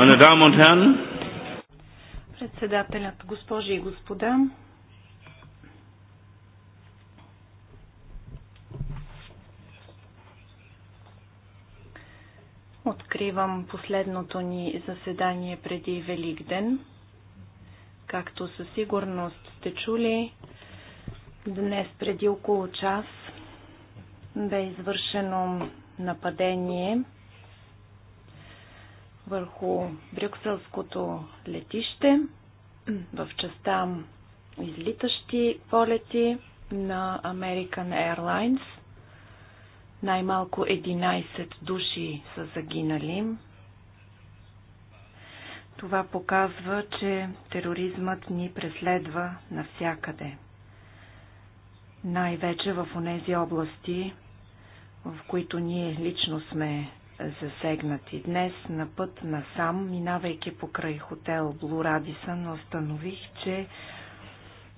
Meine Damen und Herren, председателят, госпожи и господа, Откривам последното ни заседание преди Велик ден. Както със сигурност сте чули, днес преди около час бе извършено нападение – върху брюкселското летище в частта излитащи полети на American Airlines. Най-малко 11 души са загинали. Това показва, че тероризмът ни преследва навсякъде. Най-вече в онези области, в които ние лично сме засегнати. Днес на път насам, минавайки покрай хотел Блу Радисън, установих, че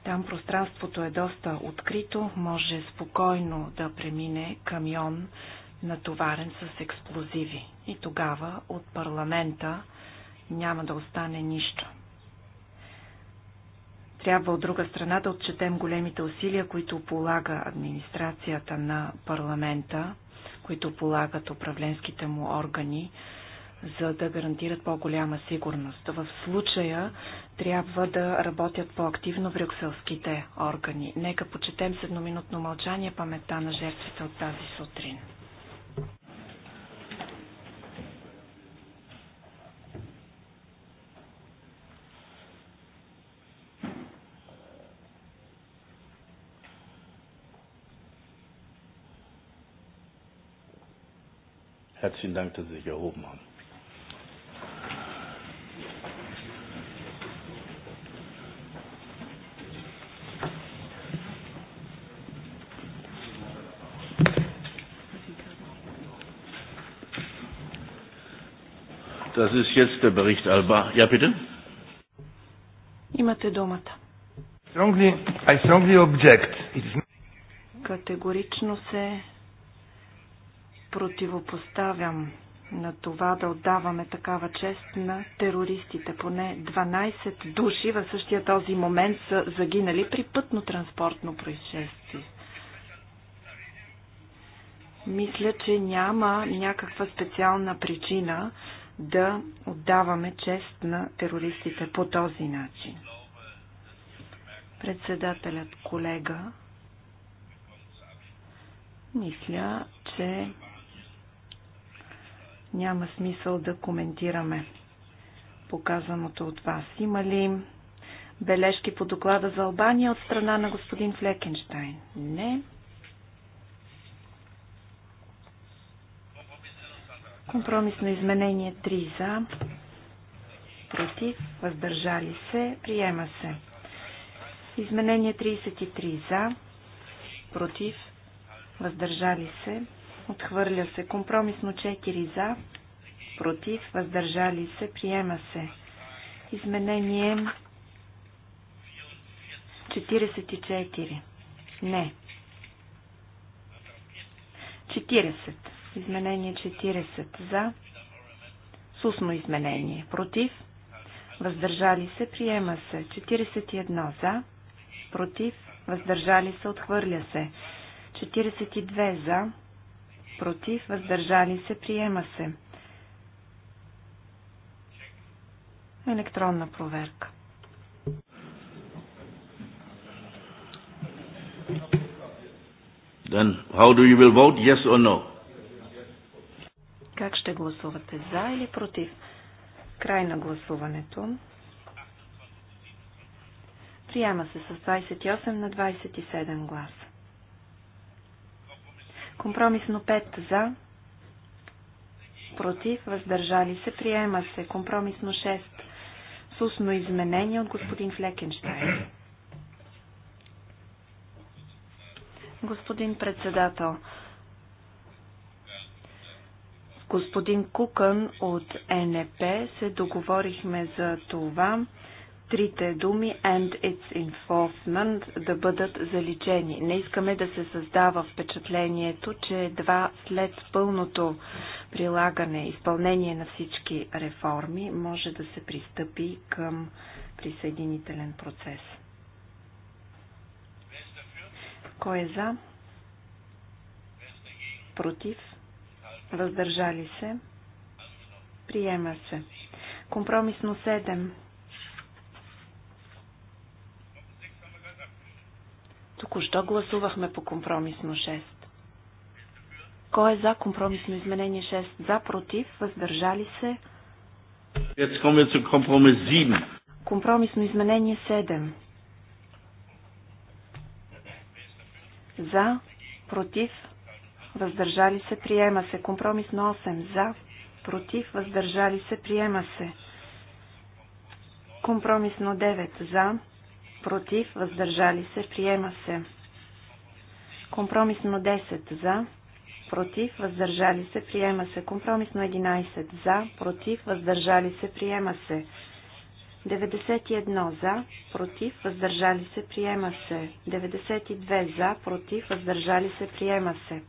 там пространството е доста открито, може спокойно да премине камион, натоварен с експлозиви. И тогава от парламента няма да остане нищо. Трябва от друга страна да отчетем големите усилия, които полага администрацията на парламента които полагат управленските му органи, за да гарантират по-голяма сигурност. В случая трябва да работят по-активно брюкселските органи. Нека почетем с едноминутно мълчание паметта на жертвите от тази сутрин. Herzlichen Dank, dass Sie sich erhoben haben. Das ist jetzt der Bericht Alba. Ja, bitte. Имате думата. Strongly, I strongly object. Категорично се противопоставям на това да отдаваме такава чест на терористите. Поне 12 души в същия този момент са загинали при пътно-транспортно происшествие. Мисля, че няма някаква специална причина да отдаваме чест на терористите по този начин. Председателят колега мисля, че няма смисъл да коментираме показаното от вас. Има ли бележки по доклада за Албания от страна на господин Флекенштайн? Не. Компромисно изменение 3 за, против, въздържали се, приема се. Изменение 33 за, против, въздържали се, Отхвърля се. Компромисно 4 за. Против. Въздържали се. Приема се. Изменение 44. Не. 40. Изменение 40. За. Сусно изменение. Против. Въздържали се. Приема се. 41. За. Против. Въздържали се. Отхвърля се. 42. За против, въздържали се, приема се. Електронна проверка. Then how do you will vote, yes or no? Как ще гласувате, за или против? Край на гласуването. Приема се с 28 на 27 гласа. Компромисно 5 за, против, въздържали се, приема се. Компромисно 6 с устно изменение от господин Флекенштайн. Господин председател, господин Кукън от НП се договорихме за това трите думи and its enforcement да бъдат заличени. Не искаме да се създава впечатлението, че едва след пълното прилагане, изпълнение на всички реформи, може да се пристъпи към присъединителен процес. Кой е за? Против? Въздържали се? Приема се. Компромисно 7. Току-що гласувахме по компромисно 6. Кой е за компромисно изменение 6? За, против, въздържали се? Компромисно изменение 7. За, против, въздържали се, приема се. Компромисно 8. За, против, въздържали се, приема се. Компромисно 9. За, против, въздържали се, приема се. Компромисно 10 за, против, въздържали се, приема се. Компромисно 11 за, против, въздържали се, приема се. 91 за, против, въздържали се, приема се. 92 за, против, въздържали се, приема се.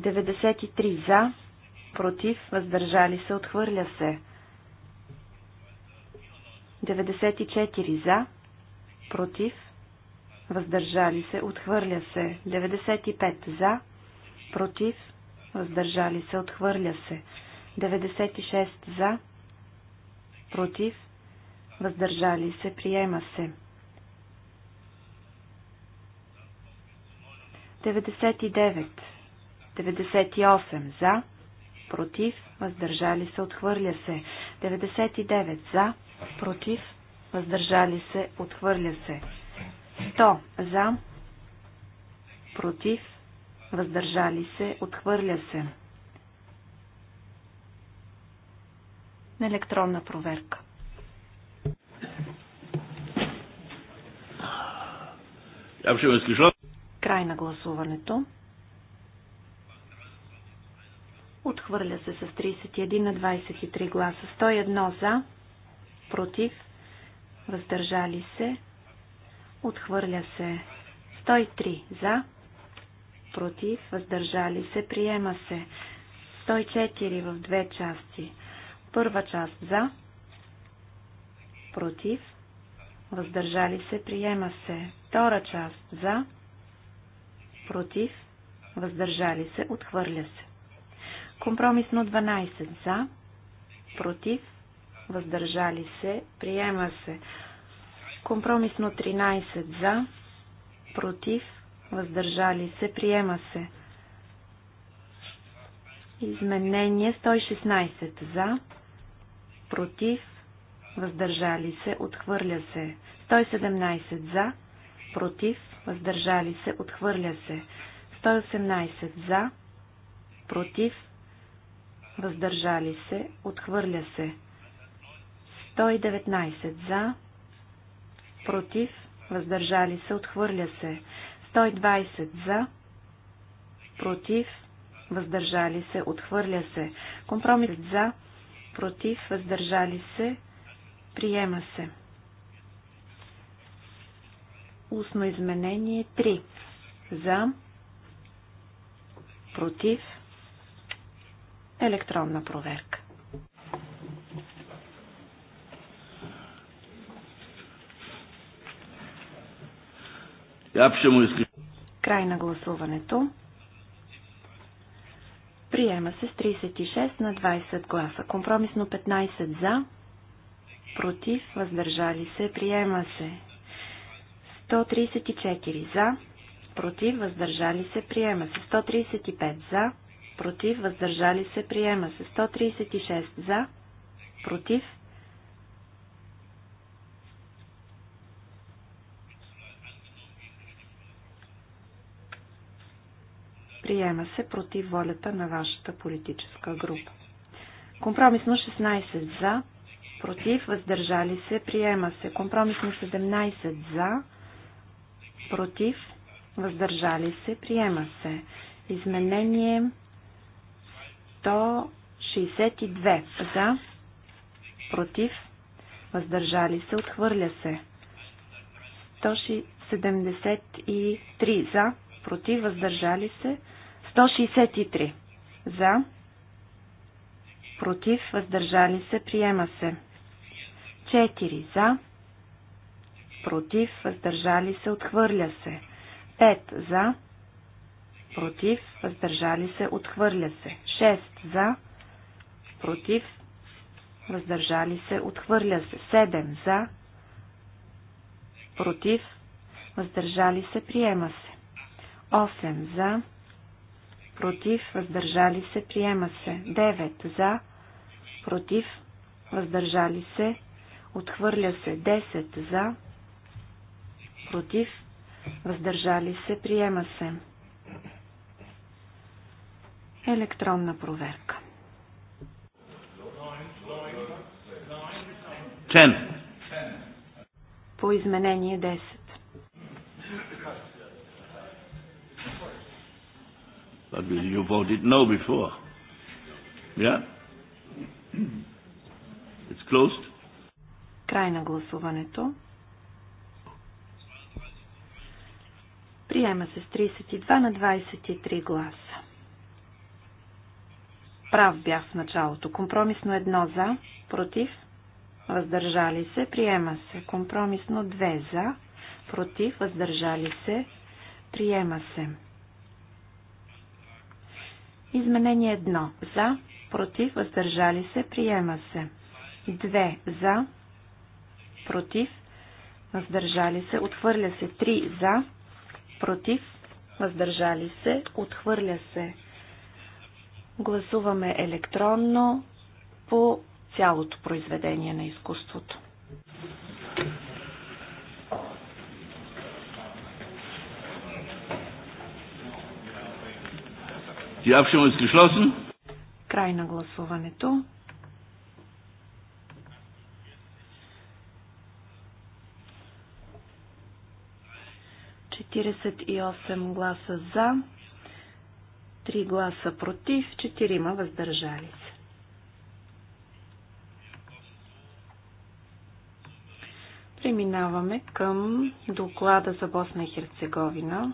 93 за, против, въздържали се, отхвърля се. 94 за, против, въздържали се, отхвърля се. 95 за, против, въздържали се, отхвърля се. 96 за, против, въздържали се, приема се. 99, 98 за, против, въздържали се, отхвърля се. 99 за, против, въздържали се, отхвърля се. 100 за, против, въздържали се, отхвърля се. Електронна проверка. Край на гласуването. Отхвърля се с 31 на 23 гласа. 101 за, против, въздържали се, отхвърля се. 103 за, против, въздържали се, приема се. 104 в две части. Първа част за, против, въздържали се, приема се. Втора част за, против, въздържали се, отхвърля се. Компромисно 12 за, против, въздържали се, приема се. Компромисно 13 за, против, въздържали се, приема се. Изменение 116 за, против, въздържали се, отхвърля се. 117 за, против, въздържали се, отхвърля се. 118 за, против, въздържали се, отхвърля се. 119 за, против, въздържали се, отхвърля се. 120 за, против, въздържали се, отхвърля се. Компромис за, против, въздържали се, приема се. Устно изменение 3. За, против, електронна проверка. Край на гласуването. Приема се с 36 на 20 гласа. Компромисно 15 за, против, въздържали се. Приема се 134 за, против, въздържали се. Приема се 135 за, против, въздържали се. Приема се 136 за, против, Приема се против волята на вашата политическа група. Компромисно 16 за, против, въздържали се, приема се. Компромисно 17 за, против, въздържали се, приема се. Изменение 162 за, против, въздържали се, отхвърля се. 173 за, против, въздържали се, 163. За. Против. Въздържали се. Приема се. 4. За. Против. Въздържали се. Отхвърля се. 5. За. Против. Въздържали се. Отхвърля се. 6. За. Против. Въздържали се. Отхвърля се. 7. За. Против. Въздържали се. Приема се. 8. За против, въздържали се, приема се. 9 за, против, въздържали се, отхвърля се. 10 за, против, въздържали се, приема се. Електронна проверка. 10. По изменение 10. But you voted no before. Yeah? It's closed. Край на гласуването. Приема се с 32 на 23 гласа. Прав бях в началото. Компромисно едно за, против, въздържали се, приема се. Компромисно две за, против, въздържали се, приема се. Изменение 1. За, против, въздържали се, приема се. 2. За, против, въздържали се, отхвърля се. 3. За, против, въздържали се, отхвърля се. Гласуваме електронно по цялото произведение на изкуството. Die Abstimmung ist geschlossen. Край на гласуването. Четиридесет и осем гласа за, три гласа против, четирима въздържали се. Преминаваме към доклада за Босна и Херцеговина.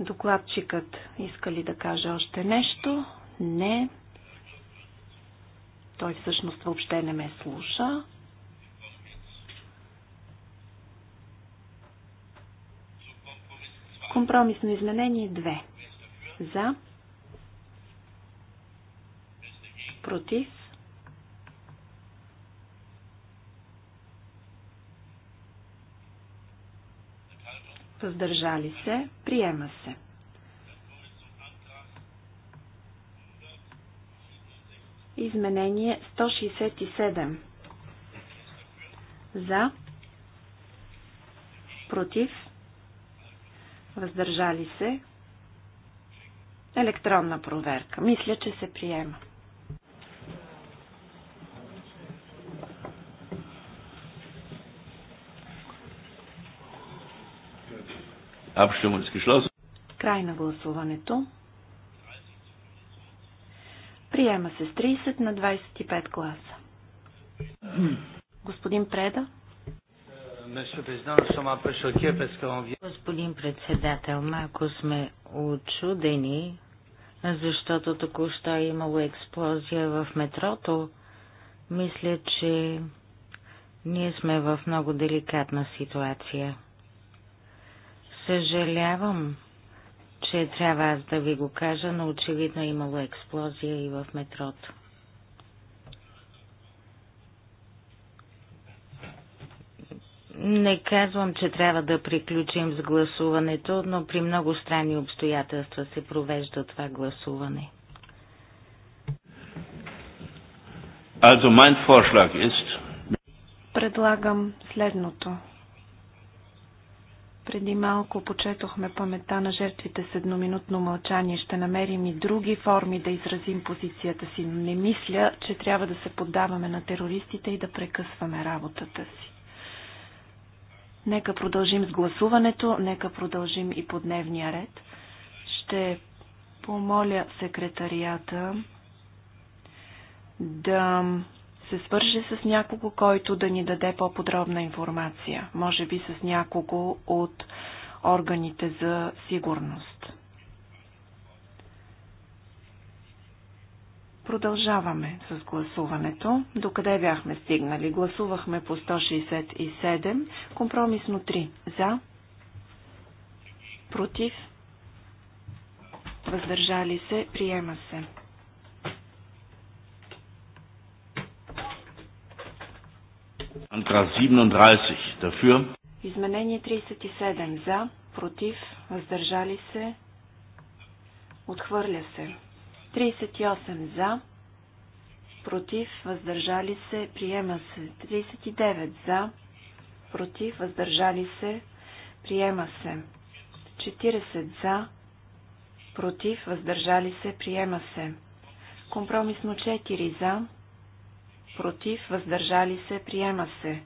Докладчикът иска ли да каже още нещо? Не. Той всъщност въобще не ме слуша. Компромисно изменение 2. За. Против. въздържали се, приема се. Изменение 167. За, против, въздържали се, електронна проверка. Мисля, че се приема. Abstimmung ist geschlossen. Край на гласуването. Приема се с 30 на 25 гласа. Господин Преда. Господин председател, малко сме очудени, защото току-що е имало експлозия в метрото. Мисля, че ние сме в много деликатна ситуация. Съжалявам, че трябва аз да ви го кажа, но очевидно е имало експлозия и в метрото. Не казвам, че трябва да приключим с гласуването, но при много странни обстоятелства се провежда това гласуване. Also mein ist... Предлагам следното. Преди малко почетохме памета на жертвите с едноминутно мълчание. Ще намерим и други форми да изразим позицията си. Не мисля, че трябва да се поддаваме на терористите и да прекъсваме работата си. Нека продължим с гласуването, нека продължим и по дневния ред. Ще помоля секретарията да се свърже с някого, който да ни даде по-подробна информация, може би с някого от органите за сигурност. Продължаваме с гласуването. Докъде бяхме стигнали? Гласувахме по 167, компромисно 3. За, против, въздържали се, приема се. Изменение 37. За, против, въздържали се, отхвърля се. 38. За, против, въздържали се, приема се. 39. За, против, въздържали се, приема се. 40. За, против, въздържали се, приема се. Компромисно 4. За, против, въздържали се, приема се.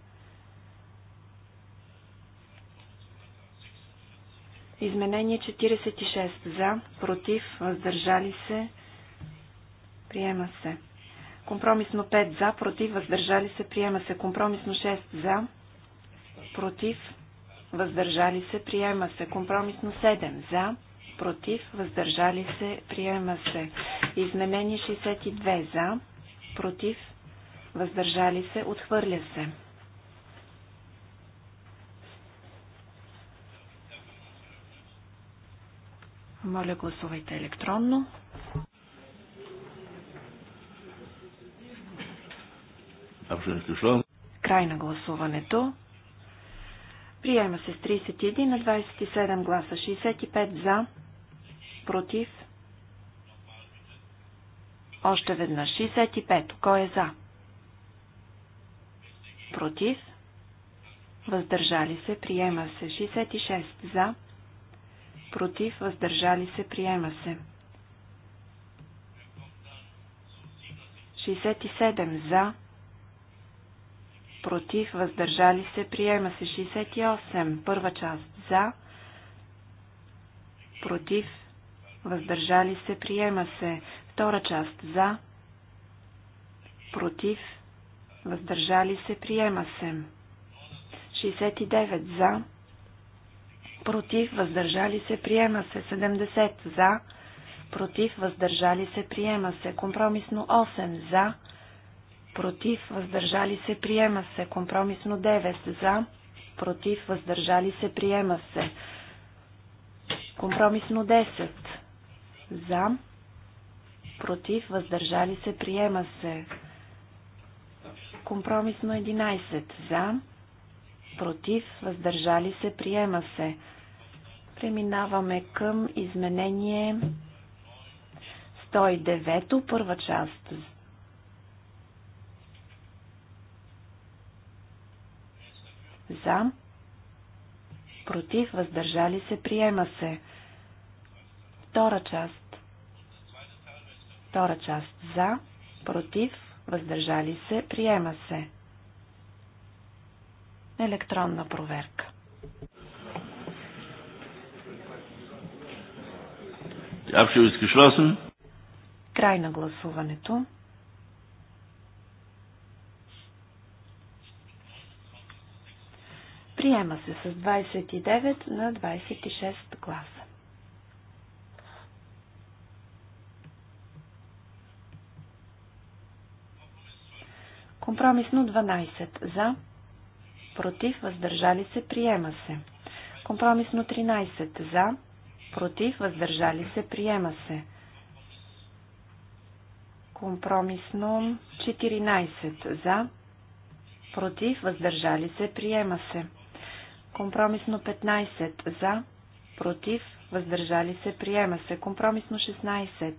Изменение 46 за, против, въздържали се, приема се. Компромисно 5 за, против, въздържали се, приема се. Компромисно 6 за, против, въздържали се, приема се. Компромисно 7 за, против, въздържали се, приема се. Изменение 62 за, против, въздържали се, отхвърля се. Моля, гласувайте електронно. Край на гласуването. Приема се с 31 на 27 гласа, 65 за, против. Още веднъж 65. Кой е за? против, въздържали се, приема се. 66 за, против, въздържали се, приема се. 67 за, против, въздържали се, приема се. 68, първа част за, против, въздържали се, приема се. Втора част за, против, въздържали се, приема се. 69 за, против, въздържали се, приема се. 70 за, против, въздържали се, приема се. Компромисно 8 за, против, въздържали се, приема се. Компромисно 9 за, против, въздържали се, приема се. Компромисно 10 за, против, въздържали се, приема се. Компромисно 11. За. Против. Въздържали се. Приема се. Преминаваме към изменение 109. Първа част. За. Против. Въздържали се. Приема се. Втора част. Втора част. За. Против въздържали се, приема се. Електронна проверка. Край на гласуването. Приема се с 29 на 26 глас. Компромисно 12 за, против, въздържали се, приема се. Компромисно 13 за, против, въздържали се, приема се. Компромисно 14 за, против, въздържали се, приема се. Компромисно 15 за, против, въздържали се, приема се. Компромисно 16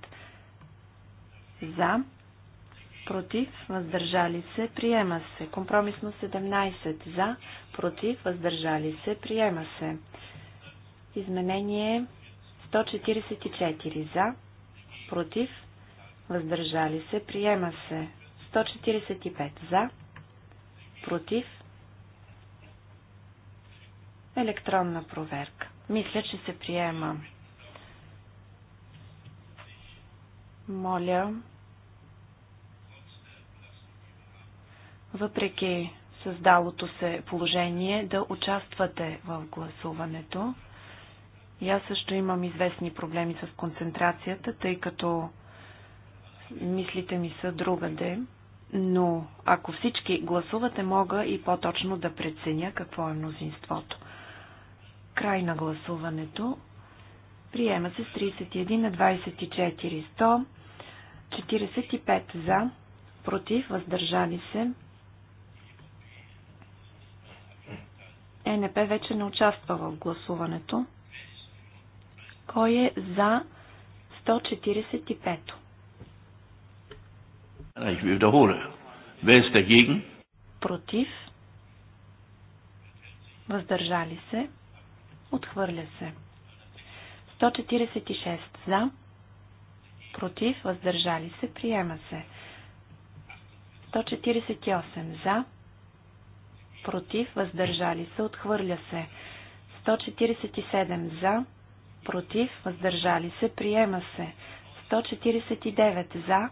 за, против, въздържали се, приема се. Компромисно 17 за, против, въздържали се, приема се. Изменение 144 за, против, въздържали се, приема се. 145 за, против, електронна проверка. Мисля, че се приема. Моля, въпреки създалото се положение, да участвате в гласуването. И аз също имам известни проблеми с концентрацията, тъй като мислите ми са другаде. Но ако всички гласувате, мога и по-точно да преценя какво е мнозинството. Край на гласуването. Приема се с 31 на 24. 100. 45 за. Против. Въздържали се. ЕНП вече не участва в гласуването. Кой е за 145? Ich wiederhole. Wer ist dagegen? Против. Въздържали се. Отхвърля се. 146 за. Против. Въздържали се. Приема се. 148 за против, въздържали се, отхвърля се. 147 за, против, въздържали се, приема се. 149 за,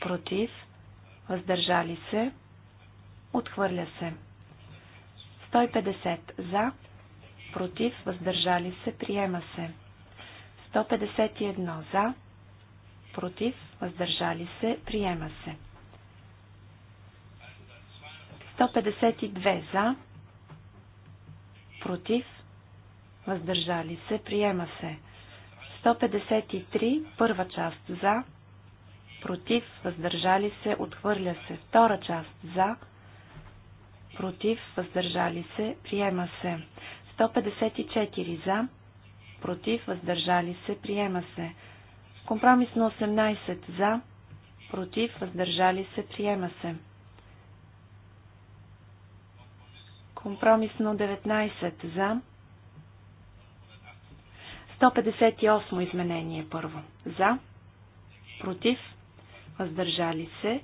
против, въздържали се, отхвърля се. 150 за, против, въздържали се, приема се. 151 за, против, въздържали се, приема се. 152 за, против, въздържали се, приема се. 153, първа част за, против, въздържали се, отхвърля се. Втора част за, против, въздържали се, приема се. 154 за, против, въздържали се, приема се. Компромисно 18 за, против, въздържали се, приема се. Компромисно 19 за. 158 изменение първо. За. Против. Въздържали се.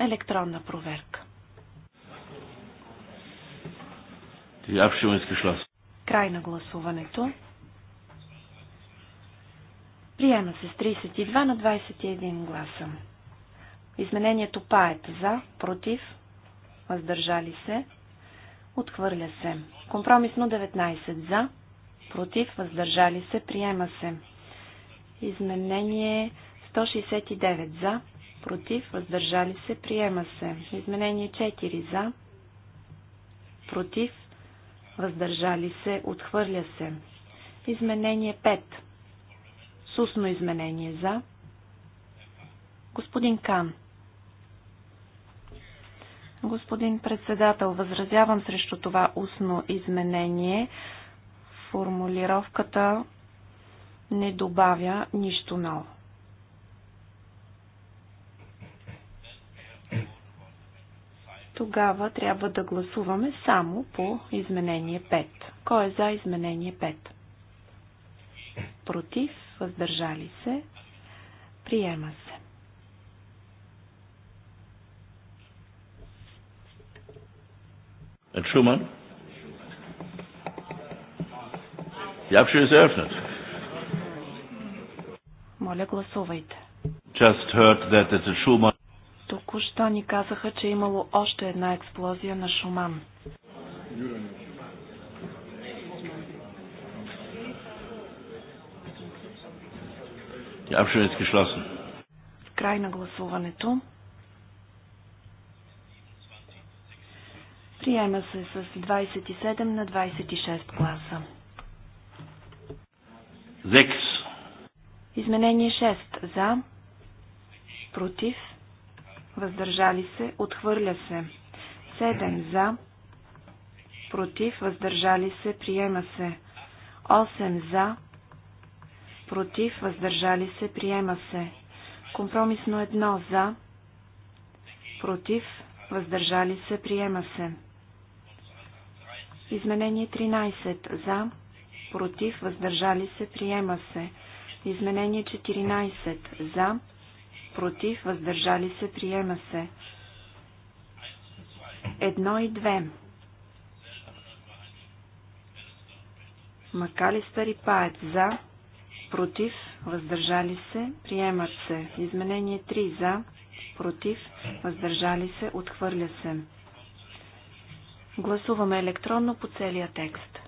Електронна проверка. Край на гласуването. Приема се с 32 на 21 гласа. Изменението паето за, против, въздържали се, отхвърля се. Компромисно 19 за, против, въздържали се, приема се. Изменение 169 за, против, въздържали се, приема се. Изменение 4 за, против, въздържали се, отхвърля се. Изменение 5. Сусно изменение за. Господин Кан. Господин председател, възразявам срещу това устно изменение. Формулировката не добавя нищо ново. Тогава трябва да гласуваме само по изменение 5. Кой е за изменение 5? Против, въздържали се, приема се. Herr Schumann? Die Abstimmung ist eröffnet. Just heard Току-що ни казаха, че е имало още една експлозия на Шуман. В край на гласуването. Приема се с 27 на 26 гласа. 6. Изменение 6. За. Против. Въздържали се. Отхвърля се. 7. За. Против. Въздържали се. Приема се. 8. За. Против. Въздържали се. Приема се. Компромисно 1. За. Против. Въздържали се. Приема се. Изменение 13. За. Против. Въздържали се. Приема се. Изменение 14. За. Против. Въздържали се. Приема се. Едно и две. Макалистър и Паец. За. Против. Въздържали се. Приемат се. Изменение 3. За. Против. Въздържали се. Отхвърля се. Гласуваме електронно по целия текст.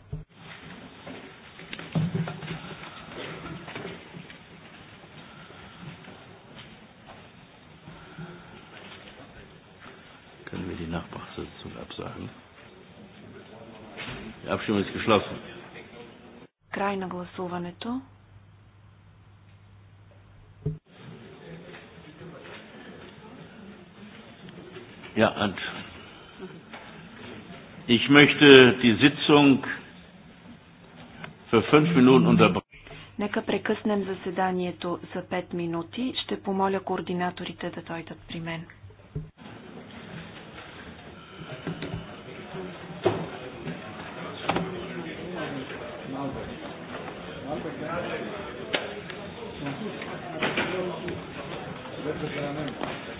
Können wir die Nachbarsitzung absagen? Die Abstimmung ist geschlossen. Край на гласуването. Ja, and Ich möchte die Sitzung für fünf Minuten unterbrechen. Нека прекъснем заседанието за 5 минути. Ще помоля координаторите да дойдат при мен. Thank you.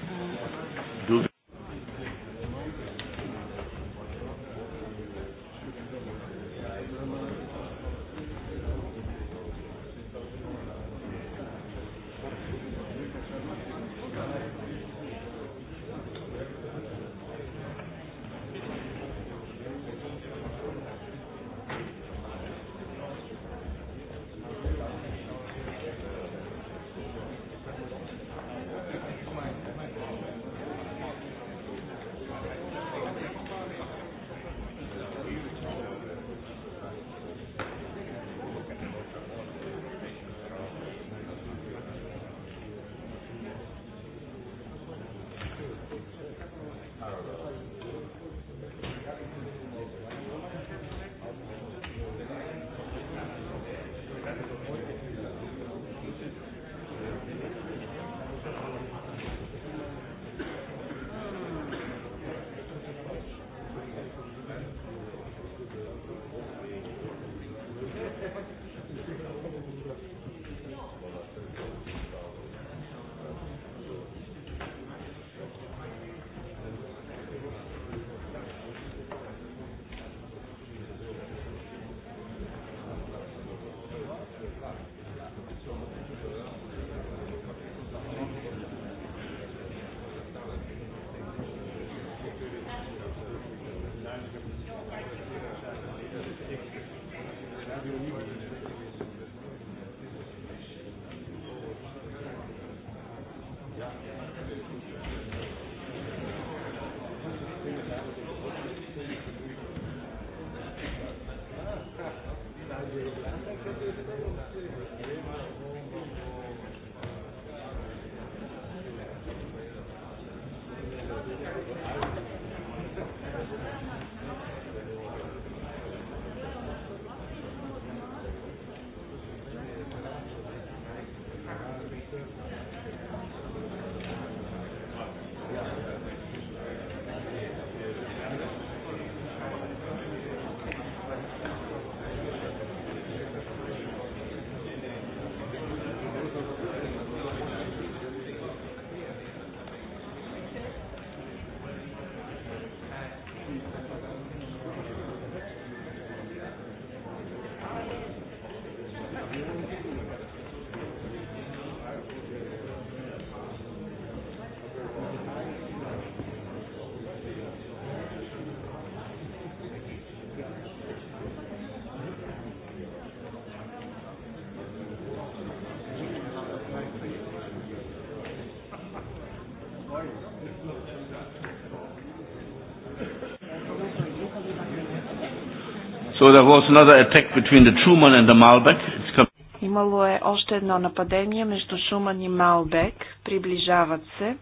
So there was another attack between the Truman and the Malbec. It's Имало е още едно нападение между Шуман и Малбек. Приближават се.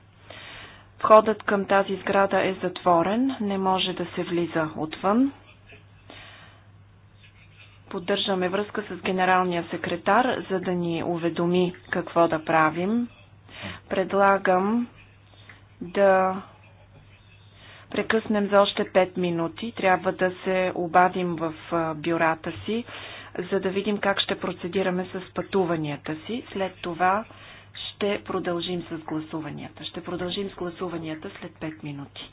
Входът към тази сграда е затворен. Не може да се влиза отвън. Поддържаме връзка с генералния секретар, за да ни уведоми какво да правим. Предлагам да прекъснем за още 5 минути. Трябва да се обадим в бюрата си, за да видим как ще процедираме с пътуванията си. След това ще продължим с гласуванията. Ще продължим с гласуванията след 5 минути.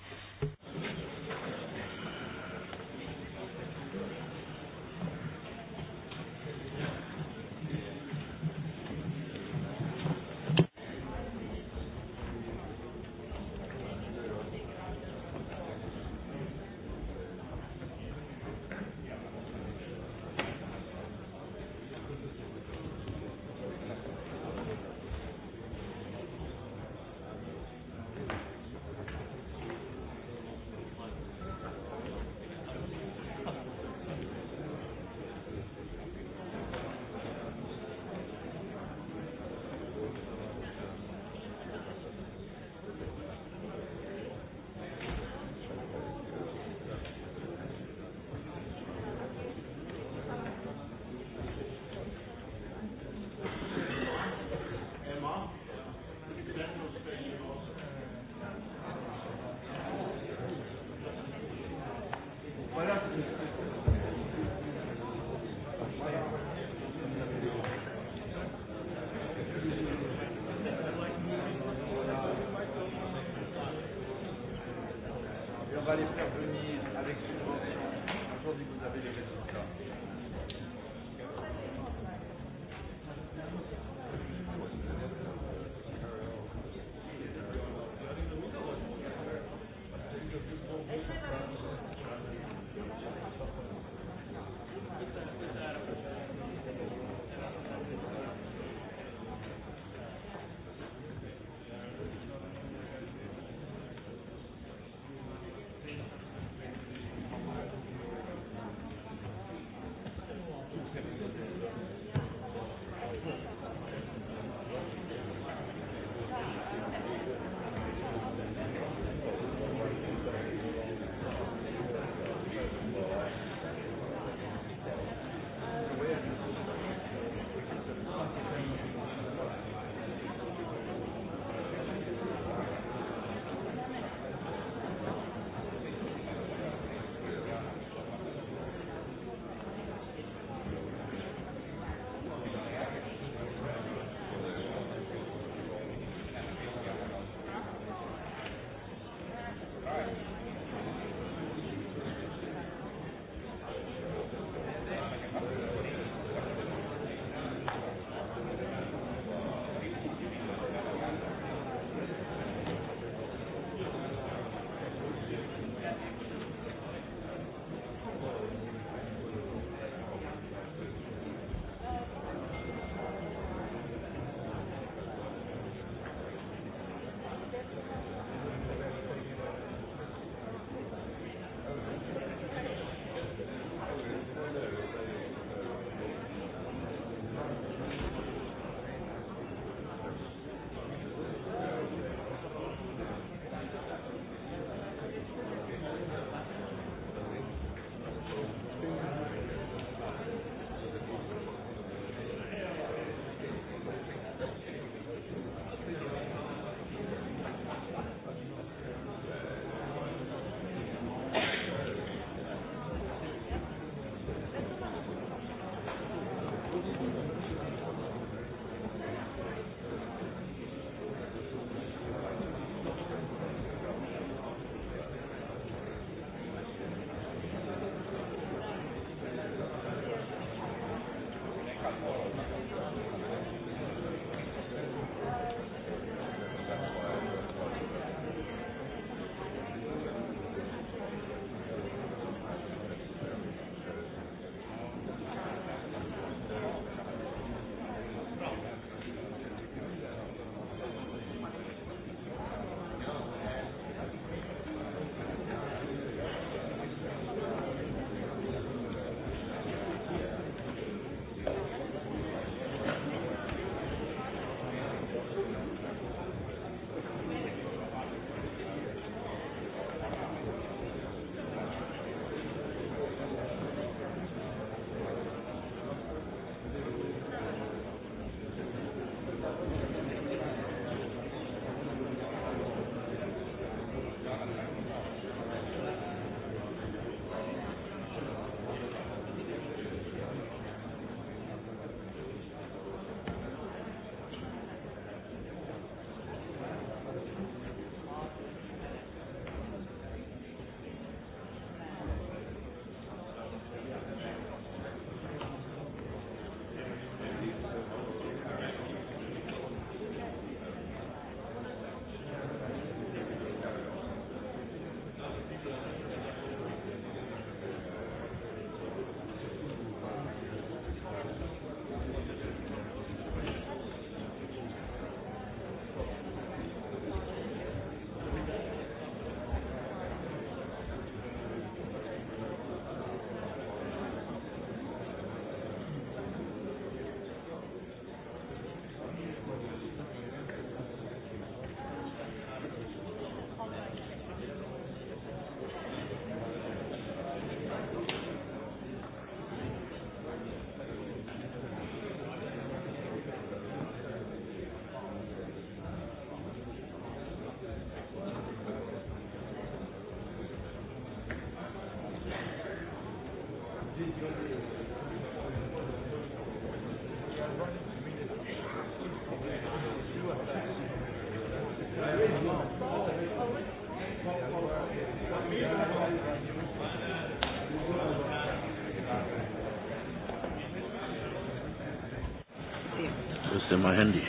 on my handy,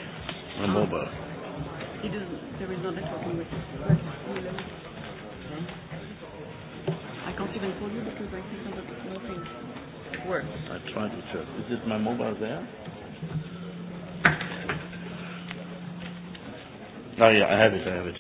my oh. mobile. He doesn't, there is no networking with I can't even call you because I think nothing works. I tried to check. Is it my mobile there? Oh yeah, I have it, I have it.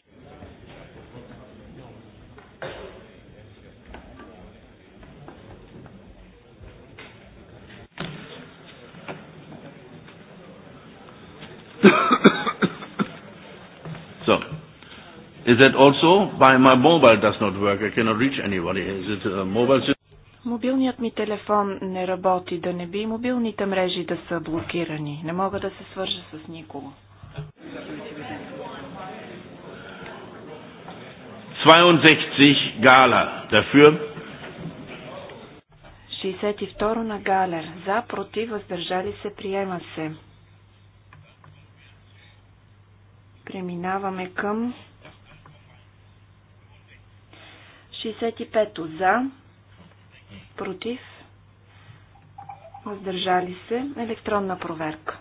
that also by my mobile does not work. I cannot reach anybody. Is it a mobile system? Мобилният ми телефон не работи, да не би мобилните мрежи да са блокирани. Не мога да се свържа с никого. 62 Гала. Дафюр. 62 на Галер. За, против, въздържали се, приема се. Преминаваме към 65 за, против, въздържали се, електронна проверка.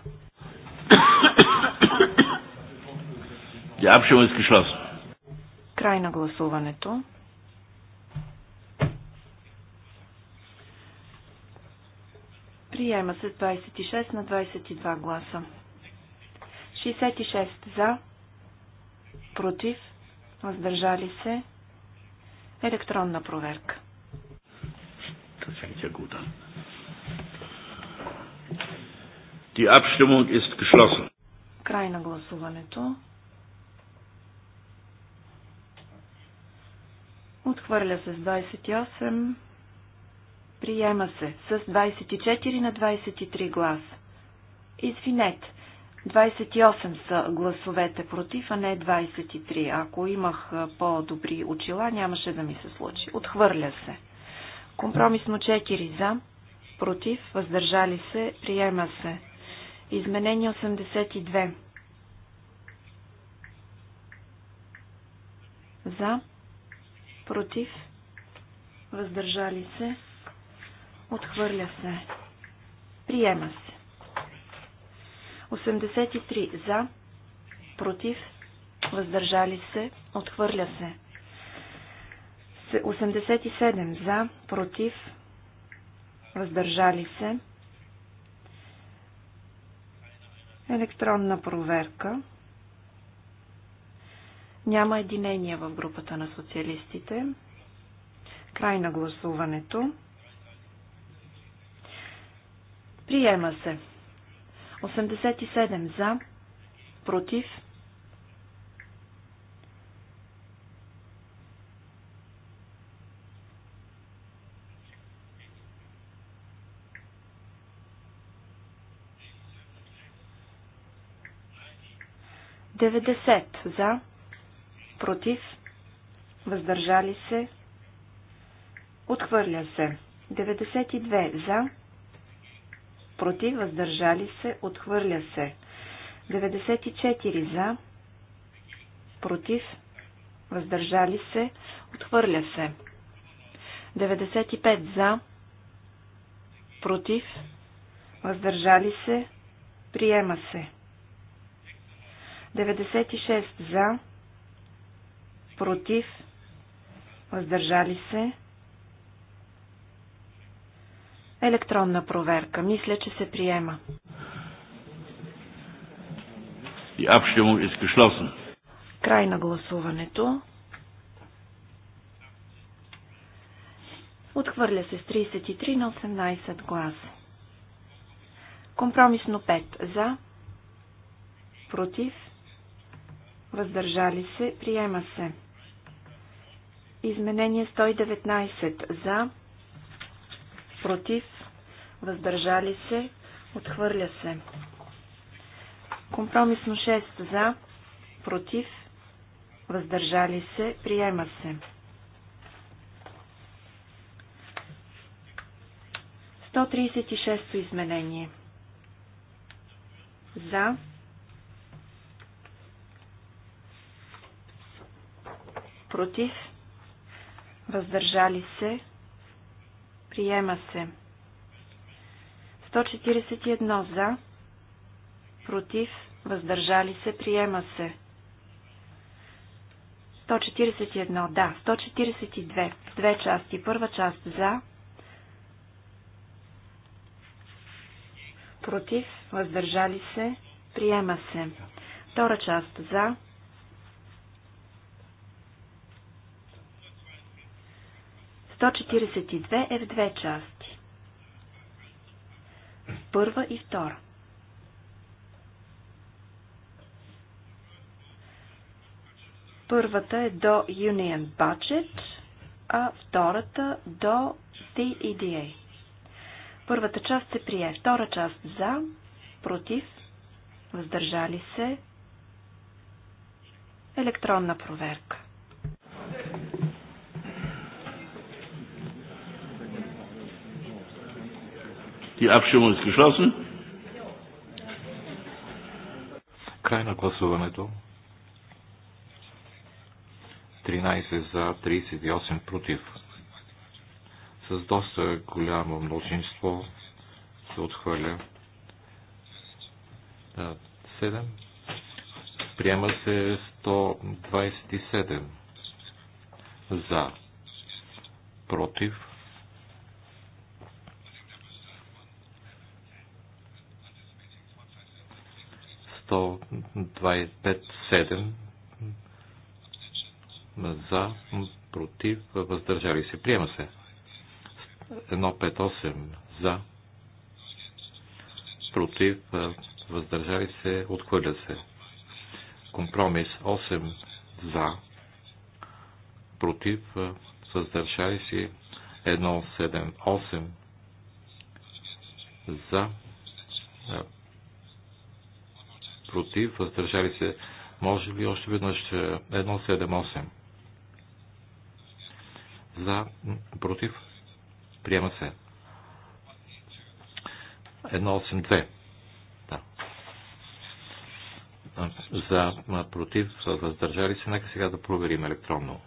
Край на гласуването. Приема се 26 на 22 гласа. 66 за, против, въздържали се, електронна проверка. Край на гласуването. Отхвърля се с 28. Приема се с 24 на 23 гласа. Извинете, 28 са гласовете против, а не 23. Ако имах по-добри очила, нямаше да ми се случи. Отхвърля се. Компромисно 4 за, против, въздържали се, приема се. Изменение 82. За, против, въздържали се, отхвърля се, приема се. 83 за, против, въздържали се, отхвърля се. 87 за, против, въздържали се. Електронна проверка. Няма единение в групата на социалистите. Край на гласуването. Приема се. 87 за, против, Деведесет за, против, въздържали се, отхвърля се. две за, против, въздържали се, отхвърля се. 94 за, против, въздържали се, отхвърля се. 95 за, против, въздържали се, приема се. 96 за, против, въздържали се, Електронна проверка. Мисля, че се приема. И му Край на гласуването. Отхвърля се с 33 на 18 гласа. Компромисно 5 за, против, въздържали се, приема се. Изменение 119 за, против, въздържали се, отхвърля се. Компромисно 6 за, против, въздържали се, приема се. 136 изменение. За. Против. Въздържали се. Приема се. 141 за. Против. Въздържали се. Приема се. 141. Да. 142. Две части. Първа част за. Против. Въздържали се. Приема се. Втора част за. 142 е в две части. Първа и втора. Първата е до Union Budget, а втората до CEDA. Първата част се прие. Втора част за, против, въздържали се. Електронна проверка. Die Abstimmung ist geschlossen. Край на гласуването. 13 за, 38 против. С доста голямо мнозинство се отхвърля. 7. Приема се 127 за, против 125-7 за, против, въздържали се. Приема се. 158 за, против, въздържали се, отхвърля се. Компромис 8 за, против, въздържали се, 178 за, против, въздържали се. Може ли още веднъж 178? Е, За, против, приема се. 182. Да. За, против, въздържали се. Нека сега да проверим електронно.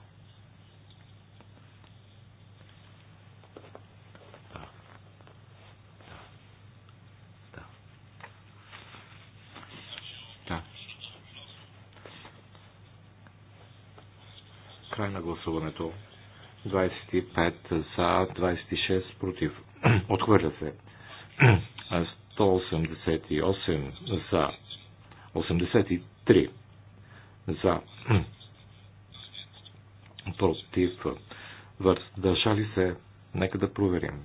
гласуването. 25 за, 26 против. Отхвърля се. 188 за, 83 за, против. Въздържали се. Нека да проверим.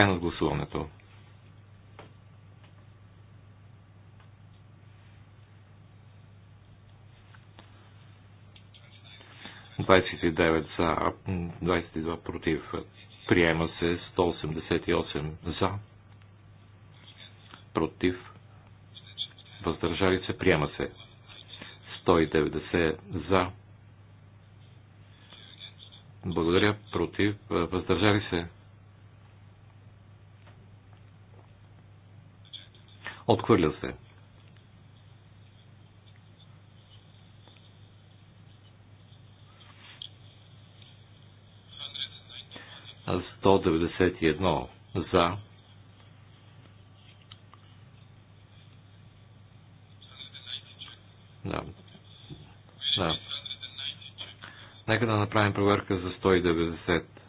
Край на гласуването. за, 22 против. Приема се 188 за, против, въздържали се, приема се. 190 за. Благодаря, против, въздържали се. Отхвърля се. и едно за. Да. Да. Нека да направим проверка за сто и деветдесет.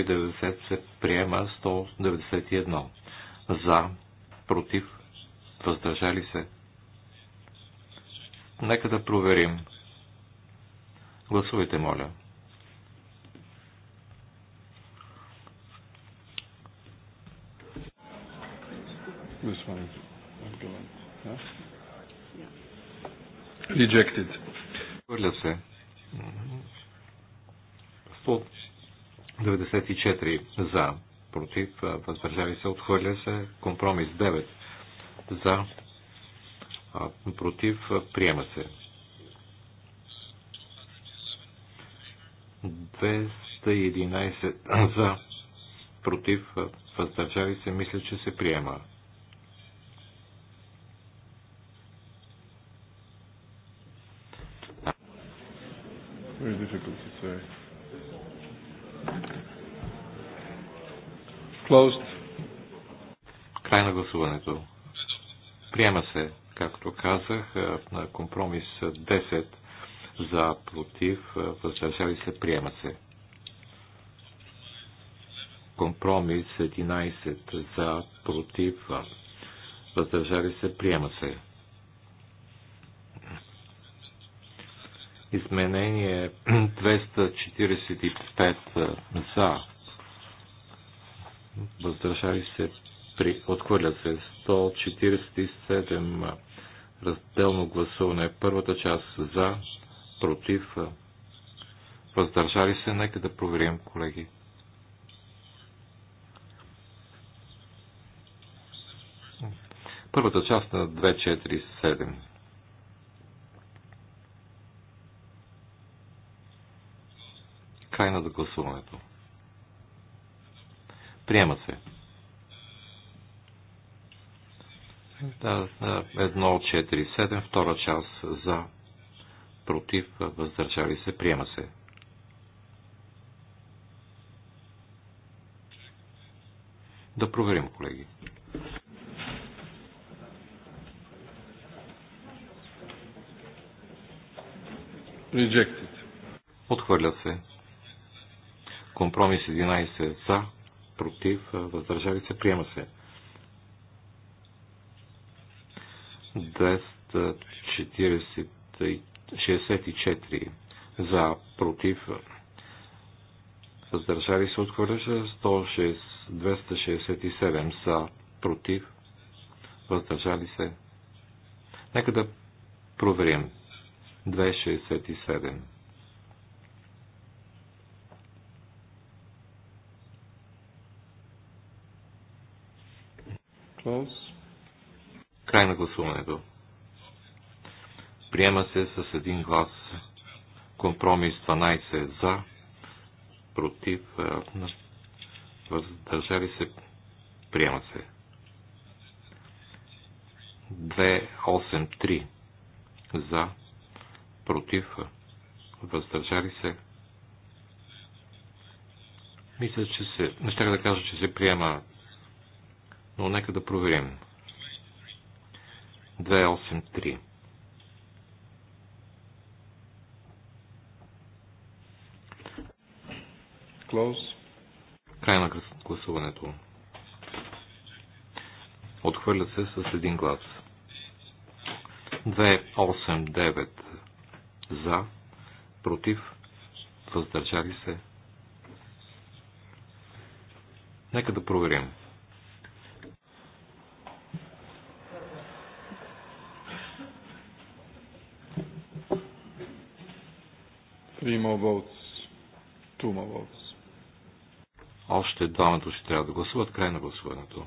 190 се приема 191. За, против, въздържали се. Нека да проверим. Гласувайте, моля. Rejected. Хвърля се. 100. 94 за, против, въздържали се, отхвърля се, компромис 9 за, против, приема се. 211 за, против, въздържали се, мисля, че се приема. closed. Край на гласуването. Приема се, както казах, е, на компромис 10 за против, е, въздържали се, приема се. Компромис 11 за против, е, въздържали се, приема се. Изменение 245 за въздържали се, при, отхвърлят се 147 разделно гласуване. Първата част за, против, въздържали се. Нека да проверим, колеги. Първата част на 247. Край на гласуването. Приема се. Да, едно от 4-7, втора част за, против, въздържали се, приема се. Да проверим, колеги. Rejected. Отхвърля се. Компромис 11 за, против, въздържали се, приема се. 264 за, против, въздържали се, отхвърля се, 106, 267 за, против, въздържали се. Нека да проверим. 267. Край на гласуването. Приема се с един глас. Компромис 12 за, против, е, въздържали се, приема се. 283 за, против, въздържали се. Мисля, че се, не ще да кажа, че се приема но нека да проверим. 283. Close. Край на гласуването. Отхвърля се с един глас. 289 за, против, въздържали се. Нека да проверим. 283. Three more votes. Two more votes. Още двама души трябва да гласуват. Край на гласуването.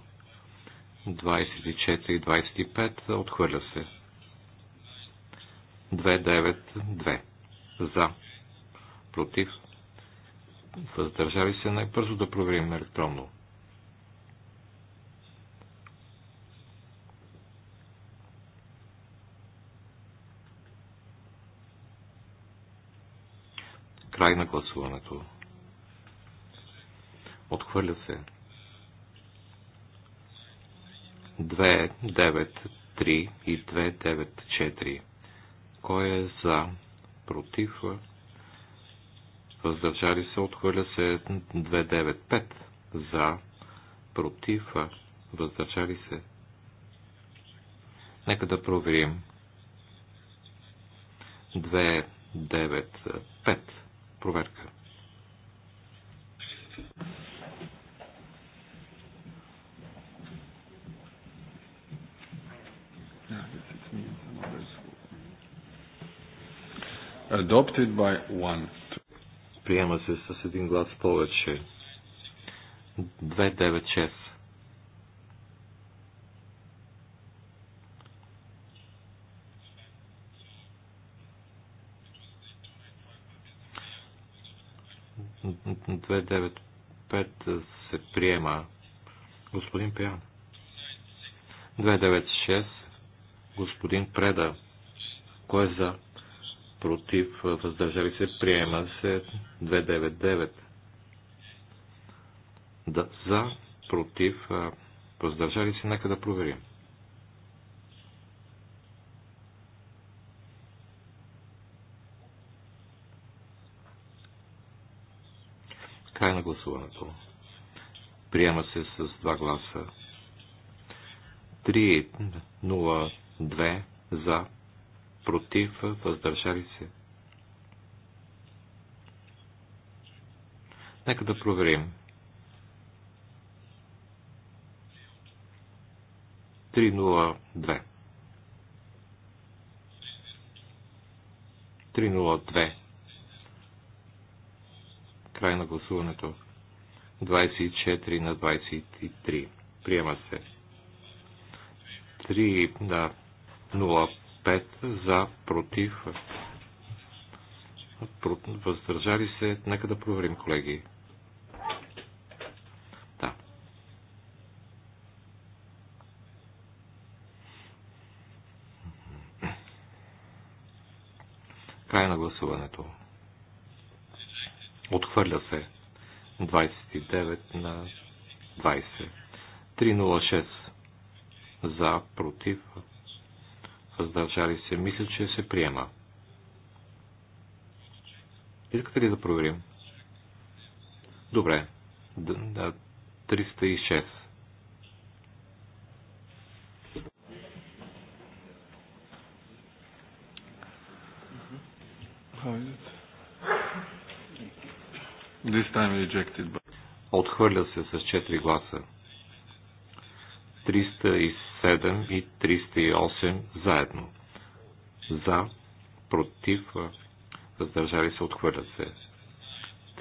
24 и 25 отхвърля се. 292 за против Въздържави се най-бързо да проверим електронно. Край на гласуването. Отхвърля се. 293 и 294. Кой е за? Против? Въздържали се, отхвърля се 295 за, против, въздържали се. Нека да проверим. 295 проверка. Adopted by one. Приема се с един глас повече. 296. 295 се приема. Господин Пиан. 296. Господин Преда. Кой е за? Против. Въздържали се. Приема се. 299. Да, за. Против. Въздържали се. Нека да проверим. Край на гласуването. Приема се с два гласа. 3-0-2 за, против, въздържали се. Нека да проверим. 302. 302. Край на гласуването. 24 на 23. Приема се. 3 на да, 05 за против. Въздържали се. Нека да проверим, колеги. Да. Край на гласуването. Отхвърля се. 29 на 20. 306. За, против, въздържали се. Мисля, че се приема. Искате ли да проверим? Добре. 306. How This time rejected. But... Отхвърля се с 4 гласа. 307 и 308 заедно. За, против, въздържали се, отхвърлят се.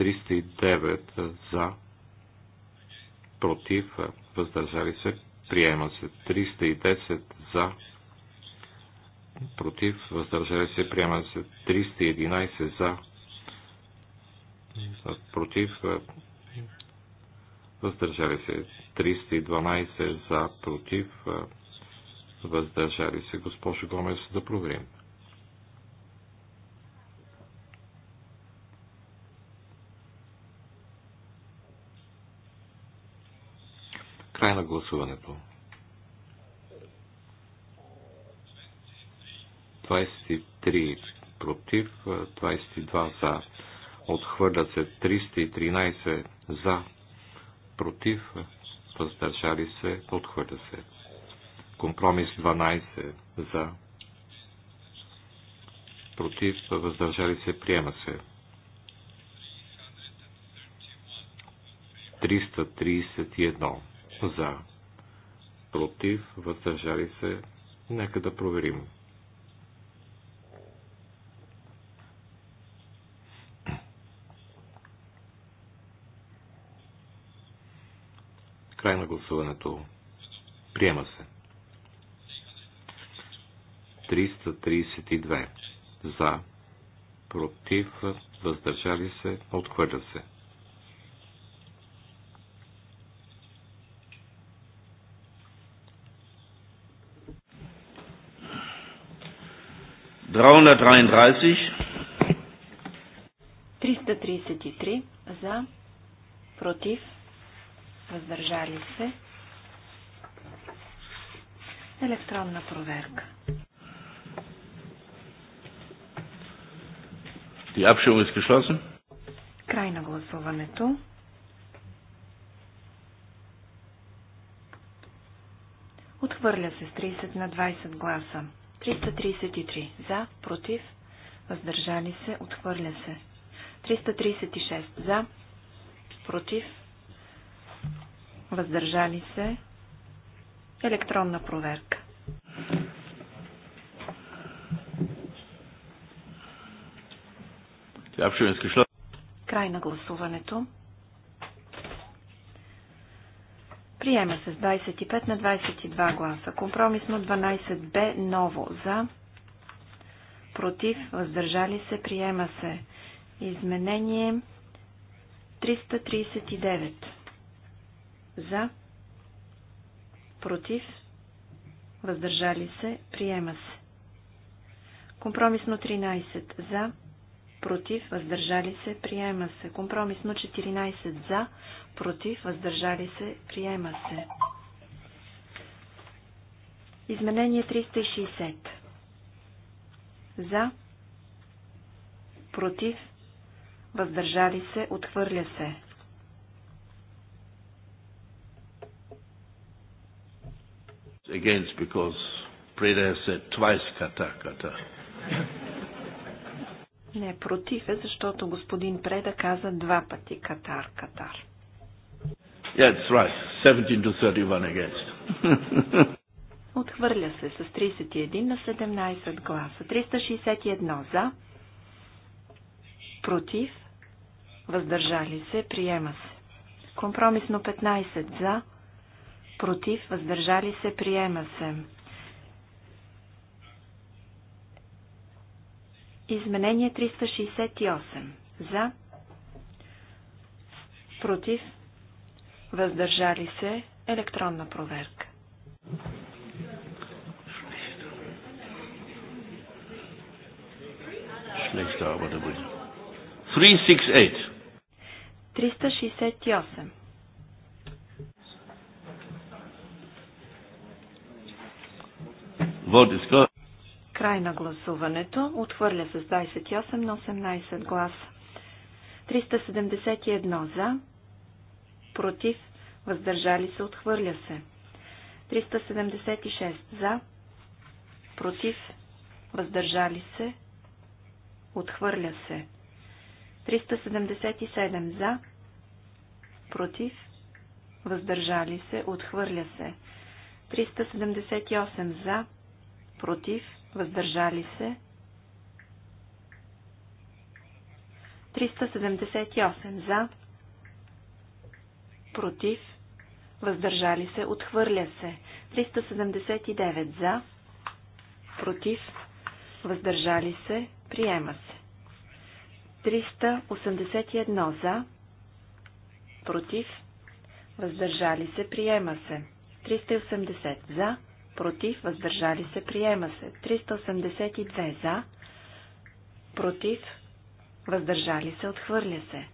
309 за, против, въздържали се, приема се. 310 за, против, въздържали се, приема се. 311 за, против, въздържали се 312 за, против, въздържали се. Госпожо Гомес, да проверим. Край на гласуването. 23 против, 22 за Отхвърлят се 313 за, против, въздържали се, отхвърля се. Компромис 12 за, против, въздържали се, приема се. 331 за, против, въздържали се. Нека да проверим. Край на гласуването. Приема се. 332. За. Против. Въздържали се. Отхвърля се. 33. 333 за, против, въздържали се. Електронна проверка. Die Abstimmung ist Край на гласуването. Отхвърля се с 30 на 20 гласа. 333 за, против, въздържали се, отхвърля се. 336 за, против, въздържали се, електронна проверка. Е Край на гласуването. Приема се с 25 на 22 гласа. Компромисно 12 бе ново за. Против, въздържали се, приема се. Изменение 339. За. Против. Въздържали се. Приема се. Компромисно 13. За. Против. Въздържали се. Приема се. Компромисно 14. За. Против. Въздържали се. Приема се. Изменение 360. За. Против. Въздържали се. Отхвърля се. against because Preda has said twice kata kata. Не, против е, защото господин Преда каза два пъти Катар, Катар. Yeah, that's right. 17 to 31 against. Отхвърля се с 31 на 17 гласа. 361 за, против, въздържали се, приема се. Компромисно 15 за, против, въздържали се, приема се. Изменение 368. За, против, въздържали се, електронна проверка. Schlechte 368. 368. Край на гласуването. Отхвърля с 28 на 18 гласа. 371 за, против, въздържали се, отхвърля се. 376 за, против, въздържали се, отхвърля се. 377 за, против, въздържали се, отхвърля се. 378 за, против, въздържали се. 378 за, против, въздържали се, отхвърля се. 379 за, против, въздържали се, приема се. 381 за, против, въздържали се, приема се. 380 за, против, въздържали се, приема се. 382 за, против, въздържали се, отхвърля се.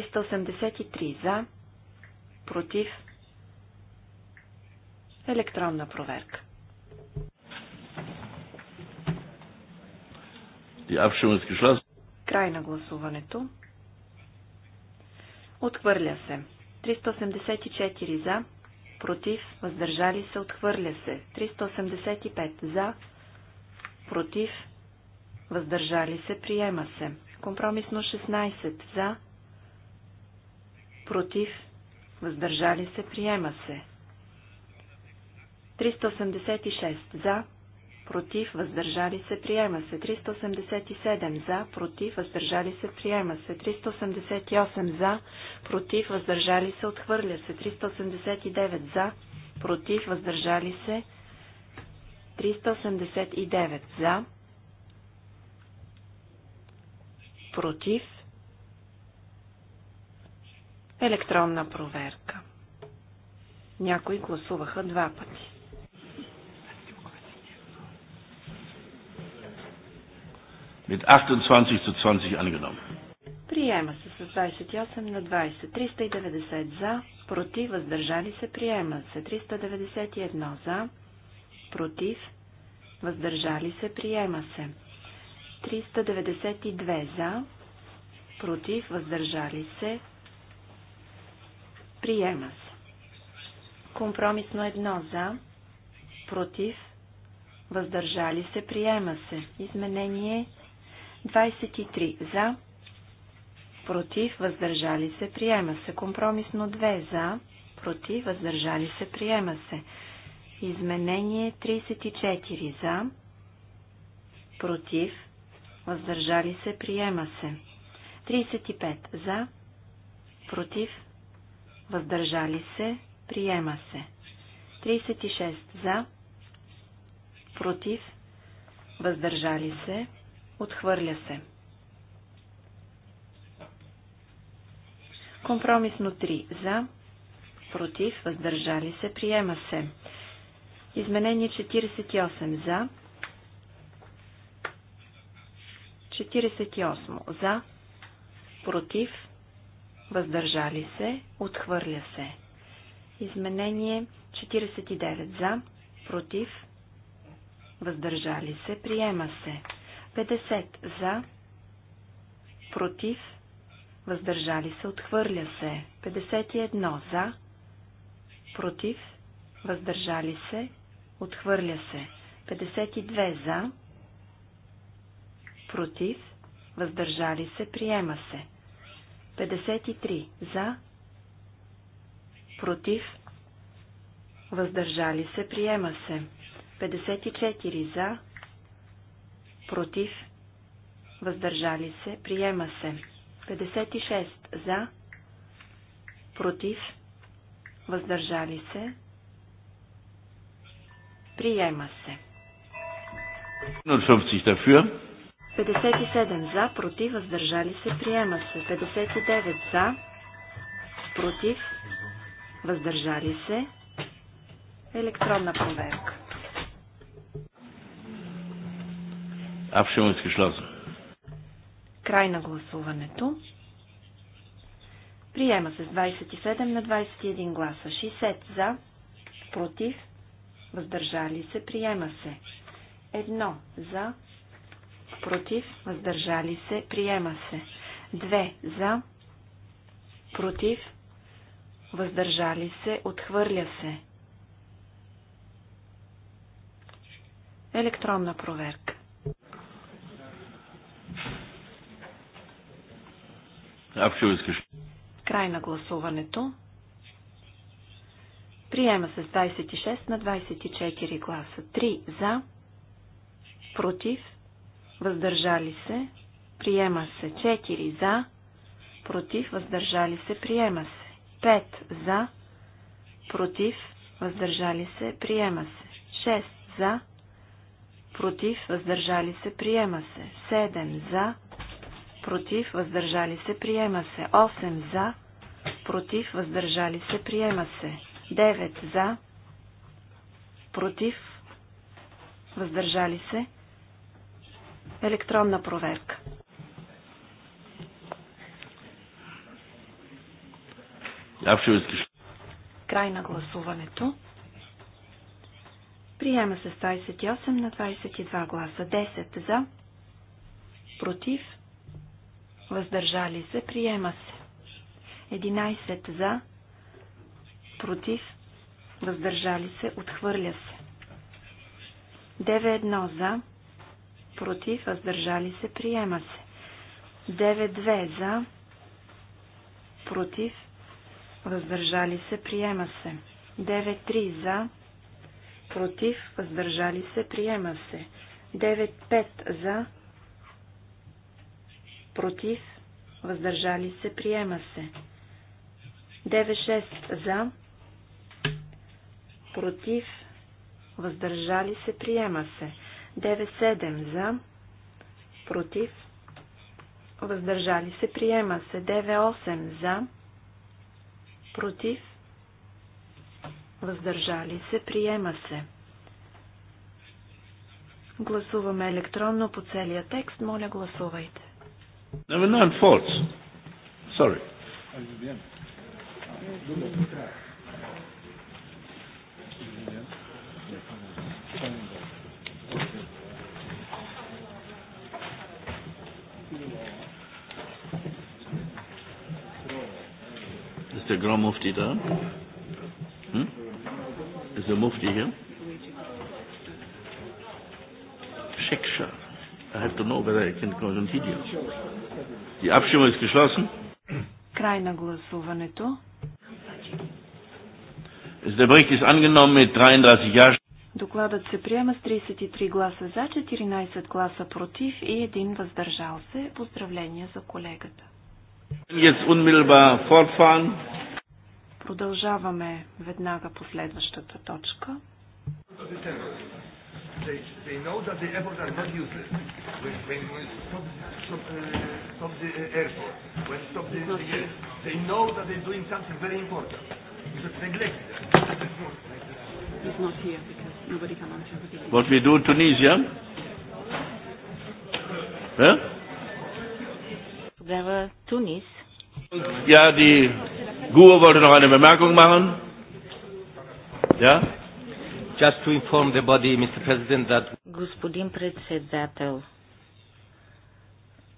383 за, против, електронна проверка. Край на гласуването. Отхвърля се. 384 за, против, въздържали се, отхвърля се. 385 за, против, въздържали се, приема се. Компромисно 16 за, против, въздържали се, приема се. 386 за, против, въздържали се, приема се. 387 за, против, въздържали се, приема се. 388 за, против, въздържали се, отхвърля се. 389 за, против, въздържали се. 389 за, против, електронна проверка. Някои гласуваха два пъти. mit 28 zu 20 angenommen. Приема се с 28 на 20. 390 за, против, въздържали се, приема се. 391 за, против, въздържали се, приема се. 392 за, против, въздържали се, приема се. Компромисно едно за, против, въздържали се, приема се. Изменение 1. 23 за, против, въздържали се, приема се. Компромисно 2 за, против, въздържали се, приема се. Изменение 34 за, против, въздържали се, приема се. 35 за, против, въздържали се, приема се. 36 за, против, въздържали се, Отхвърля се. Компромисно 3. За. Против. Въздържали се. Приема се. Изменение 48. За. 48. За. Против. Въздържали се. Отхвърля се. Изменение 49. За. Против. Въздържали се. Приема се. 50 за, против, въздържали се, отхвърля се. 51 за, против, въздържали се, отхвърля се. 52 за, против, въздържали се, приема се. 53 за, против, въздържали се, приема се. 54 за, против, въздържали се, приема се. 56 за, против, въздържали се, приема се. 57 за, против, въздържали се, приема се. 59 за, против, въздържали се, електронна проверка. Abstimmung ist Край на гласуването. Приема се с 27 на 21 гласа. 60 за, против, въздържали се, приема се. Едно за, против, въздържали се, приема се. 2 за, против, въздържали се, отхвърля се. Електронна проверка. Край на гласуването. Приема се с 26 на 24 гласа. 3 за, против, въздържали се. Приема се 4 за, против, въздържали се. Приема се 5 за, против, въздържали се. Приема се 6 за, против, въздържали се. Приема се 7 за, против, въздържали се, приема се. 8 за, против, въздържали се, приема се. 9 за, против, въздържали се. Електронна проверка. Край на гласуването. Приема се 28 на 22 гласа. 10 за, против, въздържали се, приема се. 11 за, против, въздържали се, отхвърля се. 9-1 за, против, въздържали се, приема се. 9-2 за, против, въздържали се, приема се. 9-3 за, против, въздържали се, приема се. 9-5 за, против, въздържали се, приема се. 9-6 за, против, въздържали се, приема се. 9-7 за, против, въздържали се, приема се. 9-8 за, против, въздържали се, приема се. Гласуваме електронно по целия текст. Моля, гласувайте. No, Never known false. Sorry. Is the Grand Mufti there? Hm? Ist der Mufti here? Er I have to know whether I can continue. Die Abstimmung ist geschlossen. Край на гласуването. Der Bericht ist angenommen mit 33 Jahren. Докладът се приема с 33 гласа за, 14 гласа против и един въздържал се. Поздравления за колегата. Продължаваме веднага последващата точка they, they know that the airports are not useless. When, when we stop, stop, uh, stop the airport, when stop the, the air, they know that they're doing something very important. Because neglect it's not here because nobody can answer. What we do in Tunisia? Huh? Ja, die Gur wollte noch eine Bemerkung machen. Ja? Just to inform the body, Mr. President, that... Господин председател,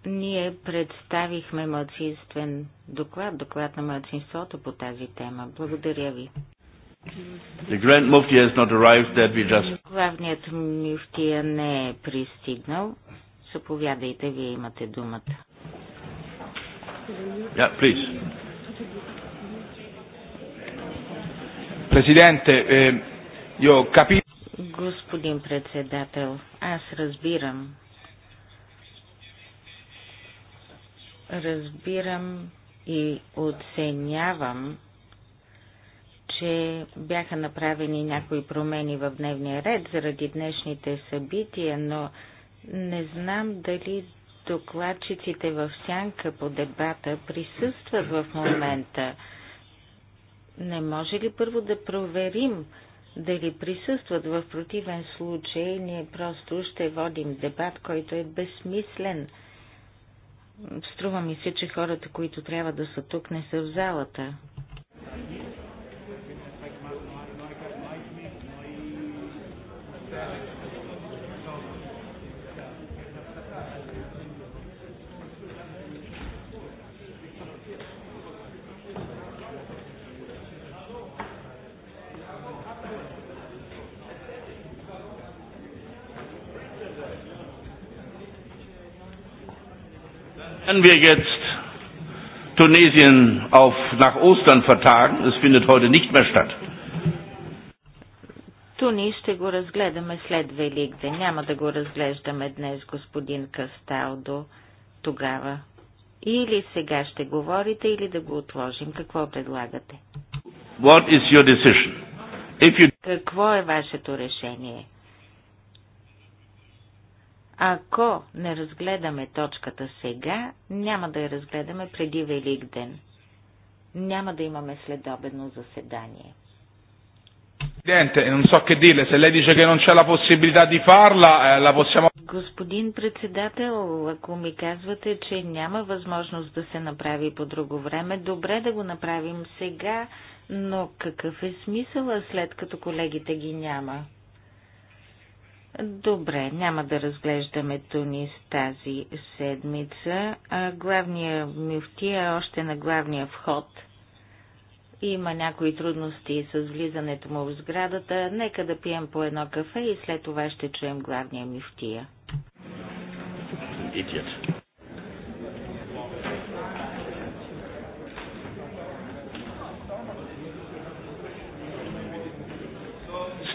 ние представихме младсинствен доклад, доклад на младсинството по тази тема. Благодаря ви. The Grand Mufti has not arrived, that we just... Главният мюфтия не е пристигнал. Съповядайте, вие имате думата. Yeah, please. Президенте, eh, Господин председател, аз разбирам. Разбирам и оценявам, че бяха направени някои промени в дневния ред заради днешните събития, но не знам дали докладчиците в сянка по дебата присъстват в момента. Не може ли първо да проверим дали присъстват. В противен случай ние просто ще водим дебат, който е безсмислен. Струва ми се, че хората, които трябва да са тук, не са в залата. Yeah. Wenn wir jetzt Tunesien auf nach Ostern vertagen, es findet heute nicht mehr statt. Туни ще го разгледаме след Великден. Няма да го разглеждаме днес, господин Касталдо, тогава. Или сега ще говорите, или да го отложим. Какво предлагате? What is your decision? If you... Какво е вашето решение? Ако не разгледаме точката сега, няма да я разгледаме преди Велик ден. Няма да имаме следобедно заседание. E eh, Господин председател, ако ми казвате, че няма възможност да се направи по друго време, добре да го направим сега, но какъв е смисъла след като колегите ги няма? Добре, няма да разглеждаме Тунис тази седмица. Главният мюфтия е още на главния вход. Има някои трудности с влизането му в сградата. Нека да пием по едно кафе и след това ще чуем главния мюфтия. Idiot.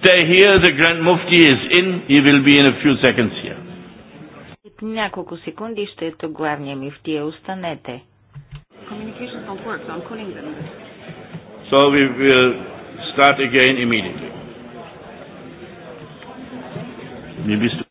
stay here, the Grand Mufti is in, he will be in a few seconds here. Няколко секунди ще е тук главния мифтия. Останете. Communications don't So we will start again immediately. Maybe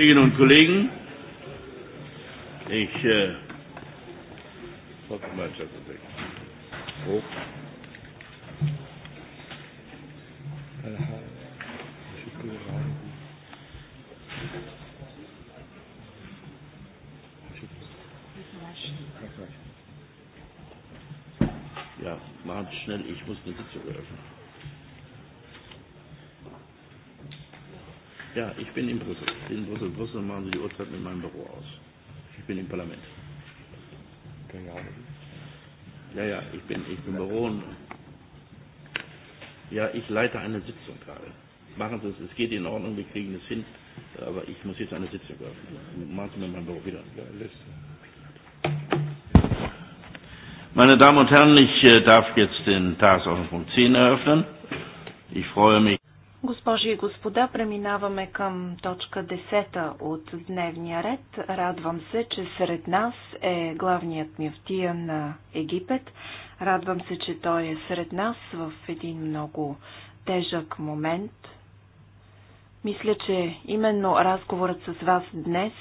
Kolleginnen und Kollegen, ich äh, Ja, machen Sie schnell, ich muss eine Sitzung eröffnen. Ja, ich bin in Brüssel. Ich bin in Brüssel. Brüssel machen Sie die Uhrzeit mit meinem Büro aus. Ich bin im Parlament. Ja, ja, ich bin, ich bin Büro. Und ja, ich leite eine Sitzung gerade. Machen Sie es, es geht in Ordnung, wir kriegen es hin. Aber ich muss jetzt eine Sitzung öffnen. Machen Sie mir mein Büro wieder. Meine Damen und Herren, ich darf jetzt den Tagesordnungspunkt 10 eröffnen. Ich freue mich. Госпожи и господа, преминаваме към точка 10 от дневния ред. Радвам се, че сред нас е главният мюфтия на Египет. Радвам се, че той е сред нас в един много тежък момент. Мисля, че именно разговорът с вас днес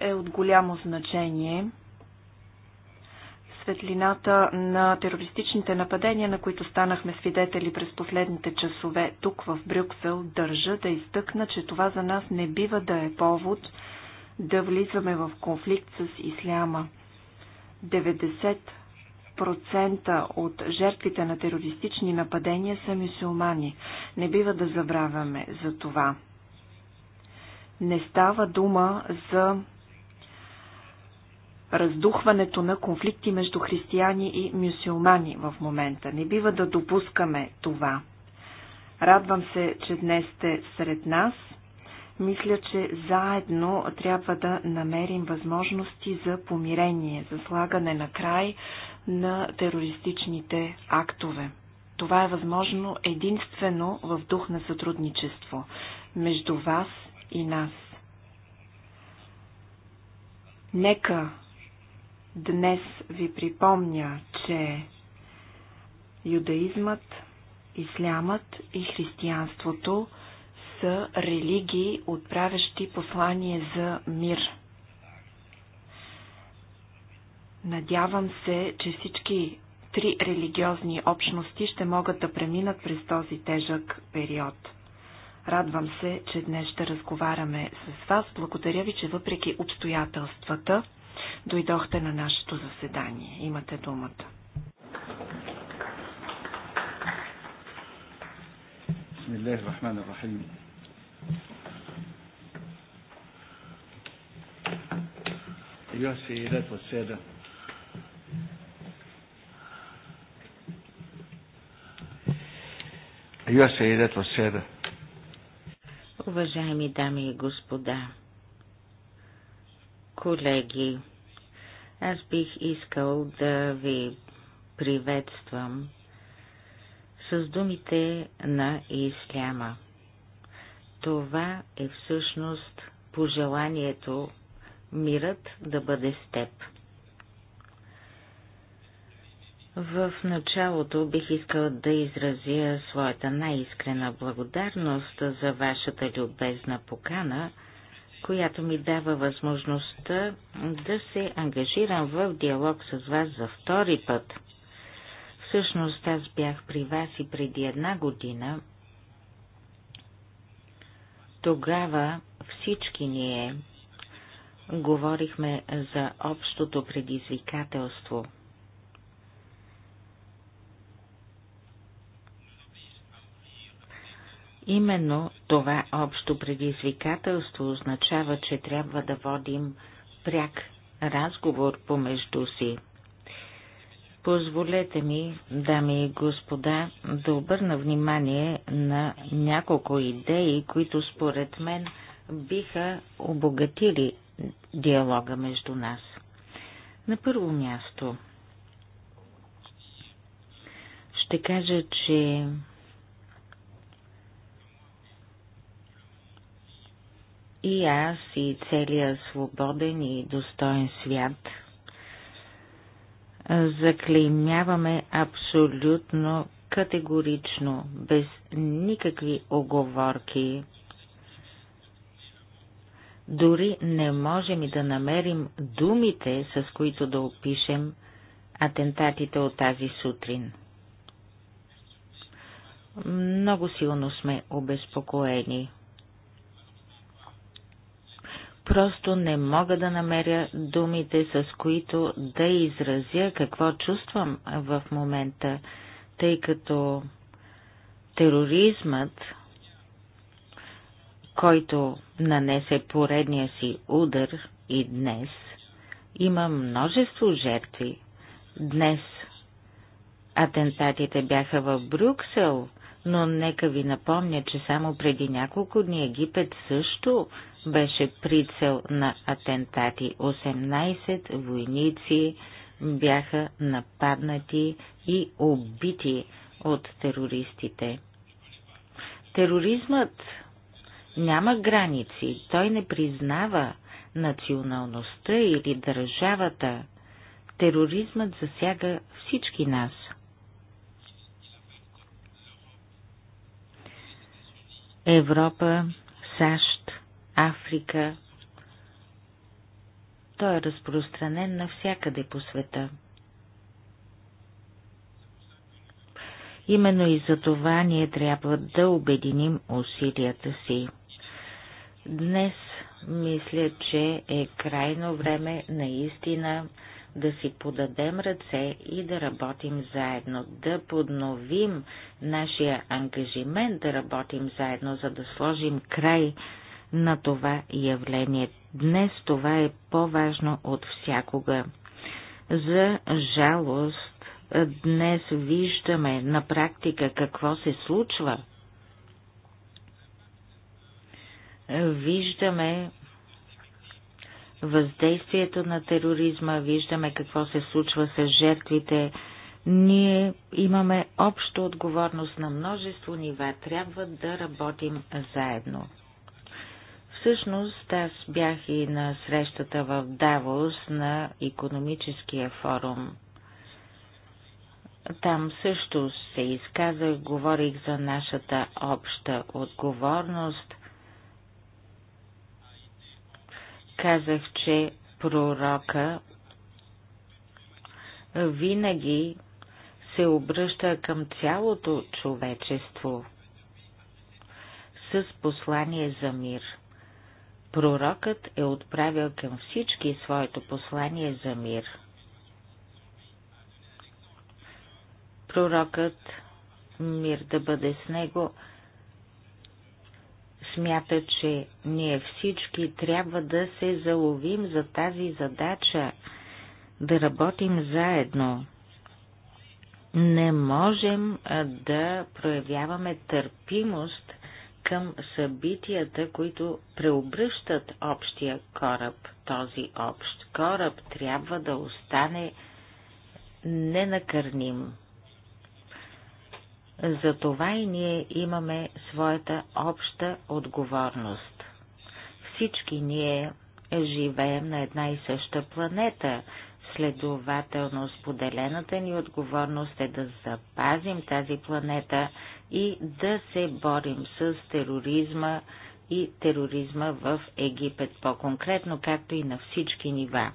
е от голямо значение – светлината на терористичните нападения, на които станахме свидетели през последните часове тук в Брюксел, държа да изтъкна, че това за нас не бива да е повод да влизаме в конфликт с исляма. 90% от жертвите на терористични нападения са мюсюлмани. Не бива да забравяме за това. Не става дума за раздухването на конфликти между християни и мюсюлмани в момента. Не бива да допускаме това. Радвам се, че днес сте сред нас. Мисля, че заедно трябва да намерим възможности за помирение, за слагане на край на терористичните актове. Това е възможно единствено в дух на сътрудничество между вас и нас. Нека Днес ви припомня, че юдаизмът, ислямът и християнството са религии, отправящи послание за мир. Надявам се, че всички три религиозни общности ще могат да преминат през този тежък период. Радвам се, че днес ще разговаряме с вас. Благодаря ви, че въпреки обстоятелствата, дойдохте на нашето заседание. Имате думата. Уважаеми дами и господа, колеги, аз бих искал да ви приветствам с думите на Исляма. Това е всъщност пожеланието мирът да бъде с теб. В началото бих искал да изразя своята най-искрена благодарност за вашата любезна покана – която ми дава възможността да се ангажирам в диалог с вас за втори път. Всъщност аз бях при вас и преди една година. Тогава всички ние говорихме за общото предизвикателство – Именно това общо предизвикателство означава, че трябва да водим пряк разговор помежду си. Позволете ми, дами и господа, да обърна внимание на няколко идеи, които според мен биха обогатили диалога между нас. На първо място ще кажа, че и аз и целия свободен и достоен свят заклеймяваме абсолютно категорично, без никакви оговорки. Дори не можем и да намерим думите, с които да опишем атентатите от тази сутрин. Много силно сме обезпокоени – Просто не мога да намеря думите, с които да изразя какво чувствам в момента, тъй като тероризмът, който нанесе поредния си удар и днес, има множество жертви. Днес атентатите бяха в Брюксел, но нека ви напомня, че само преди няколко дни Египет също беше прицел на атентати. 18 войници бяха нападнати и убити от терористите. Тероризмът няма граници, той не признава националността или държавата. Тероризмът засяга всички нас. Европа, САЩ, Африка. Той е разпространен навсякъде по света. Именно и за това ние трябва да обединим усилията си. Днес мисля, че е крайно време наистина да си подадем ръце и да работим заедно, да подновим нашия ангажимент да работим заедно, за да сложим край на това явление. Днес това е по-важно от всякога. За жалост, днес виждаме на практика какво се случва. Виждаме въздействието на тероризма, виждаме какво се случва с жертвите. Ние имаме обща отговорност на множество нива. Трябва да работим заедно. Всъщност аз бях и на срещата в Давос на економическия форум. Там също се изказах, говорих за нашата обща отговорност – Казах, че пророка винаги се обръща към цялото човечество с послание за мир. Пророкът е отправил към всички своето послание за мир. Пророкът, мир да бъде с него, смята, че ние всички трябва да се заловим за тази задача, да работим заедно. Не можем да проявяваме търпимост към събитията, които преобръщат общия кораб. Този общ кораб трябва да остане ненакърним. За това и ние имаме своята обща отговорност. Всички ние живеем на една и съща планета. Следователно, споделената ни отговорност е да запазим тази планета и да се борим с тероризма и тероризма в Египет, по-конкретно, както и на всички нива.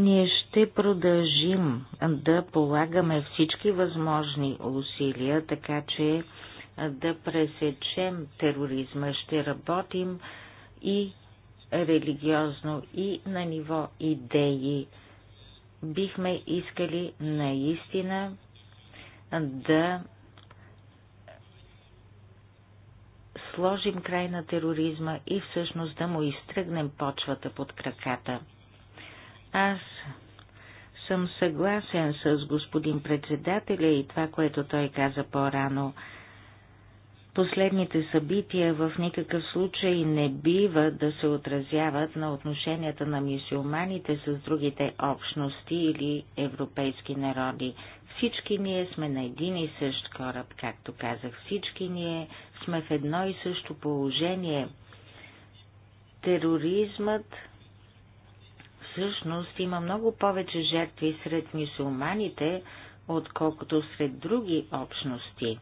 Ние ще продължим да полагаме всички възможни усилия, така че да пресечем тероризма. Ще работим и религиозно, и на ниво идеи. Бихме искали наистина да сложим край на тероризма и всъщност да му изтръгнем почвата под краката. Аз съм съгласен с господин председателя и това, което той каза по-рано. Последните събития в никакъв случай не бива да се отразяват на отношенията на мисиоманите с другите общности или европейски народи. Всички ние сме на един и същ кораб, както казах. Всички ние сме в едно и също положение. Тероризмът всъщност има много повече жертви сред мисулманите, отколкото сред други общности.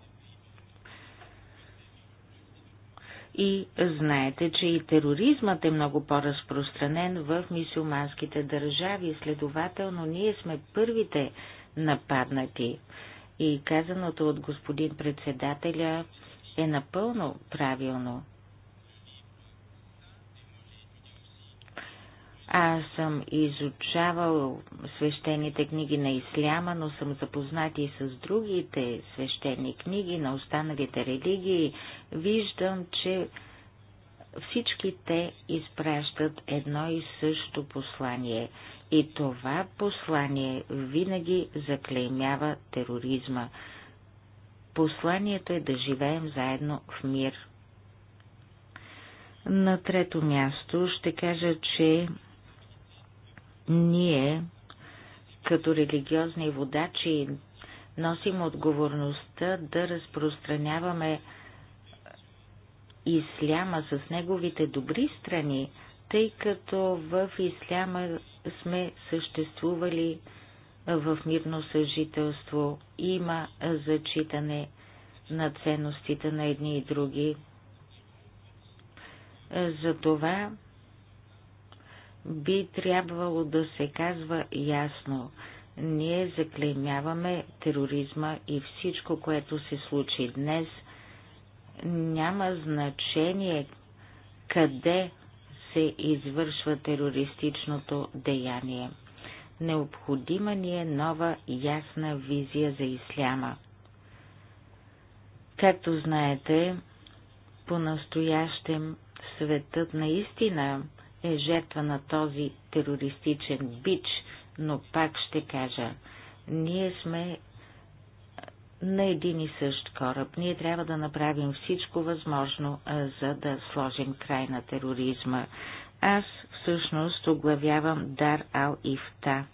И знаете, че и тероризмът е много по-разпространен в мисулманските държави, следователно ние сме първите нападнати. И казаното от господин председателя е напълно правилно. Аз съм изучавал свещените книги на Исляма, но съм запознати и с другите свещени книги на останалите религии. Виждам, че всички те изпращат едно и също послание. И това послание винаги заклеймява тероризма. Посланието е да живеем заедно в мир. На трето място ще кажа, че ние, като религиозни водачи, носим отговорността да разпространяваме исляма с неговите добри страни, тъй като в исляма сме съществували в мирно съжителство, има зачитане на ценностите на едни и други. Затова би трябвало да се казва ясно. Ние заклеймяваме тероризма и всичко, което се случи днес. Няма значение къде се извършва терористичното деяние. Необходима ни е нова ясна визия за исляма. Както знаете, по-настоящем светът наистина е жертва на този терористичен бич, но пак ще кажа, ние сме на един и същ кораб. Ние трябва да направим всичко възможно, за да сложим край на тероризма. Аз всъщност оглавявам Дар Ал Ифта.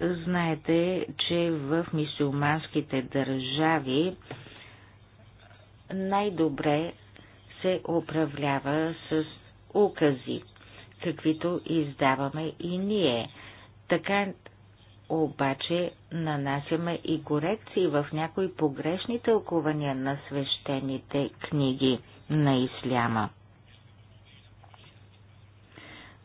Знаете, че в мисулманските държави най-добре се управлява с укази, каквито издаваме и ние. Така обаче нанасяме и корекции в някои погрешни тълкувания на свещените книги на исляма.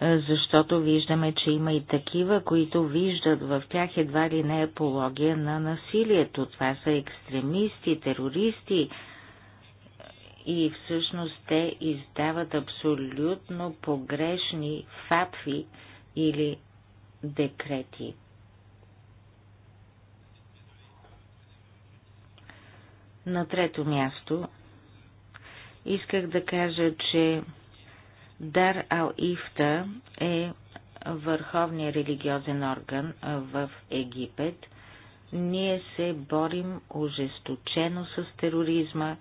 Защото виждаме, че има и такива, които виждат в тях едва ли не апология на насилието. Това са екстремисти, терористи, и всъщност те издават абсолютно погрешни фатви или декрети. На трето място исках да кажа, че Дар Ал-Ифта е върховният религиозен орган в Египет. Ние се борим ожесточено с тероризма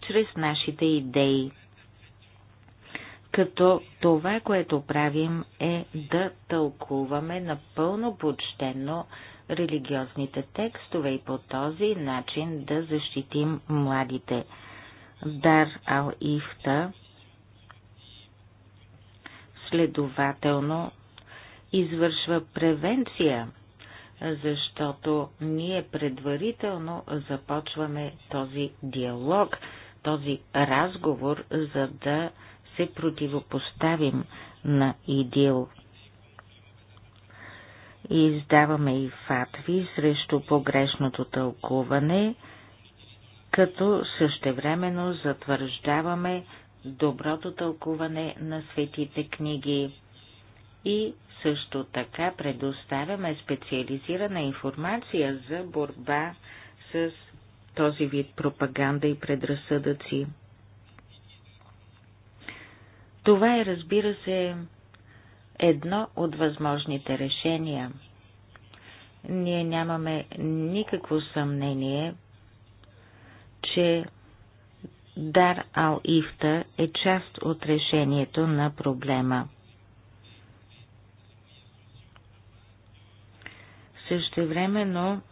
чрез нашите идеи. Като това, което правим е да тълкуваме напълно почтено религиозните текстове и по този начин да защитим младите. Дар ал-Ифта следователно извършва превенция, защото ние предварително започваме този диалог – този разговор, за да се противопоставим на ИДИЛ. Издаваме и фатви срещу погрешното тълкуване, като същевременно затвърждаваме доброто тълкуване на светите книги и също така предоставяме специализирана информация за борба с този вид пропаганда и предразсъдъци. Това е, разбира се, едно от възможните решения. Ние нямаме никакво съмнение, че Дар Ал-Ифта е част от решението на проблема. Същевременно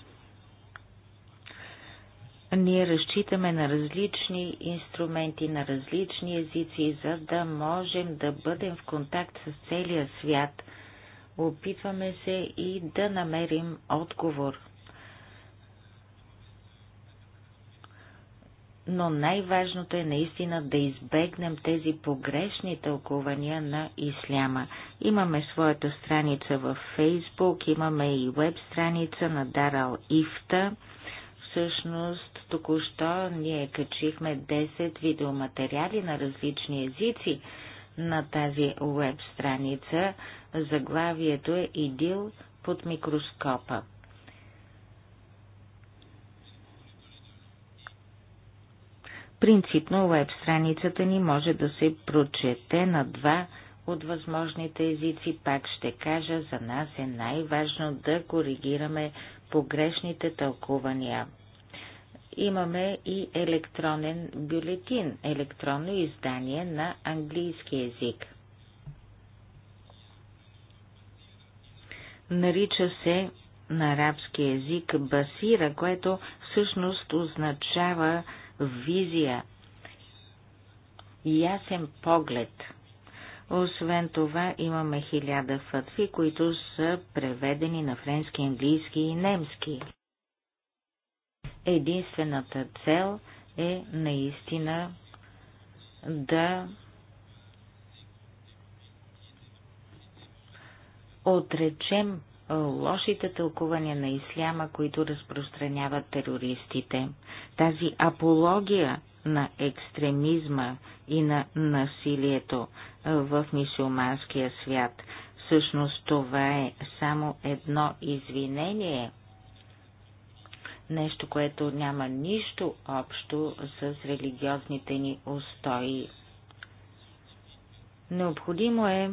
ние разчитаме на различни инструменти, на различни езици, за да можем да бъдем в контакт с целия свят. Опитваме се и да намерим отговор. Но най-важното е наистина да избегнем тези погрешни тълкувания на исляма. Имаме своята страница в Фейсбук, имаме и веб страница на Дарал Ифта всъщност Току-що ние качихме 10 видеоматериали на различни езици на тази веб страница. Заглавието е Идил под микроскопа. Принципно веб страницата ни може да се прочете на два от възможните езици, пак ще кажа, за нас е най-важно да коригираме погрешните тълкувания. Имаме и електронен бюлетин, електронно издание на английски язик. Нарича се на арабски язик басира, което всъщност означава визия, ясен поглед. Освен това имаме хиляда фатви, които са преведени на френски, английски и немски единствената цел е наистина да отречем лошите тълкувания на исляма, които разпространяват терористите. Тази апология на екстремизма и на насилието в мисюлманския свят. Всъщност това е само едно извинение нещо, което няма нищо общо с религиозните ни устои. Необходимо е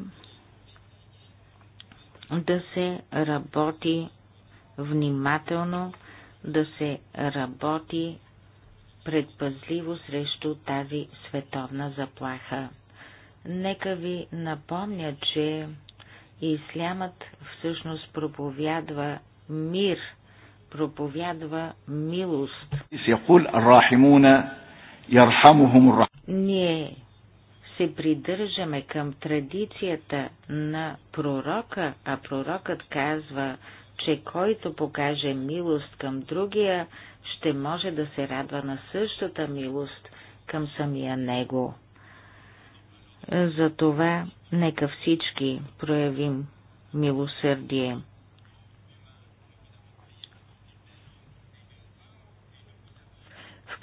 да се работи внимателно, да се работи предпазливо срещу тази световна заплаха. Нека ви напомня, че ислямът всъщност проповядва мир – проповядва милост. Ние се придържаме към традицията на пророка, а пророкът казва, че който покаже милост към другия, ще може да се радва на същата милост към самия него. Затова нека всички проявим милосърдие.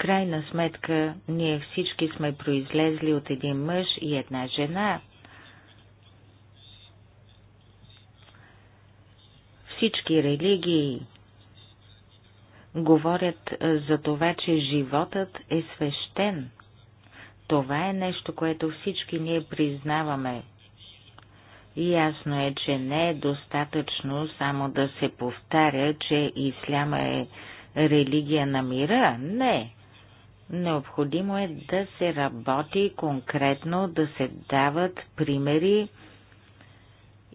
крайна сметка ние всички сме произлезли от един мъж и една жена. Всички религии говорят за това, че животът е свещен. Това е нещо, което всички ние признаваме. Ясно е, че не е достатъчно само да се повтаря, че исляма е религия на мира. Не. Необходимо е да се работи конкретно, да се дават примери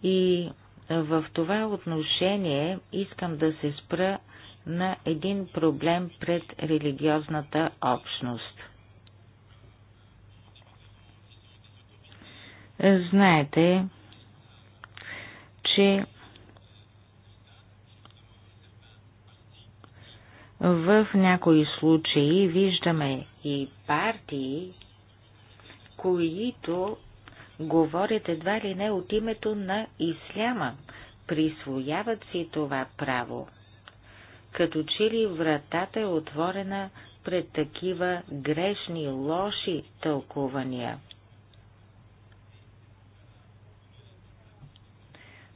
и в това отношение искам да се спра на един проблем пред религиозната общност. Знаете, че В някои случаи виждаме и партии, които говорят едва ли не от името на исляма, присвояват си това право. Като че ли вратата е отворена пред такива грешни, лоши тълкувания.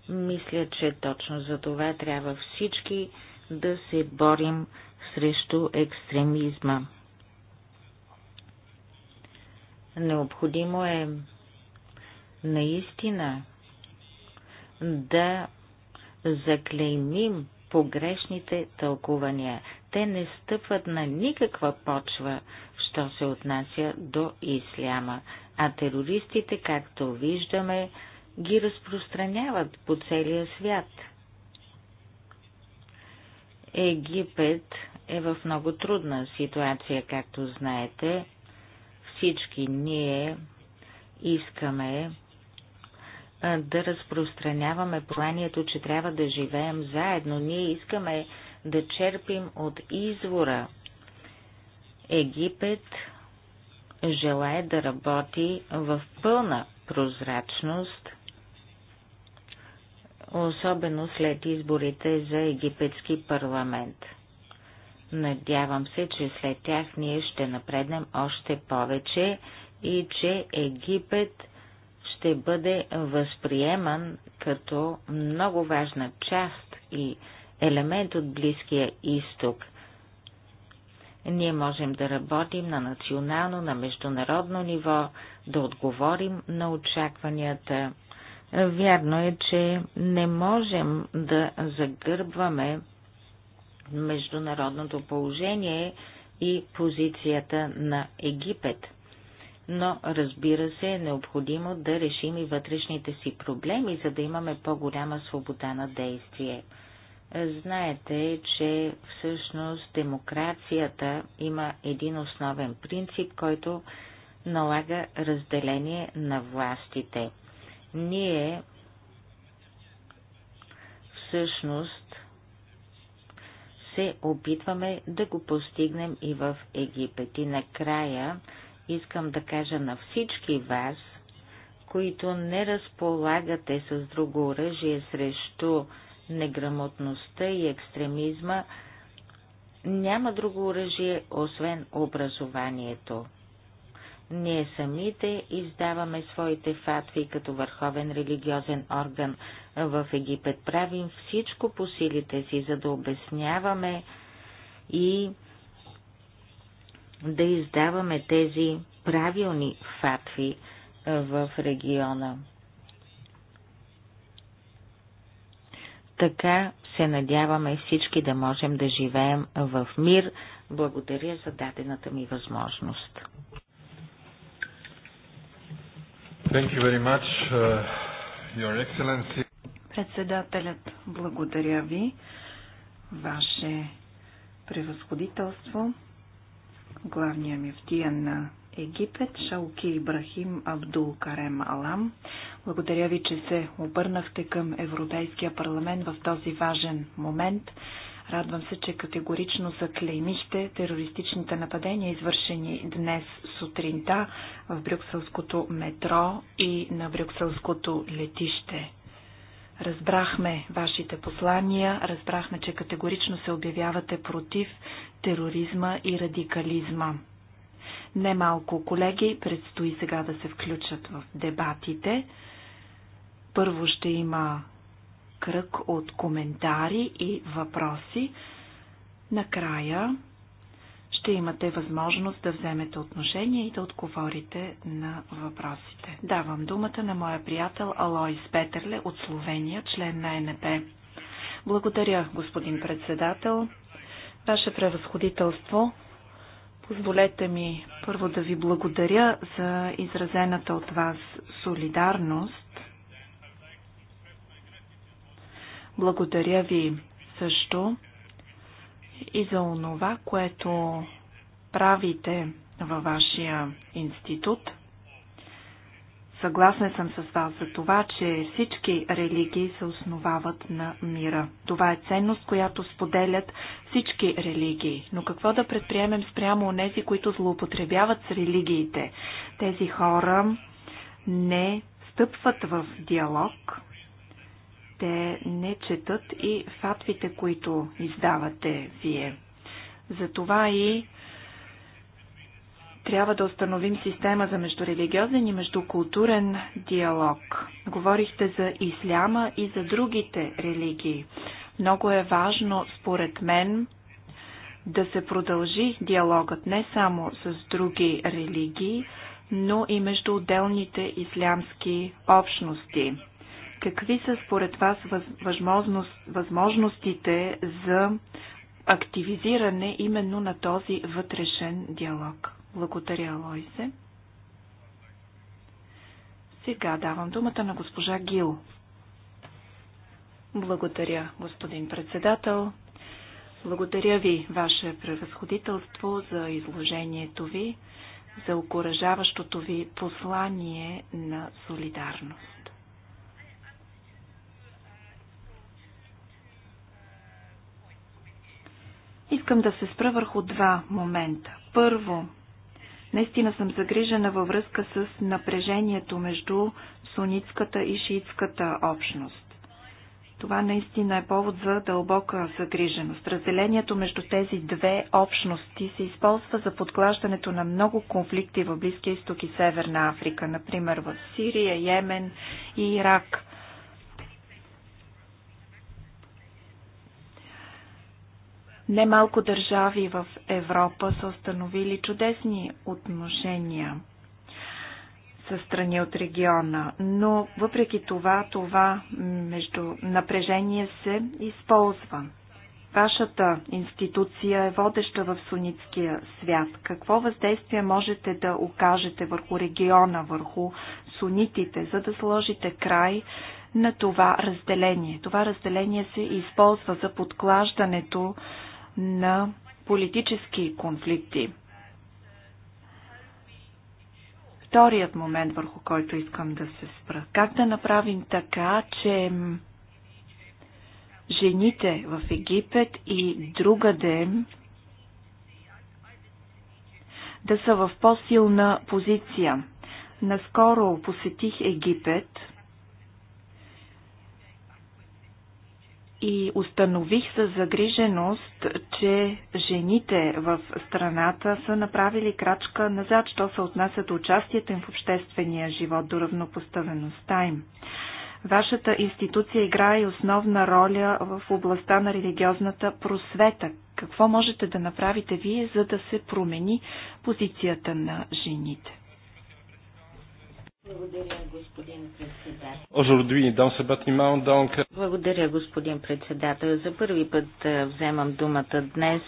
Мисля, че точно за това трябва всички да се борим срещу екстремизма. Необходимо е наистина да заклеймим погрешните тълкувания. Те не стъпват на никаква почва, що се отнася до исляма, а терористите, както виждаме, ги разпространяват по целия свят. Египет е в много трудна ситуация, както знаете. Всички ние искаме да разпространяваме проянието, че трябва да живеем заедно. Ние искаме да черпим от извора. Египет желая да работи в пълна прозрачност, особено след изборите за египетски парламент. Надявам се, че след тях ние ще напреднем още повече и че Египет ще бъде възприеман като много важна част и елемент от Близкия изток. Ние можем да работим на национално, на международно ниво, да отговорим на очакванията. Вярно е, че не можем да загърбваме международното положение и позицията на Египет. Но, разбира се, е необходимо да решим и вътрешните си проблеми, за да имаме по-голяма свобода на действие. Знаете, че всъщност демокрацията има един основен принцип, който налага разделение на властите. Ние всъщност се опитваме да го постигнем и в Египет. И накрая искам да кажа на всички вас, които не разполагате с друго оръжие срещу неграмотността и екстремизма, няма друго оръжие, освен образованието. Ние самите издаваме своите фатви като върховен религиозен орган, в Египет. Правим всичко по силите си, за да обясняваме и да издаваме тези правилни фатви в региона. Така се надяваме всички да можем да живеем в мир. Благодаря за дадената ми възможност. Thank you very much, uh, Your Excellency. Председателят, благодаря ви, ваше превъзходителство, главния мифтия на Египет, Шалки Ибрахим Абдул Карем Алам. Благодаря ви, че се обърнахте към Европейския парламент в този важен момент. Радвам се, че категорично заклеймихте терористичните нападения, извършени днес сутринта в брюкселското метро и на брюкселското летище. Разбрахме вашите послания, разбрахме, че категорично се обявявате против тероризма и радикализма. Немалко колеги предстои сега да се включат в дебатите. Първо ще има кръг от коментари и въпроси. Накрая ще имате възможност да вземете отношение и да отговорите на въпросите. Давам думата на моя приятел Алоис Петърле от Словения, член на НП. Благодаря, господин председател. Ваше превъзходителство, позволете ми първо да ви благодаря за изразената от вас солидарност. Благодаря ви също и за онова, което правите във вашия институт. Съгласен съм с вас за това, че всички религии се основават на мира. Това е ценност, която споделят всички религии. Но какво да предприемем спрямо от тези, които злоупотребяват с религиите? Тези хора не стъпват в диалог, те не четат и фатвите, които издавате вие. Затова и трябва да установим система за междурелигиозен и междукултурен диалог. Говорихте за исляма и за другите религии. Много е важно, според мен, да се продължи диалогът не само с други религии, но и между отделните ислямски общности. Какви са според вас възможност, възможностите за активизиране именно на този вътрешен диалог? Благодаря, Лойсе. Сега давам думата на госпожа Гил. Благодаря, господин председател. Благодаря ви, Ваше превъзходителство, за изложението ви, за окоръжаващото ви послание на солидарност. Искам да се спра върху два момента. Първо, наистина съм загрижена във връзка с напрежението между сунитската и шиитската общност. Това наистина е повод за дълбока загриженост. Разделението между тези две общности се използва за подклаждането на много конфликти в Близкия изток и Северна Африка, например в Сирия, Йемен и Ирак. Немалко държави в Европа са установили чудесни отношения със страни от региона, но въпреки това, това между напрежение се използва. Вашата институция е водеща в сунитския свят. Какво въздействие можете да окажете върху региона, върху сунитите, за да сложите край на това разделение? Това разделение се използва за подклаждането на политически конфликти. Вторият момент, върху който искам да се спра. Как да направим така, че жените в Египет и другаде да са в по-силна позиция. Наскоро посетих Египет – и установих със загриженост, че жените в страната са направили крачка назад, що се отнасят до участието им в обществения живот, до равнопоставеността им. Вашата институция играе и основна роля в областта на религиозната просвета. Какво можете да направите вие, за да се промени позицията на жените? Благодаря, господин председател. Благодаря, господин председател. За първи път вземам думата днес.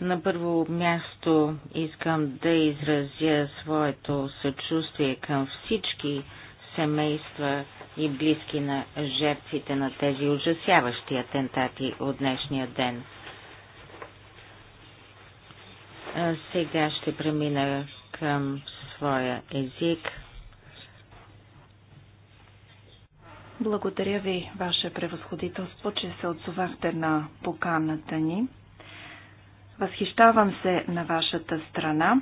На първо място искам да изразя своето съчувствие към всички семейства и близки на жертвите на тези ужасяващи атентати от днешния ден. Сега ще премина към своя език. Благодаря ви, Ваше превъзходителство, че се отзовахте на поканата ни. Възхищавам се на Вашата страна.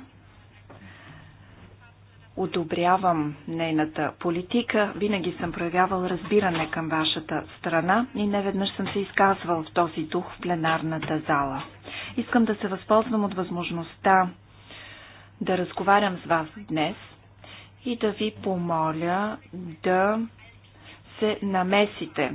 Одобрявам нейната политика. Винаги съм проявявал разбиране към Вашата страна и неведнъж съм се изказвал в този дух в пленарната зала. Искам да се възползвам от възможността да разговарям с Вас днес и да Ви помоля да се намесите.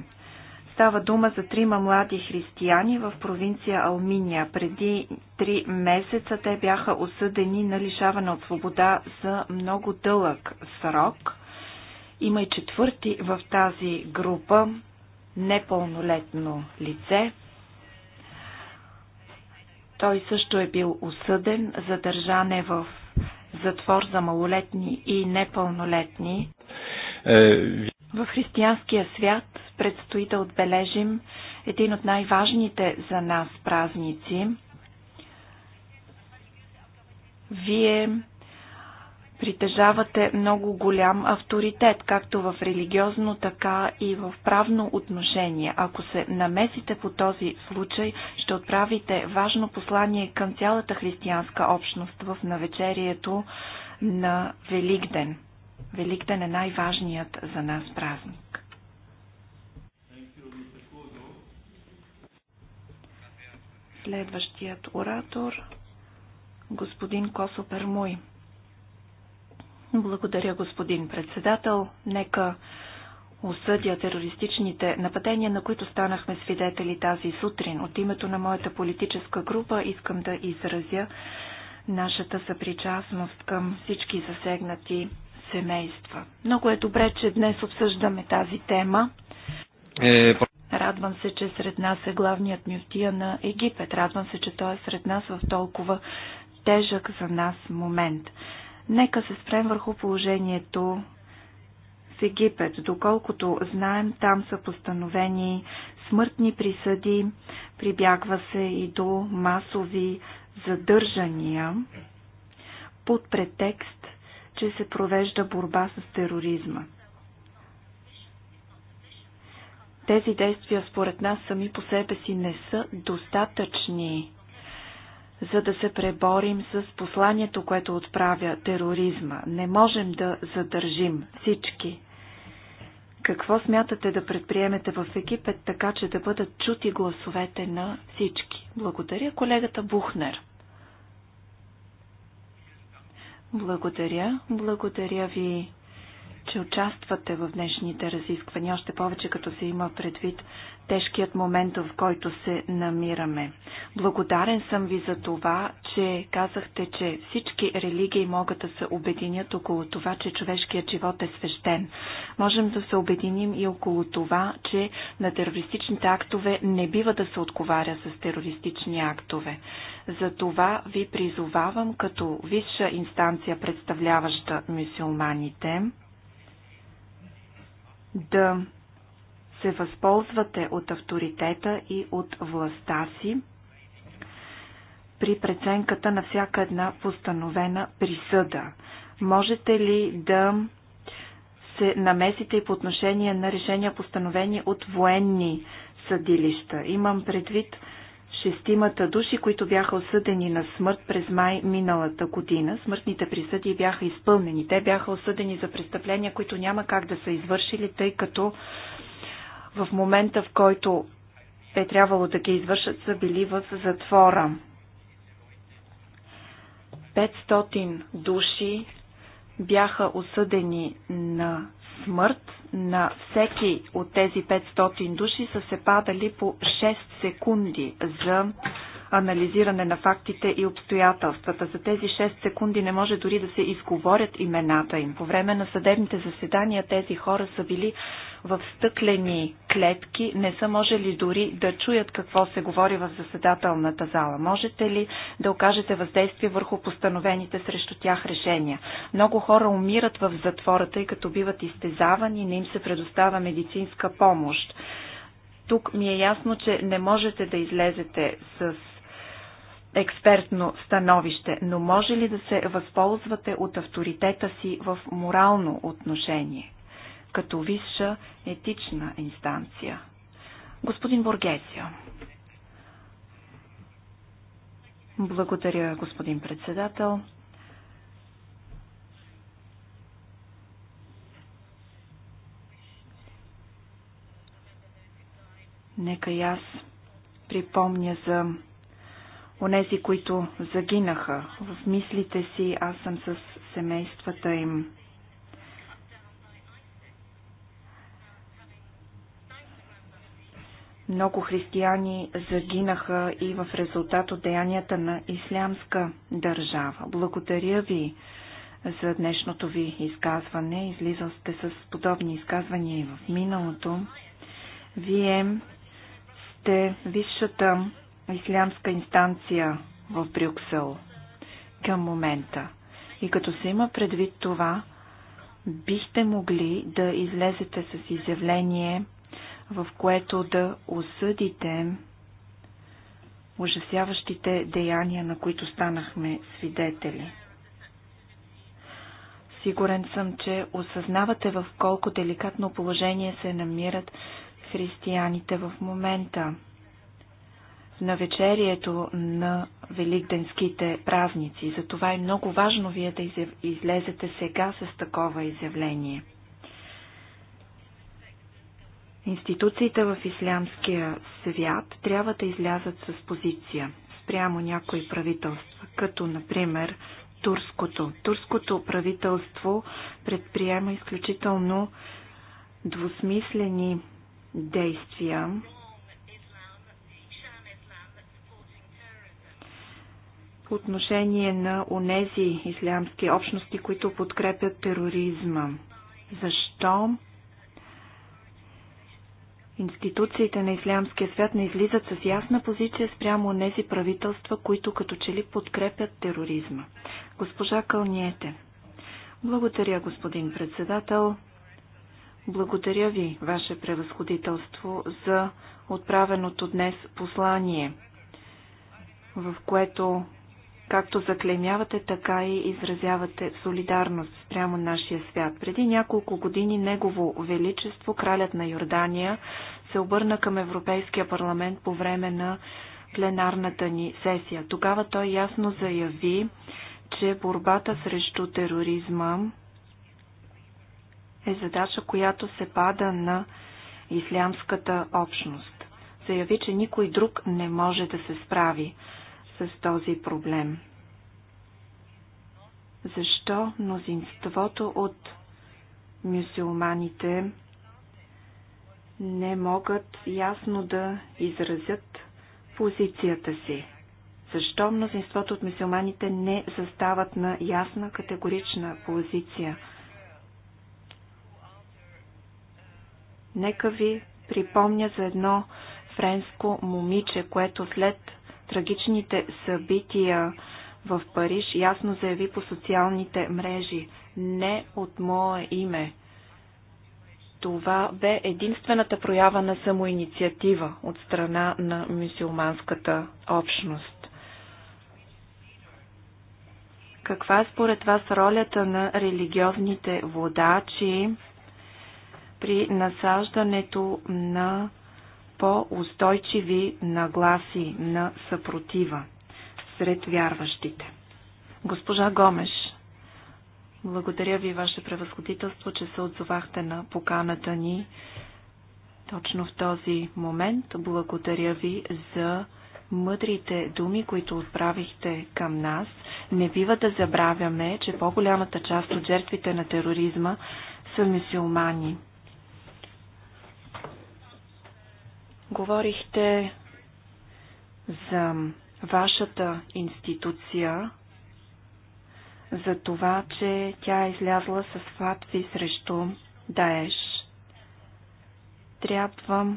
Става дума за трима млади християни в провинция Алминия. Преди три месеца те бяха осъдени на лишаване от свобода за много дълъг срок. Има и четвърти в тази група непълнолетно лице. Той също е бил осъден за държане в затвор за малолетни и непълнолетни. Е, в християнския свят предстои да отбележим един от най-важните за нас празници. Вие притежавате много голям авторитет, както в религиозно, така и в правно отношение. Ако се намесите по този случай, ще отправите важно послание към цялата християнска общност в навечерието на Великден. Великден е най-важният за нас празник. Следващият оратор господин Косо Пермой. Благодаря, господин председател. Нека осъдя терористичните нападения, на които станахме свидетели тази сутрин. От името на моята политическа група искам да изразя нашата съпричастност към всички засегнати семейства. Много е добре, че днес обсъждаме тази тема. Е, Радвам се, че сред нас е главният мюфтия на Египет. Радвам се, че той е сред нас в толкова тежък за нас момент. Нека се спрем върху положението в Египет. Доколкото знаем, там са постановени смъртни присъди, прибягва се и до масови задържания под претекст, че се провежда борба с тероризма. Тези действия според нас сами по себе си не са достатъчни, за да се преборим с посланието, което отправя тероризма. Не можем да задържим всички. Какво смятате да предприемете в Египет, така че да бъдат чути гласовете на всички? Благодаря колегата Бухнер. Благодаря. Благодаря ви че участвате в днешните разисквания, още повече като се има предвид тежкият момент, в който се намираме. Благодарен съм ви за това, че казахте, че всички религии могат да се обединят около това, че човешкият живот е свещен. Можем да се обединим и около това, че на терористичните актове не бива да се отговаря с терористични актове. За това ви призовавам като висша инстанция, представляваща мюсюлманите, да се възползвате от авторитета и от властта си при преценката на всяка една постановена присъда. Можете ли да се намесите и по отношение на решения постановени от военни съдилища? Имам предвид шестимата души, които бяха осъдени на смърт през май миналата година. Смъртните присъди бяха изпълнени. Те бяха осъдени за престъпления, които няма как да са извършили, тъй като в момента, в който е трябвало да ги извършат, са били в затвора. 500 души бяха осъдени на смърт на всеки от тези 500 души са се падали по 6 секунди за анализиране на фактите и обстоятелствата. За тези 6 секунди не може дори да се изговорят имената им. По време на съдебните заседания тези хора са били в стъклени клетки, не са можели дори да чуят какво се говори в заседателната зала. Можете ли да окажете въздействие върху постановените срещу тях решения? Много хора умират в затвора, тъй като биват изтезавани не им се предоставя медицинска помощ. Тук ми е ясно, че не можете да излезете с експертно становище, но може ли да се възползвате от авторитета си в морално отношение, като висша етична инстанция? Господин Боргесио. Благодаря, господин председател. Нека и аз припомня за онези, които загинаха. В мислите си аз съм с семействата им. Много християни загинаха и в резултат от деянията на ислямска държава. Благодаря ви за днешното ви изказване. Излизал сте с подобни изказвания и в миналото. Вие сте висшата ислямска инстанция в Брюксел към момента. И като се има предвид това, бихте могли да излезете с изявление, в което да осъдите ужасяващите деяния, на които станахме свидетели. Сигурен съм, че осъзнавате в колко деликатно положение се намират християните в момента на вечерието на великденските празници. Затова е много важно вие да излезете сега с такова изявление. Институциите в ислямския свят трябва да излязат с позиция спрямо някои правителства, като например турското. Турското правителство предприема изключително двусмислени действия по отношение на онези ислямски общности, които подкрепят тероризма. Защо институциите на ислямския свят не излизат с ясна позиция спрямо онези правителства, които като че ли подкрепят тероризма? Госпожа Кълниете. Благодаря, господин председател. Благодаря ви, Ваше превъзходителство, за отправеното днес послание, в което Както заклемявате, така и изразявате солидарност спрямо нашия свят. Преди няколко години Негово Величество, кралят на Йордания, се обърна към Европейския парламент по време на пленарната ни сесия. Тогава той ясно заяви, че борбата срещу тероризма е задача, която се пада на ислямската общност. Заяви, че никой друг не може да се справи с този проблем? Защо мнозинството от мюсюлманите не могат ясно да изразят позицията си? Защо мнозинството от мюсюлманите не застават на ясна категорична позиция? Нека ви припомня за едно френско момиче, което след трагичните събития в Париж ясно заяви по социалните мрежи не от мое име. Това бе единствената проява на самоинициатива от страна на мусулманската общност. Каква е според вас ролята на религиозните водачи при насаждането на по-устойчиви нагласи на съпротива сред вярващите. Госпожа Гомеш, благодаря ви, Ваше превъзходителство, че се отзовахте на поканата ни точно в този момент. Благодаря ви за мъдрите думи, които отправихте към нас. Не бива да забравяме, че по-голямата част от жертвите на тероризма са мисиомани. Говорихте за вашата институция, за това, че тя е излязла с фатви срещу Даеш. Трябва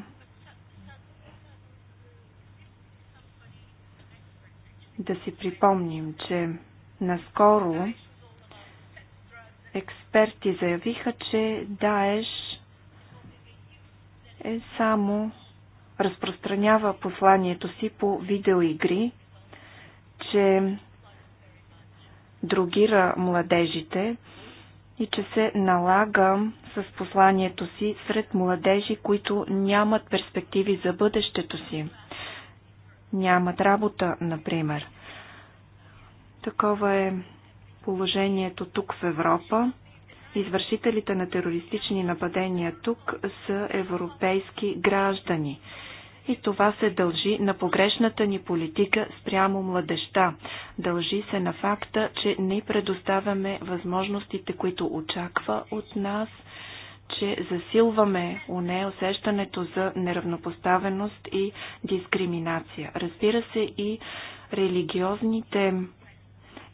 да си припомним, че наскоро експерти заявиха, че Даеш е само разпространява посланието си по видеоигри, че другира младежите и че се налага с посланието си сред младежи, които нямат перспективи за бъдещето си. Нямат работа, например. Такова е положението тук в Европа. Извършителите на терористични нападения тук са европейски граждани. И това се дължи на погрешната ни политика спрямо младеща. Дължи се на факта, че не предоставяме възможностите, които очаква от нас, че засилваме у нея усещането за неравнопоставеност и дискриминация. Разбира се и религиозните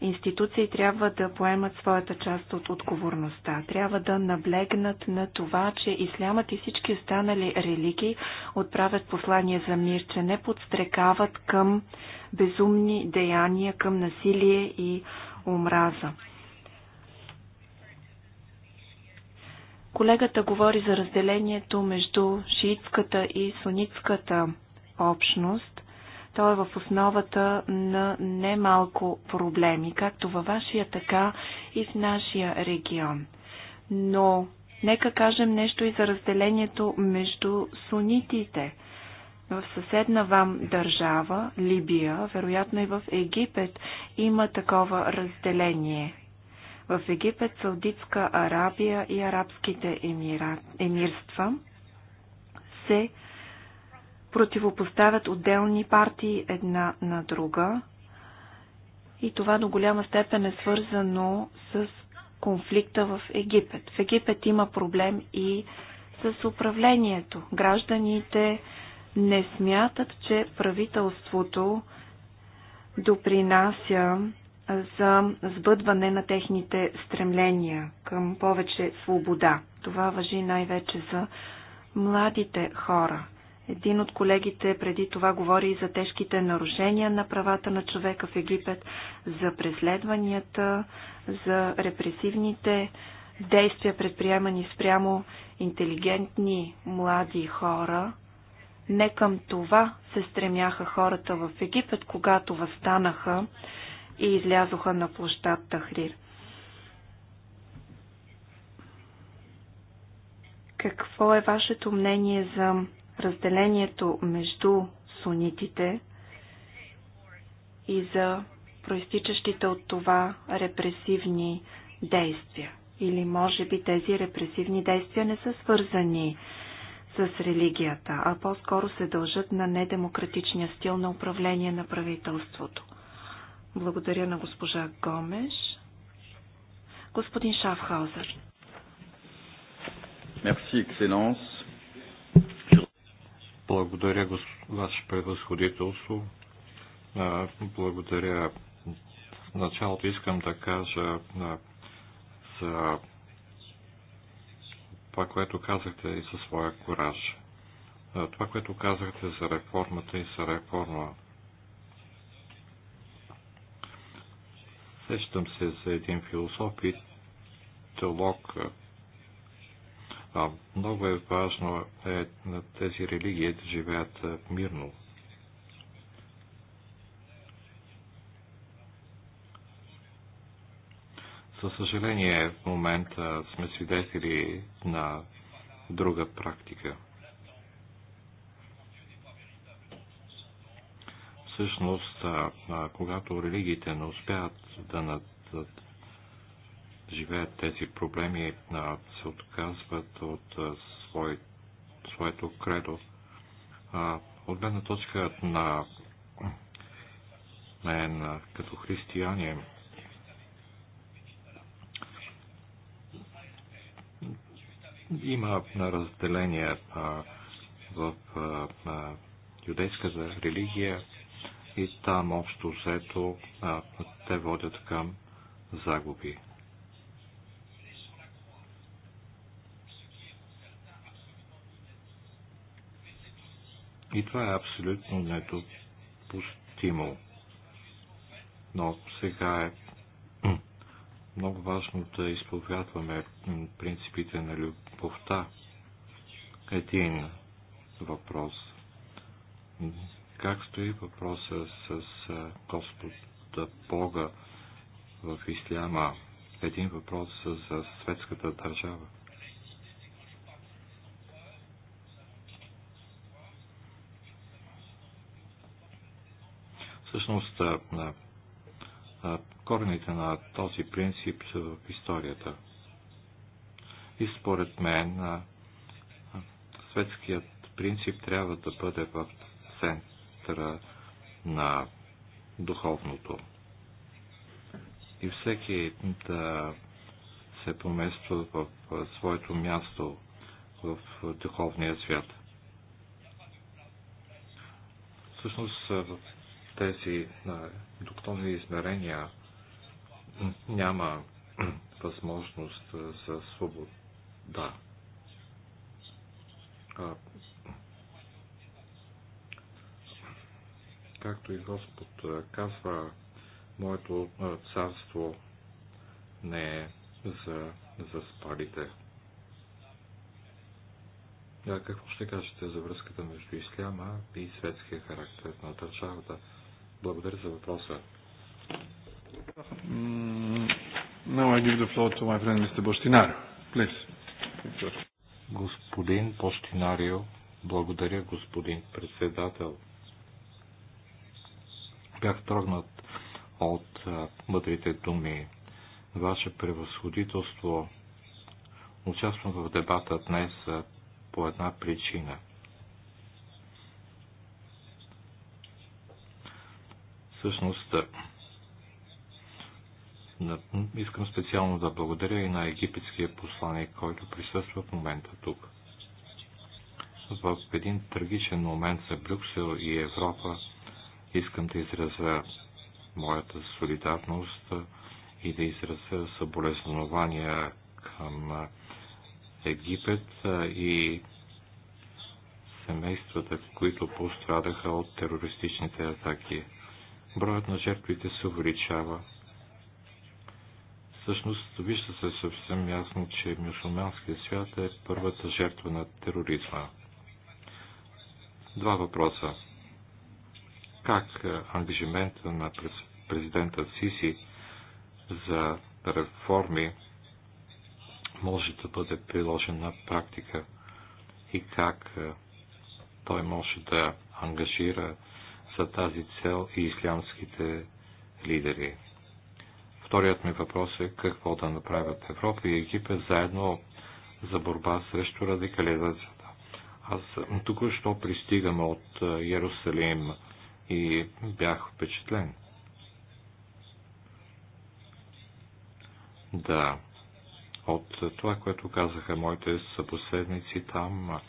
институции трябва да поемат своята част от отговорността. Трябва да наблегнат на това, че ислямът и всички останали религии отправят послание за мир, че не подстрекават към безумни деяния, към насилие и омраза. Колегата говори за разделението между шиитската и сунитската общност. Той е в основата на немалко проблеми, както във вашия, така и в нашия регион. Но нека кажем нещо и за разделението между сунитите. В съседна вам държава, Либия, вероятно и в Египет, има такова разделение в Египет, Саудитска Арабия и Арабските емира... емирства се противопоставят отделни партии една на друга. И това до голяма степен е свързано с конфликта в Египет. В Египет има проблем и с управлението. Гражданите не смятат, че правителството допринася за сбъдване на техните стремления към повече свобода. Това въжи най-вече за младите хора. Един от колегите преди това говори и за тежките нарушения на правата на човека в Египет, за преследванията, за репресивните действия, предприемани спрямо интелигентни млади хора. Не към това се стремяха хората в Египет, когато възстанаха и излязоха на площад Тахрир. Какво е вашето мнение за разделението между сунитите и за проистичащите от това репресивни действия. Или може би тези репресивни действия не са свързани с религията, а по-скоро се дължат на недемократичния стил на управление на правителството. Благодаря на госпожа Гомеш. Господин Шафхаузер. Мерси, екселенс. Благодаря, Ваше превъзходителство. Благодаря. В началото искам да кажа за това, което казахте и за своя кораж. Това, което казахте за реформата и за реформа. Сещам се за един философ и теолог, много е важно е на тези религии да живеят мирно. Със съжаление, в момента сме свидетели на друга практика. Всъщност, когато религиите не успяват да, над, живеят тези проблеми, се отказват от свой, своето кредо. От гледна точка на мен като християни, има разделение в юдейската религия и там общо взето те водят към загуби. И това е абсолютно недопустимо. Но сега е много важно да изповядваме принципите на любовта. Един въпрос. Как стои въпроса с Господа Бога в Исляма? Един въпрос за светската държава. Всъщност, корените на този принцип са в историята. И според мен, светският принцип трябва да бъде в центъра на духовното. И всеки да се помества в своето място в духовния свят. Всъщност в тези доктолни измерения няма възможност за свобода. А, както и Господ казва, моето царство не е за заспалите. А какво ще кажете за връзката между исляма и светския характер на държавата? Благодаря за въпроса. Mm, now I give the floor to my friend Mr. Bostinario. Please. Господин Бостинарио, благодаря, господин председател. Бях трогнат от мъдрите думи. Ваше превъзходителство участвам в дебата днес по една причина. Всъщност, е, искам специално да благодаря и на египетския посланик, който присъства в момента тук. В един трагичен момент за Брюксел и Европа искам да изразя моята солидарност е, и да изразя съболезнования към е, Египет и семействата, които пострадаха от терористичните атаки броят на жертвите се увеличава. Всъщност, вижда се съвсем ясно, че мюсулманският свят е първата жертва на тероризма. Два въпроса. Как е, ангажимента на президента Сиси за реформи може да бъде приложен на практика и как е, той може да ангажира за тази цел и ислямските лидери. Вторият ми въпрос е какво да направят Европа и Египет заедно за борба срещу радикализацията. Аз току-що пристигам от Ярусалим и бях впечатлен. Да, от това, което казаха моите събоседници там,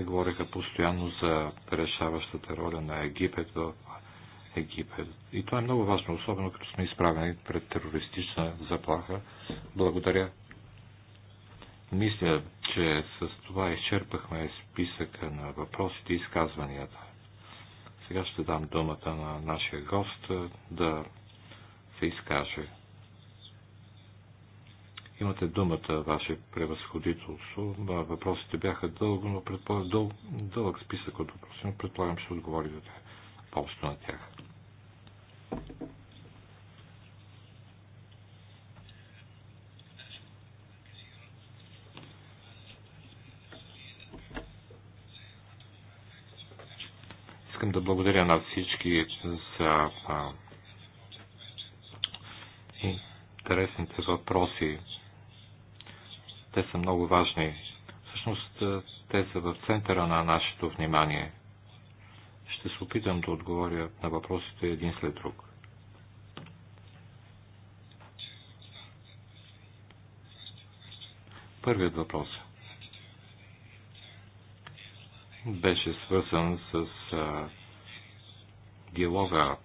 те говореха постоянно за решаващата роля на Египет в Египет. И това е много важно, особено като сме изправени пред терористична заплаха. Благодаря. Мисля, че с това изчерпахме списъка на въпросите и изказванията. Сега ще дам думата на нашия гост да се изкаже. Имате думата, ваше превъзходителство. Въпросите бяха дълго, но предполагам, дъл, дълъг списък от въпроси, но предполагам, ще отговорите по-общо на тях. Искам да благодаря на всички за интересните въпроси, те са много важни. Всъщност, е, те са в центъра на нашето внимание. Ще се опитам да отговоря на въпросите един след друг. Първият въпрос беше свързан с а, е, диалога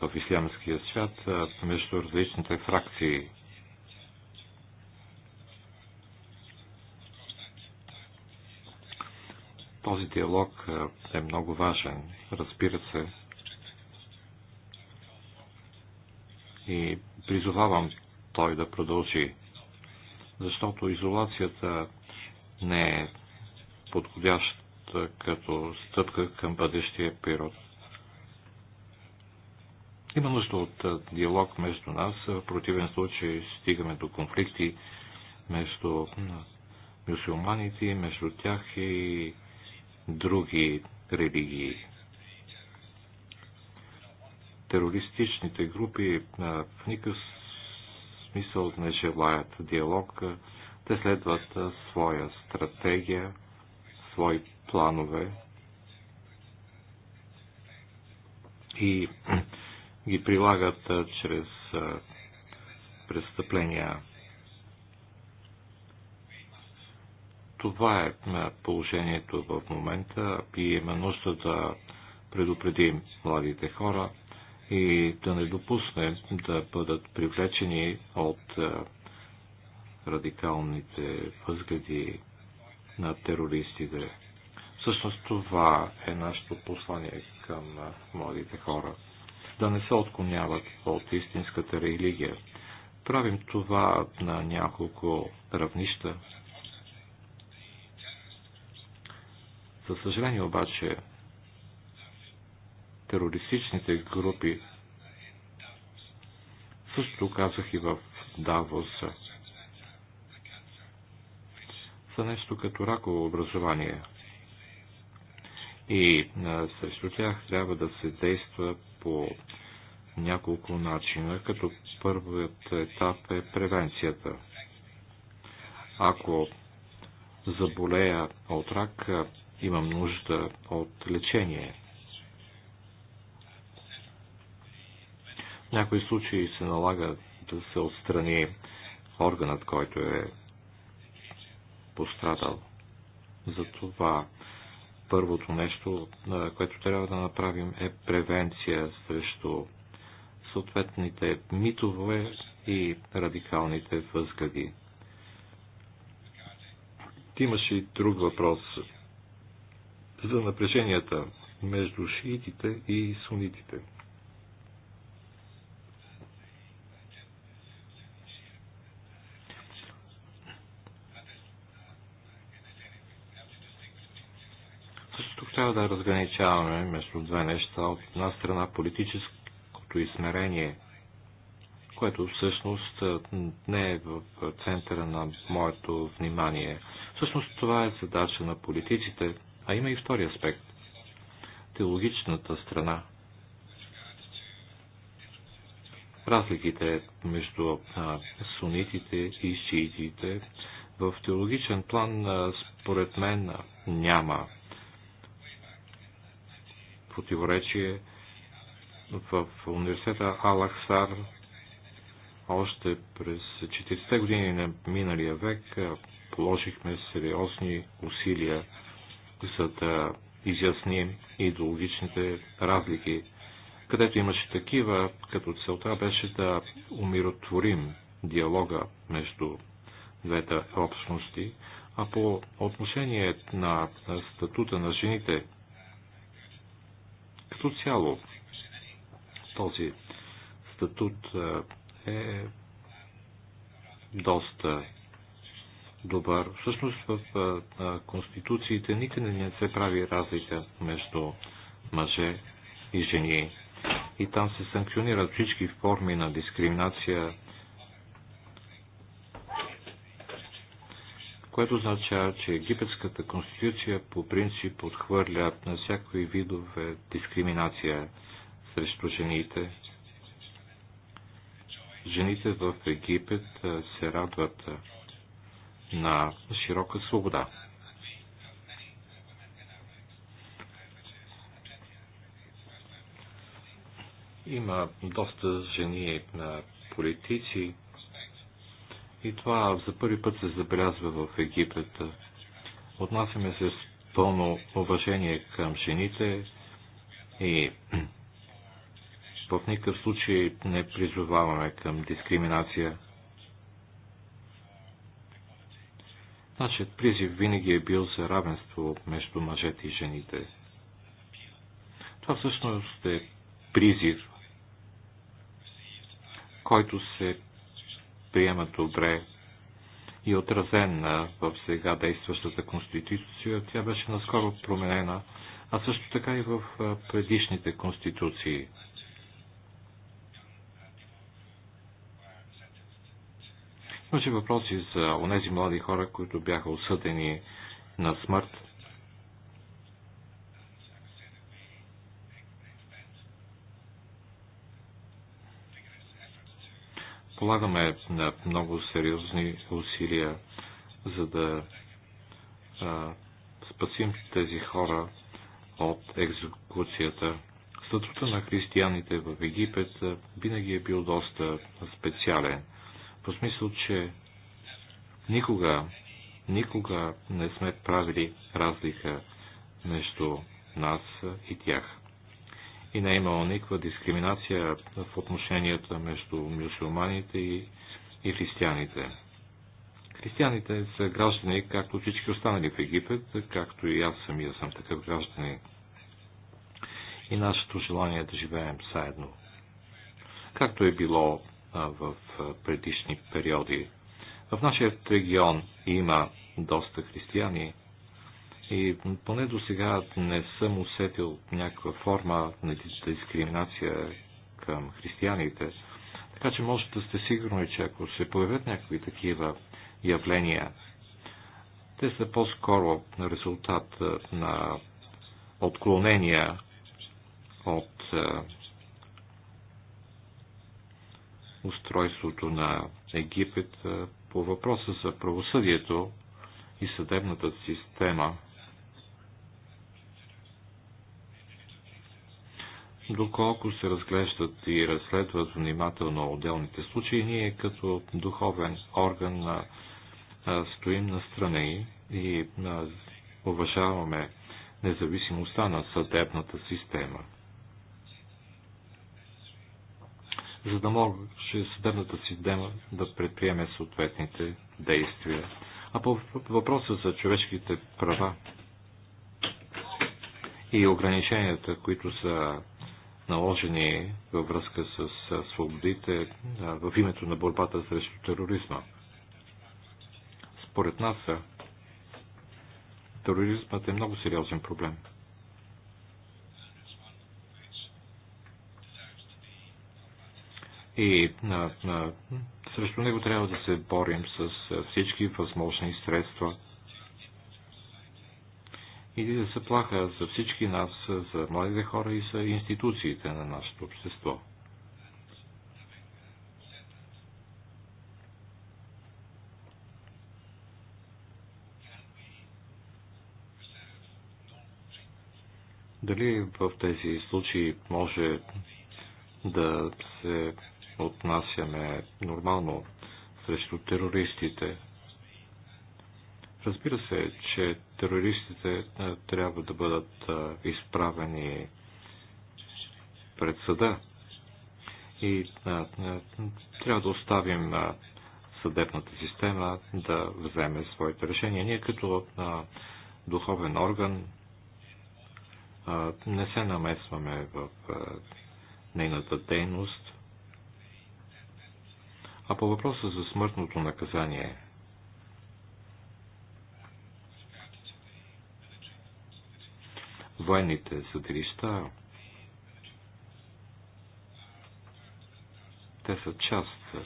в ислямския свят а, е, между различните фракции Този диалог е много важен, разбира се. И призовавам той да продължи, защото изолацията не е подходяща като стъпка към бъдещия период. Има нужда от диалог между нас, в противен случай стигаме до конфликти между мюсюлманите, между тях и други религии. Терористичните групи в никакъв смисъл не желаят диалог. Те следват своя стратегия, свои планове и ги прилагат чрез престъпления. Това е, е положението в момента и има нужда да предупредим младите хора и да не допуснем да бъдат привлечени от е, радикалните възгледи на терористите. Всъщност това е нашето послание към е, младите хора. Да не се отклоняват от истинската религия. Правим това на няколко равнища За съжаление обаче, терористичните групи, също казах и в Давос, са нещо като раково образование. И а, срещу тях трябва да се действа по няколко начина, като първият етап е превенцията. Ако заболея от рак, имам нужда от лечение. В някои случаи се налага да се отстрани органът, който е пострадал. Затова първото нещо, което трябва да направим е превенция срещу съответните митове и радикалните възгледи. Имаше и друг въпрос за напреженията между шиитите и сунитите. Също тук трябва да разграничаваме между две неща. От една страна политическото измерение, което всъщност не е в центъра на моето внимание. Всъщност това е задача на политиците – а има и втори аспект. Теологичната страна. Разликите между сунитите и шиитите в теологичен план, според мен, няма противоречие. В университета Алахсар още през 40-те години на миналия век положихме сериозни усилия за да изясним идеологичните разлики, където имаше такива, като целта беше да умиротворим диалога между двете общности, а по отношение на статута на жените като цяло този статут е доста добър. Всъщност в конституциите никъде не се прави разлика между мъже и жени. И там се санкционират всички форми на дискриминация, което означава, че египетската конституция по принцип отхвърля на всякакви видове дискриминация срещу жените. Жените в Египет се радват на широка свобода. Има доста жени на политици и това за първи път се забелязва в Египет. Отнасяме се с пълно уважение към жените и в никакъв случай не призоваваме към дискриминация. Нашият призив винаги е бил за равенство между мъжете и жените. Това всъщност е призив, който се приема добре и отразен в сега действащата конституция. Тя беше наскоро променена, а също така и в предишните конституции – Имаше въпроси за онези млади хора, които бяха осъдени на смърт. Полагаме на много сериозни усилия, за да а, спасим тези хора от екзекуцията. Статута на християните в Египет винаги е бил доста специален по смисъл, че никога, никога не сме правили разлика между нас и тях. И не е имало никаква дискриминация в отношенията между мюсюлманите и, и християните. Християните са граждани, както всички останали в Египет, както и аз самия съм такъв гражданин. И нашето желание е да живеем заедно. Както е било в предишни периоди. В нашия регион има доста християни и поне до сега не съм усетил някаква форма на дискриминация към християните. Така че може да сте сигурни, че ако се появят някакви такива явления, те са по-скоро резултат на отклонения от устройството на Египет по въпроса за правосъдието и съдебната система. Доколко се разглеждат и разследват внимателно отделните случаи, ние като духовен орган на, стоим на страна и уважаваме независимостта на съдебната система. за да може съдебната система да предприеме съответните действия. А по въпроса за човешките права и ограниченията, които са наложени във връзка с свободите в името на борбата срещу тероризма. Според нас тероризмът е много сериозен проблем – и на, на, срещу него трябва да се борим с всички възможни средства. Или да се плаха за всички нас, за младите хора и за институциите на нашето общество. Дали в тези случаи може да се отнасяме нормално срещу терористите. Разбира се, че терористите трябва да бъдат изправени пред съда и трябва да оставим съдебната система да вземе своите решения. Ние като духовен орган не се намесваме в нейната дейност. А по въпроса за смъртното наказание, военните съдилища, те са част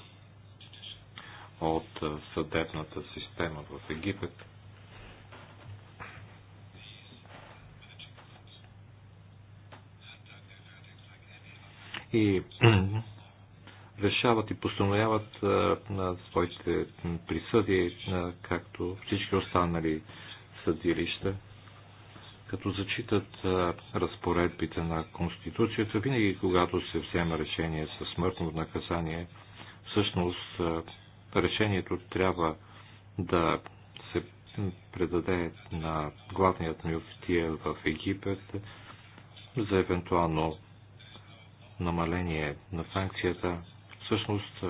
от съдебната система в Египет. И решават и постановяват на своите присъди, както всички останали съдилища, като зачитат разпоредбите на Конституцията, винаги когато се взема решение със смъртно наказание, всъщност решението трябва да се предаде на главният мюфтия в Египет за евентуално намаление на санкцията Всъщност, е,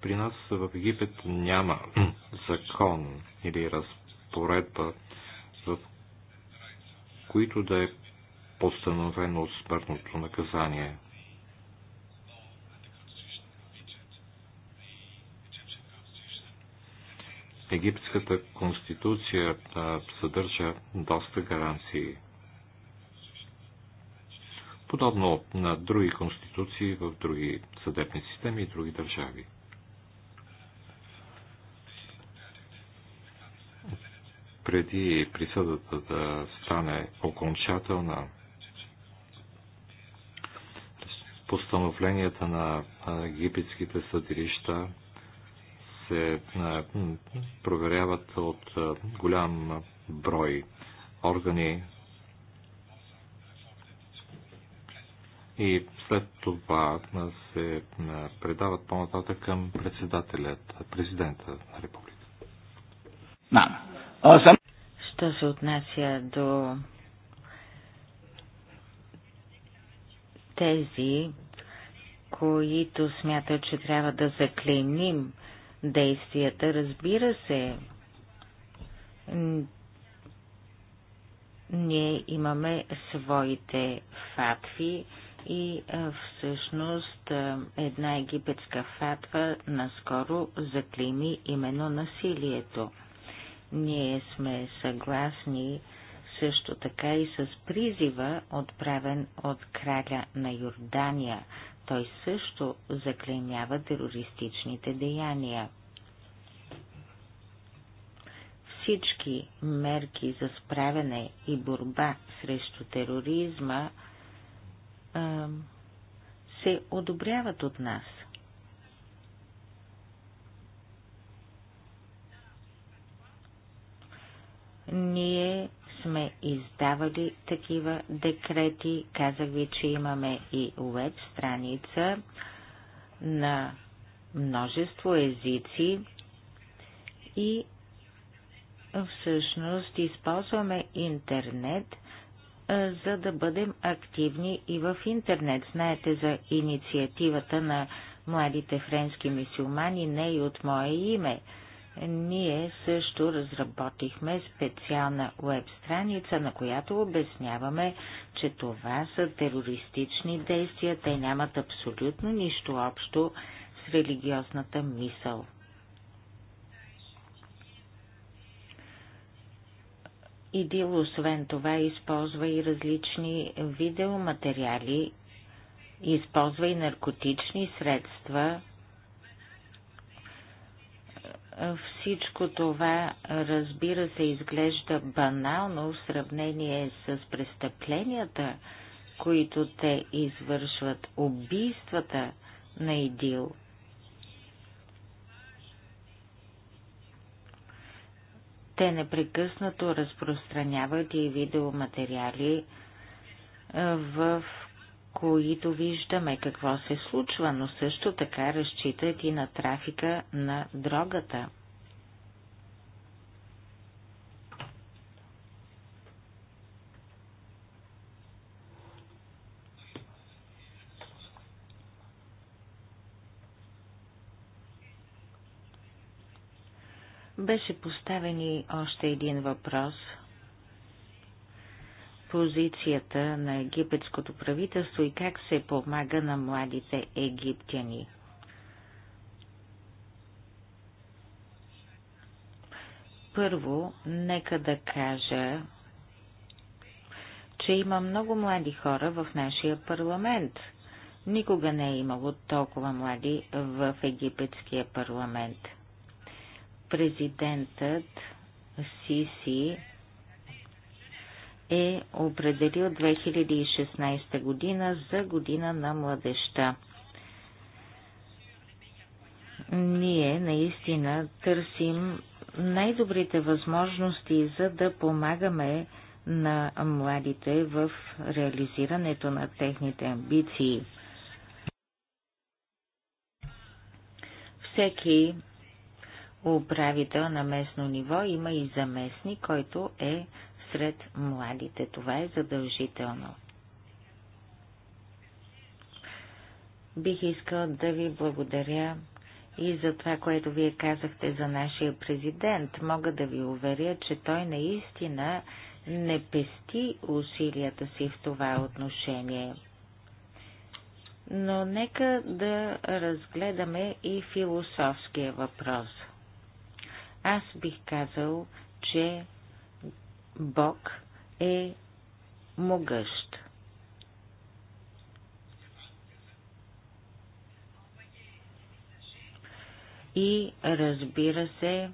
при нас в Египет няма закон или разпоредба, в които да е постановено от смъртното наказание. Египетската конституция е, съдържа доста гаранции – подобно на други конституции в други съдебни системи и други държави. Преди присъдата да стане окончателна, постановленията на египетските съдилища се проверяват от голям брой органи и след това се предават по-нататък към председателят, президента на република. Що се отнася до тези, които смятат, че трябва да заклиним действията, разбира се, ние имаме своите фатви, и всъщност една египетска фатва наскоро заклини именно насилието. Ние сме съгласни също така и с призива, отправен от краля на Йордания. Той също заклеймява терористичните деяния. Всички мерки за справяне и борба срещу тероризма – се одобряват от нас. Ние сме издавали такива декрети. Казах ви, че имаме и веб страница на множество езици и всъщност използваме интернет за да бъдем активни и в интернет. Знаете за инициативата на младите френски мисюлмани, не и от мое име. Ние също разработихме специална веб страница, на която обясняваме, че това са терористични действия, те нямат абсолютно нищо общо с религиозната мисъл. ИДИЛ освен това използва и различни видеоматериали, използва и наркотични средства. Всичко това, разбира се, изглежда банално в сравнение с престъпленията, които те извършват, убийствата на ИДИЛ – Те непрекъснато разпространяват и видеоматериали, е, в които виждаме какво се случва, но също така разчитат и на трафика на дрогата. Беше поставен и още един въпрос. Позицията на египетското правителство и как се помага на младите египтяни. Първо, нека да кажа, че има много млади хора в нашия парламент. Никога не е имало толкова млади в египетския парламент. Президентът Сиси е определил 2016 година за година на младеща. Ние наистина търсим най-добрите възможности, за да помагаме на младите в реализирането на техните амбиции. Всеки управител на местно ниво, има и заместник, който е сред младите. Това е задължително. Бих искал да ви благодаря и за това, което вие казахте за нашия президент. Мога да ви уверя, че той наистина не пести усилията си в това отношение. Но нека да разгледаме и философския въпрос – аз бих казал, че Бог е могъщ. И разбира се,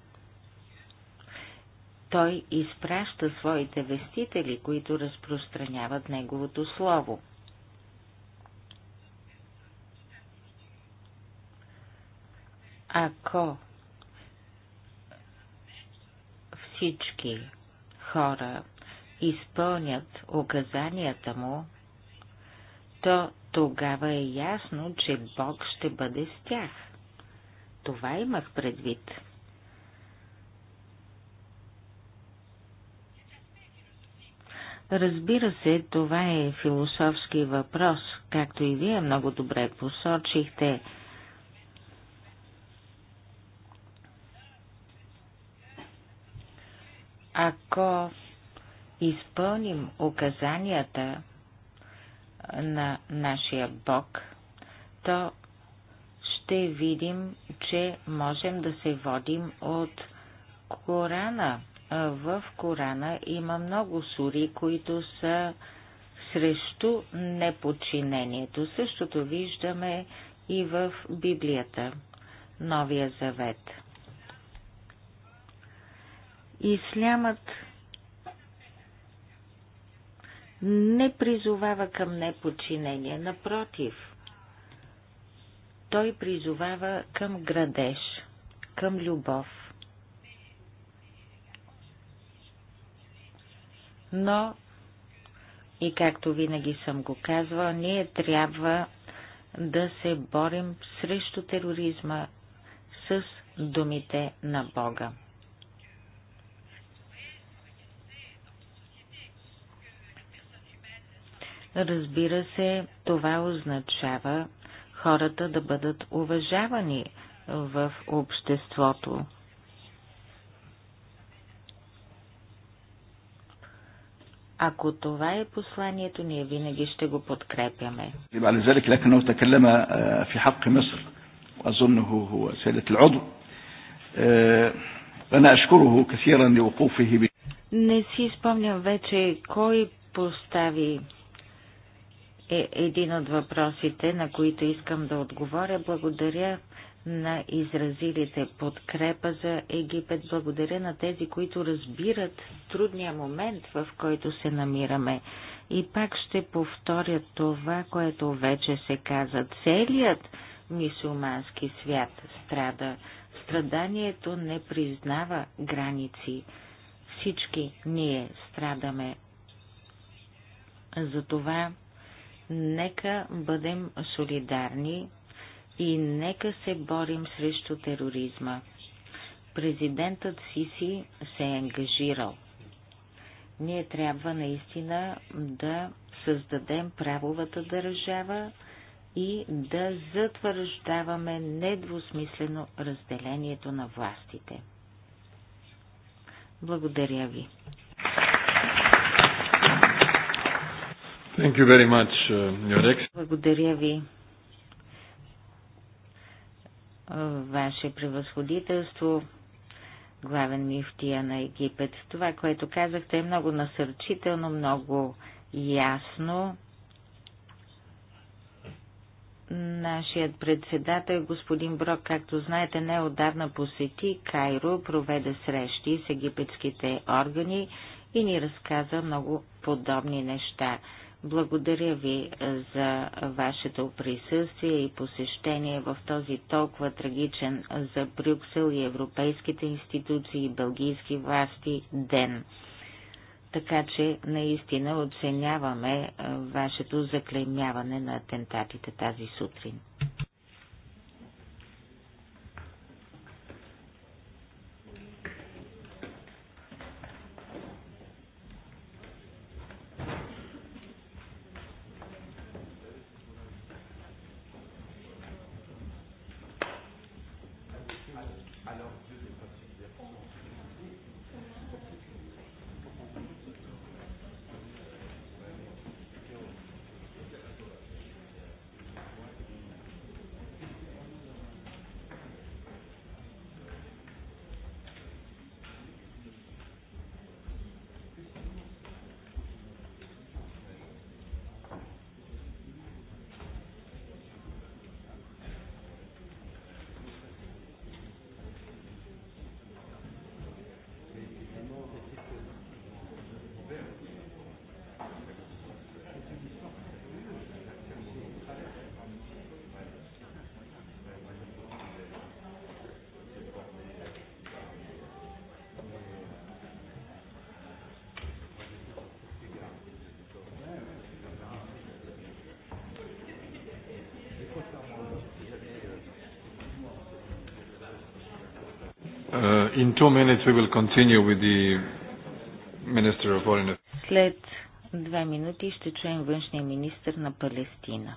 той изпраща своите вестители, които разпространяват неговото слово. Ако всички хора изпълнят указанията му, то тогава е ясно, че Бог ще бъде с тях. Това имах предвид. Разбира се, това е философски въпрос, както и вие много добре посочихте – Ако изпълним указанията на нашия Бог, то ще видим, че можем да се водим от Корана. В Корана има много сури, които са срещу неподчинението. Същото виждаме и в Библията, Новия завет. Ислямът не призовава към непочинение, напротив, той призовава към градеж, към любов. Но, и както винаги съм го казвал, ние трябва да се борим срещу тероризма с думите на Бога. Разбира се, това означава хората да бъдат уважавани в обществото. Ако това е посланието, ние винаги ще го подкрепяме. Не си спомням вече кой постави е един от въпросите, на които искам да отговоря. Благодаря на изразилите подкрепа за Египет. Благодаря на тези, които разбират трудния момент, в който се намираме. И пак ще повторя това, което вече се каза. Целият мисулмански свят страда. Страданието не признава граници. Всички ние страдаме. Затова Нека бъдем солидарни и нека се борим срещу тероризма. Президентът Сиси се е ангажирал. Ние трябва наистина да създадем правовата държава и да затвърждаваме недвусмислено разделението на властите. Благодаря ви. Thank you very much, uh, Your Благодаря ви. Ваше превъзходителство, главен мифтия на Египет. Това, което казахте, е много насърчително, много ясно. Нашият председател, господин Брок, както знаете, не отдавна посети Кайро, проведе срещи с египетските органи и ни разказа много подобни неща. Благодаря ви е, за вашето присъствие и посещение в този толкова трагичен за Брюксел и европейските институции и бългийски власти ден. Така че наистина оценяваме е, вашето заклеймяване на атентатите тази сутрин. In two minutes we will continue with the Minister of Foreign Affairs. След две минути ще чуем външния министр на Палестина.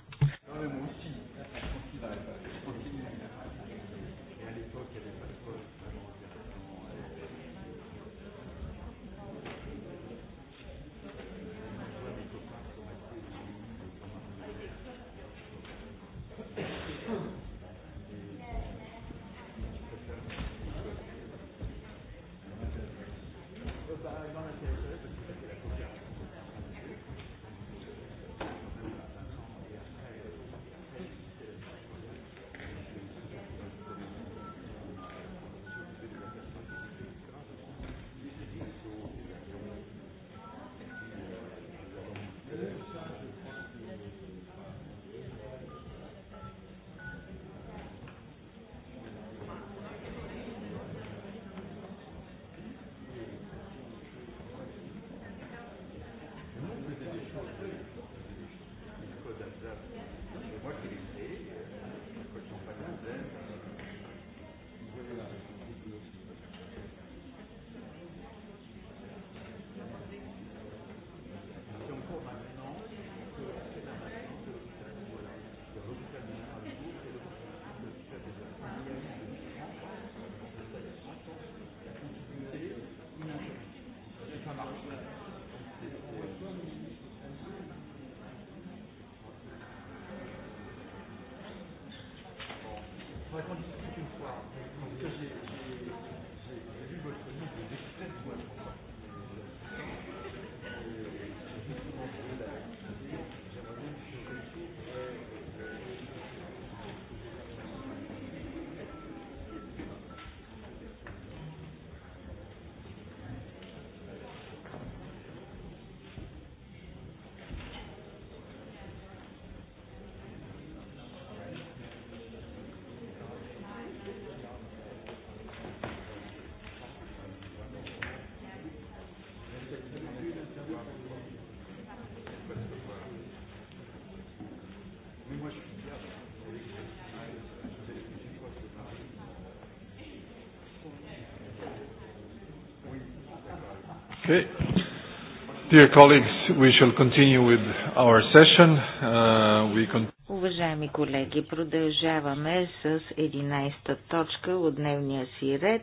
Dear colleagues, we shall continue with our session. Uh, we con... Уважаеми колеги, продължаваме с 11-та точка от дневния си ред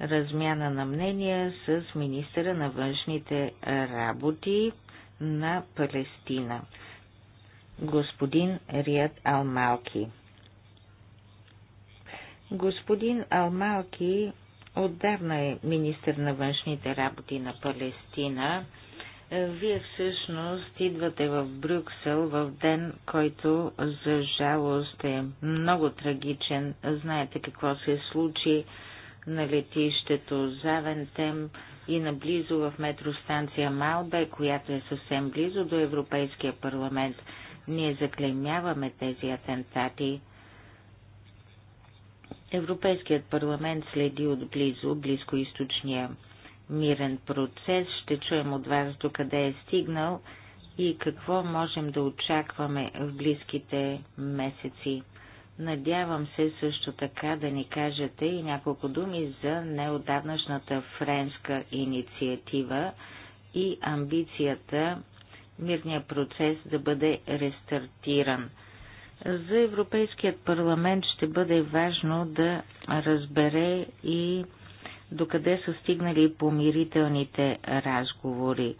размяна на мнения с министъра на външните работи на Палестина, господин Рият Алмалки. Господин Алмалки отдавна е министър на външните работи на Палестина. Вие всъщност идвате в Брюксел в ден, който за жалост е много трагичен. Знаете какво се случи на летището Завентем и наблизо в метростанция Малбе, която е съвсем близо до Европейския парламент. Ние заклемяваме тези атентати Европейският парламент следи отблизо близкоисточния мирен процес. Ще чуем от вас къде е стигнал и какво можем да очакваме в близките месеци. Надявам се също така да ни кажете и няколко думи за неодавнашната френска инициатива и амбицията мирния процес да бъде рестартиран – за Европейският парламент ще бъде важно да разбере и докъде са стигнали помирителните разговори.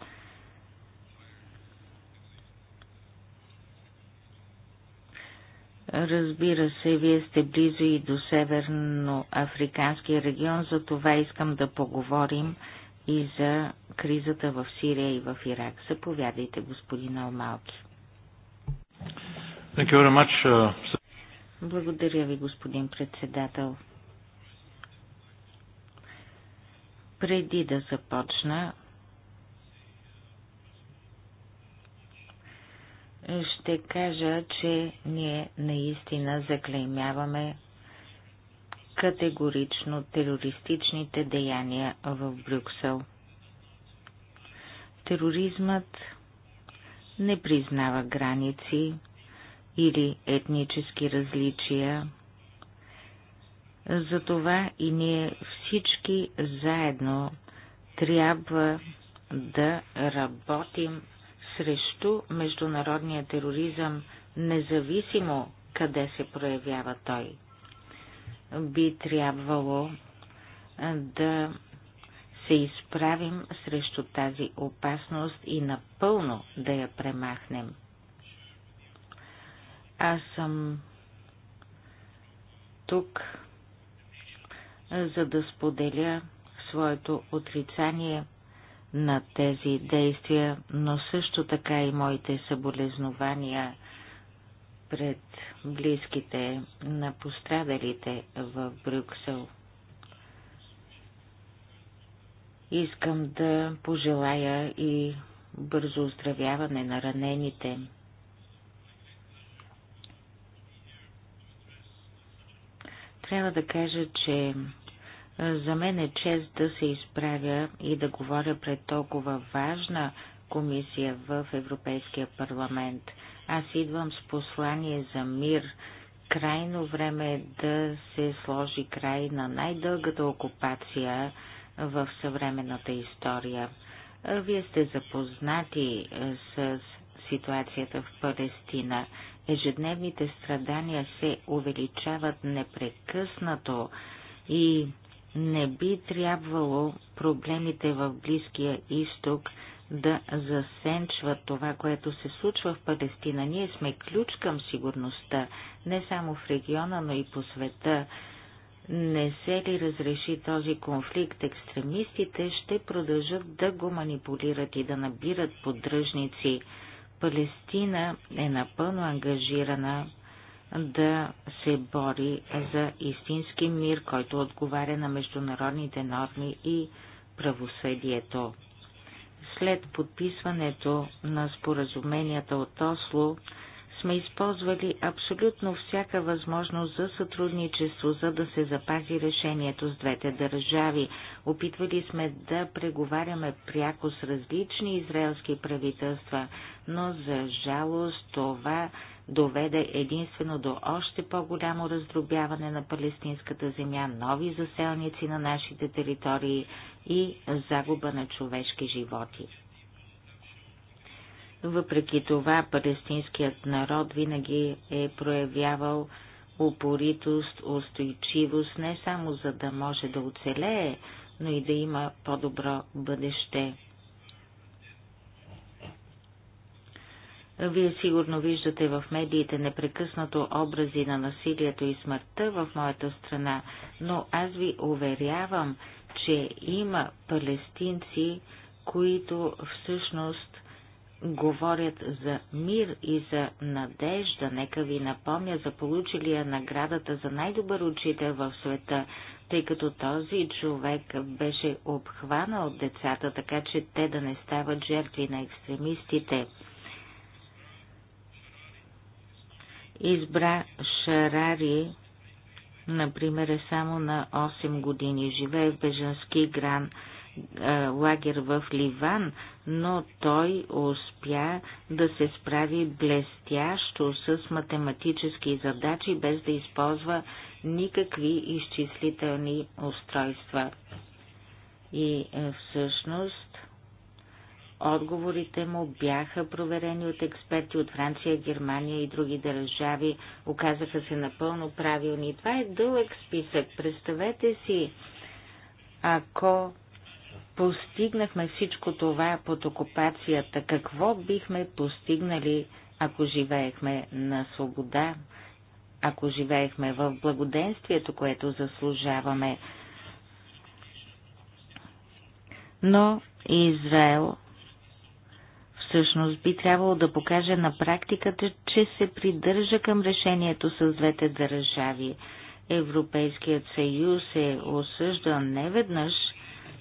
Разбира се, вие сте близо и до северно Северно-Африканския регион, за това искам да поговорим и за кризата в Сирия и в Ирак. Заповядайте, господин Алмалки. Uh, Благодаря ви, господин председател. Преди да започна, ще кажа, че ние наистина заклеймяваме категорично терористичните деяния в Брюксел. Тероризмът не признава граници, или етнически различия. Затова и ние всички заедно трябва да работим срещу международния тероризъм, независимо къде се проявява той. Би трябвало да се изправим срещу тази опасност и напълно да я премахнем. Аз съм тук, за да споделя своето отрицание на тези действия, но също така и моите съболезнования пред близките на пострадалите в Брюксел. Искам да пожелая и бързо оздравяване на ранените. Трябва да кажа, че за мен е чест да се изправя и да говоря пред толкова важна комисия в Европейския парламент. Аз идвам с послание за мир. Крайно време е да се сложи край на най-дългата окупация в съвременната история. Вие сте запознати с ситуацията в Палестина ежедневните страдания се увеличават непрекъснато и не би трябвало проблемите в Близкия изток да засенчват това, което се случва в Палестина. Ние сме ключ към сигурността, не само в региона, но и по света. Не се ли разреши този конфликт, екстремистите ще продължат да го манипулират и да набират поддръжници. Палестина е напълно ангажирана да се бори за истински мир, който отговаря на международните норми и правосъдието. След подписването на споразуменията от Осло, сме използвали абсолютно всяка възможност за сътрудничество, за да се запази решението с двете държави. Опитвали сме да преговаряме пряко с различни израелски правителства, но за жалост това доведе единствено до още по-голямо раздробяване на палестинската земя, нови заселници на нашите територии и загуба на човешки животи. Въпреки това, палестинският народ винаги е проявявал упоритост, устойчивост, не само за да може да оцелее, но и да има по-добро бъдеще. Вие сигурно виждате в медиите непрекъснато образи на насилието и смъртта в моята страна, но аз ви уверявам, че има палестинци, които всъщност говорят за мир и за надежда, нека ви напомня за получилия наградата за най-добър учител в света, тъй като този човек беше обхванал от децата, така че те да не стават жертви на екстремистите. Избра Шарари, например, е само на 8 години. Живее в бежански гран лагер в Ливан, но той успя да се справи блестящо с математически задачи, без да използва никакви изчислителни устройства. И е, всъщност Отговорите му бяха проверени от експерти от Франция, Германия и други държави. Оказаха се напълно правилни. Това е дълъг списък. Представете си, ако постигнахме всичко това под окупацията, какво бихме постигнали, ако живеехме на свобода, ако живеехме в благоденствието, което заслужаваме. Но Израел всъщност би трябвало да покаже на практиката, че се придържа към решението с двете държави. Европейският съюз е осъждан неведнъж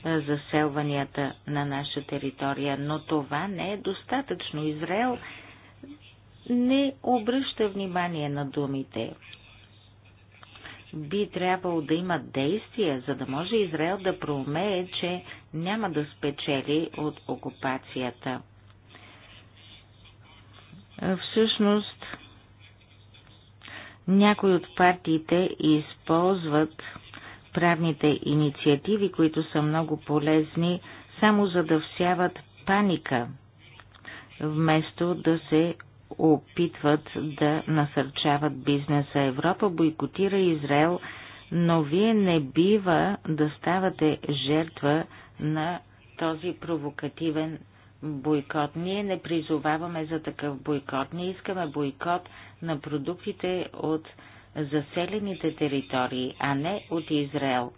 заселванията на наша територия, но това не е достатъчно. Израел не обръща внимание на думите. Би трябвало да има действия, за да може Израел да проумее, че няма да спечели от окупацията. Всъщност, някои от партиите използват правните инициативи, които са много полезни, само за да всяват паника, вместо да се опитват да насърчават бизнеса. Европа бойкотира Израел, но вие не бива да ставате жертва на този провокативен бойкот. Ние не призоваваме за такъв бойкот. Ние искаме бойкот на продуктите от заселените територии, а не от Израел.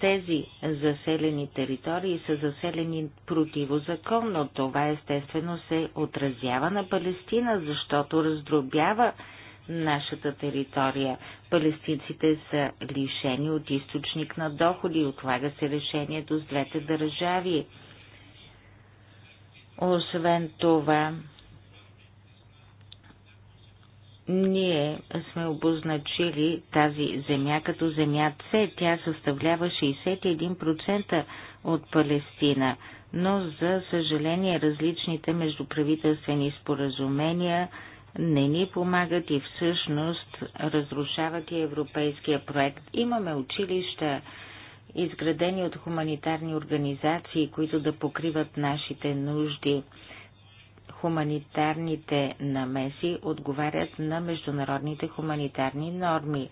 Тези заселени територии са заселени противозаконно. Това естествено се отразява на Палестина, защото раздробява нашата територия. Палестинците са лишени от източник на доходи, отлага се решението с двете държави. Освен това, ние сме обозначили тази земя като земя С. Тя съставлява 61% от Палестина, но за съжаление различните междуправителствени споразумения не ни помагат и всъщност разрушават и европейския проект. Имаме училища, изградени от хуманитарни организации, които да покриват нашите нужди – хуманитарните намеси отговарят на международните хуманитарни норми.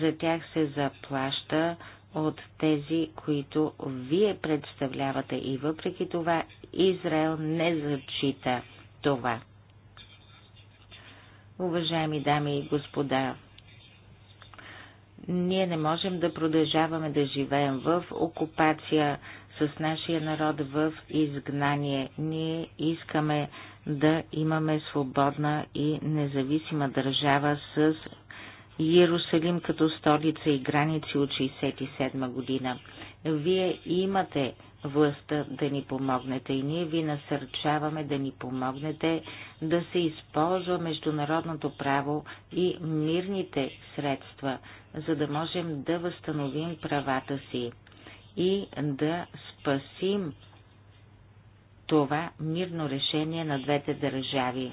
За тях се заплаща от тези, които вие представлявате и въпреки това Израел не зачита това. Уважаеми дами и господа, ние не можем да продължаваме да живеем в окупация с нашия народ в изгнание. Ние искаме да имаме свободна и независима държава с Иерусалим като столица и граници от 67 година. Вие имате властта да ни помогнете и ние ви насърчаваме да ни помогнете да се използва международното право и мирните средства, за да можем да възстановим правата си и да спасим това мирно решение на двете държави.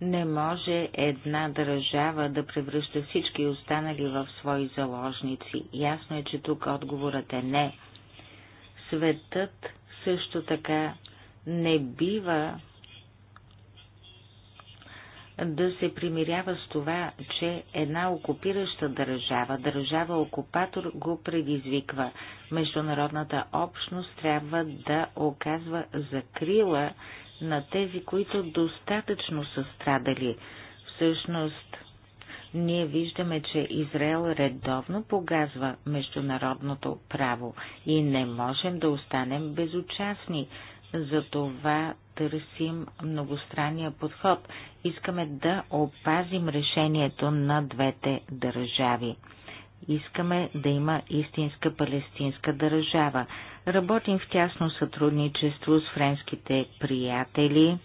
Не може една държава да превръща всички останали в свои заложници. Ясно е, че тук отговорът е не. Светът също така не бива да се примирява с това, че една окупираща държава, държава-окупатор го предизвиква. Международната общност трябва да оказва закрила на тези, които достатъчно са страдали. Всъщност, ние виждаме, че Израел редовно погазва международното право и не можем да останем безучастни. Затова търсим многостранния подход. Искаме да опазим решението на двете държави. Искаме да има истинска палестинска държава. Работим в тясно сътрудничество с френските приятели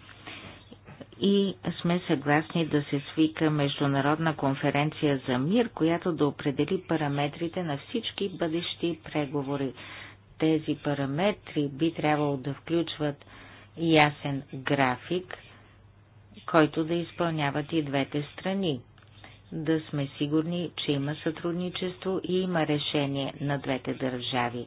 и сме съгласни да се свика международна конференция за мир, която да определи параметрите на всички бъдещи преговори. Тези параметри би трябвало да включват ясен график, който да изпълняват и двете страни. Да сме сигурни, че има сътрудничество и има решение на двете държави.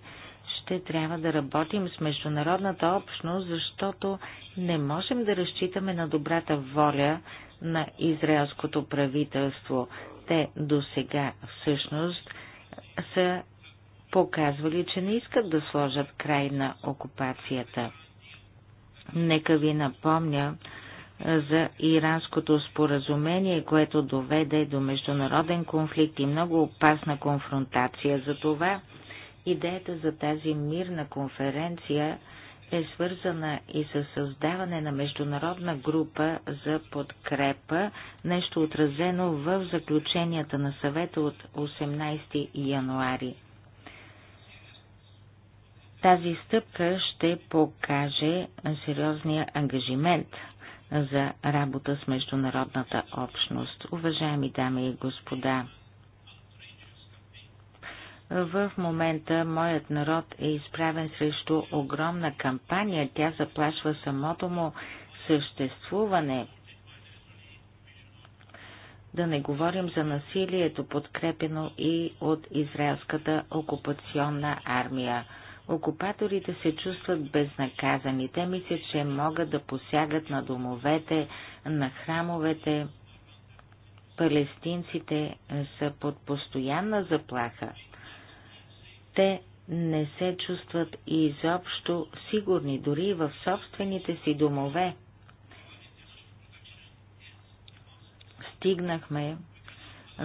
Ще трябва да работим с международната общност, защото не можем да разчитаме на добрата воля на израелското правителство. Те до сега всъщност са показвали, че не искат да сложат край на окупацията. Нека ви напомня за иранското споразумение, което доведе до международен конфликт и много опасна конфронтация. Затова идеята за тази мирна конференция е свързана и с създаване на международна група за подкрепа, нещо отразено в заключенията на съвета от 18 януари. Тази стъпка ще покаже сериозния ангажимент за работа с международната общност. Уважаеми дами и господа, в момента моят народ е изправен срещу огромна кампания. Тя заплашва самото му съществуване. Да не говорим за насилието, подкрепено и от израелската окупационна армия. Окупаторите се чувстват безнаказани. Те мислят, че могат да посягат на домовете, на храмовете. Палестинците са под постоянна заплаха. Те не се чувстват изобщо сигурни, дори в собствените си домове. Стигнахме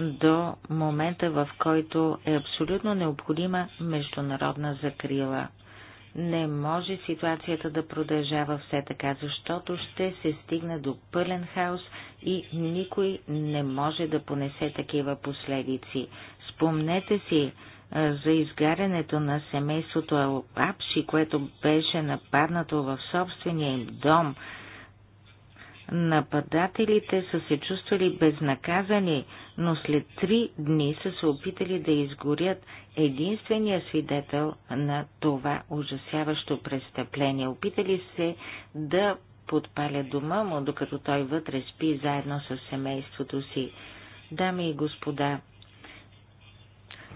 до момента, в който е абсолютно необходима международна закрила. Не може ситуацията да продължава все така, защото ще се стигне до пълен хаос и никой не може да понесе такива последици. Спомнете си за изгарянето на семейството Апши, което беше нападнато в собствения им дом – Нападателите са се чувствали безнаказани, но след три дни са се опитали да изгорят единствения свидетел на това ужасяващо престъпление. Опитали се да подпалят дома му, докато той вътре спи заедно с семейството си. Дами и господа,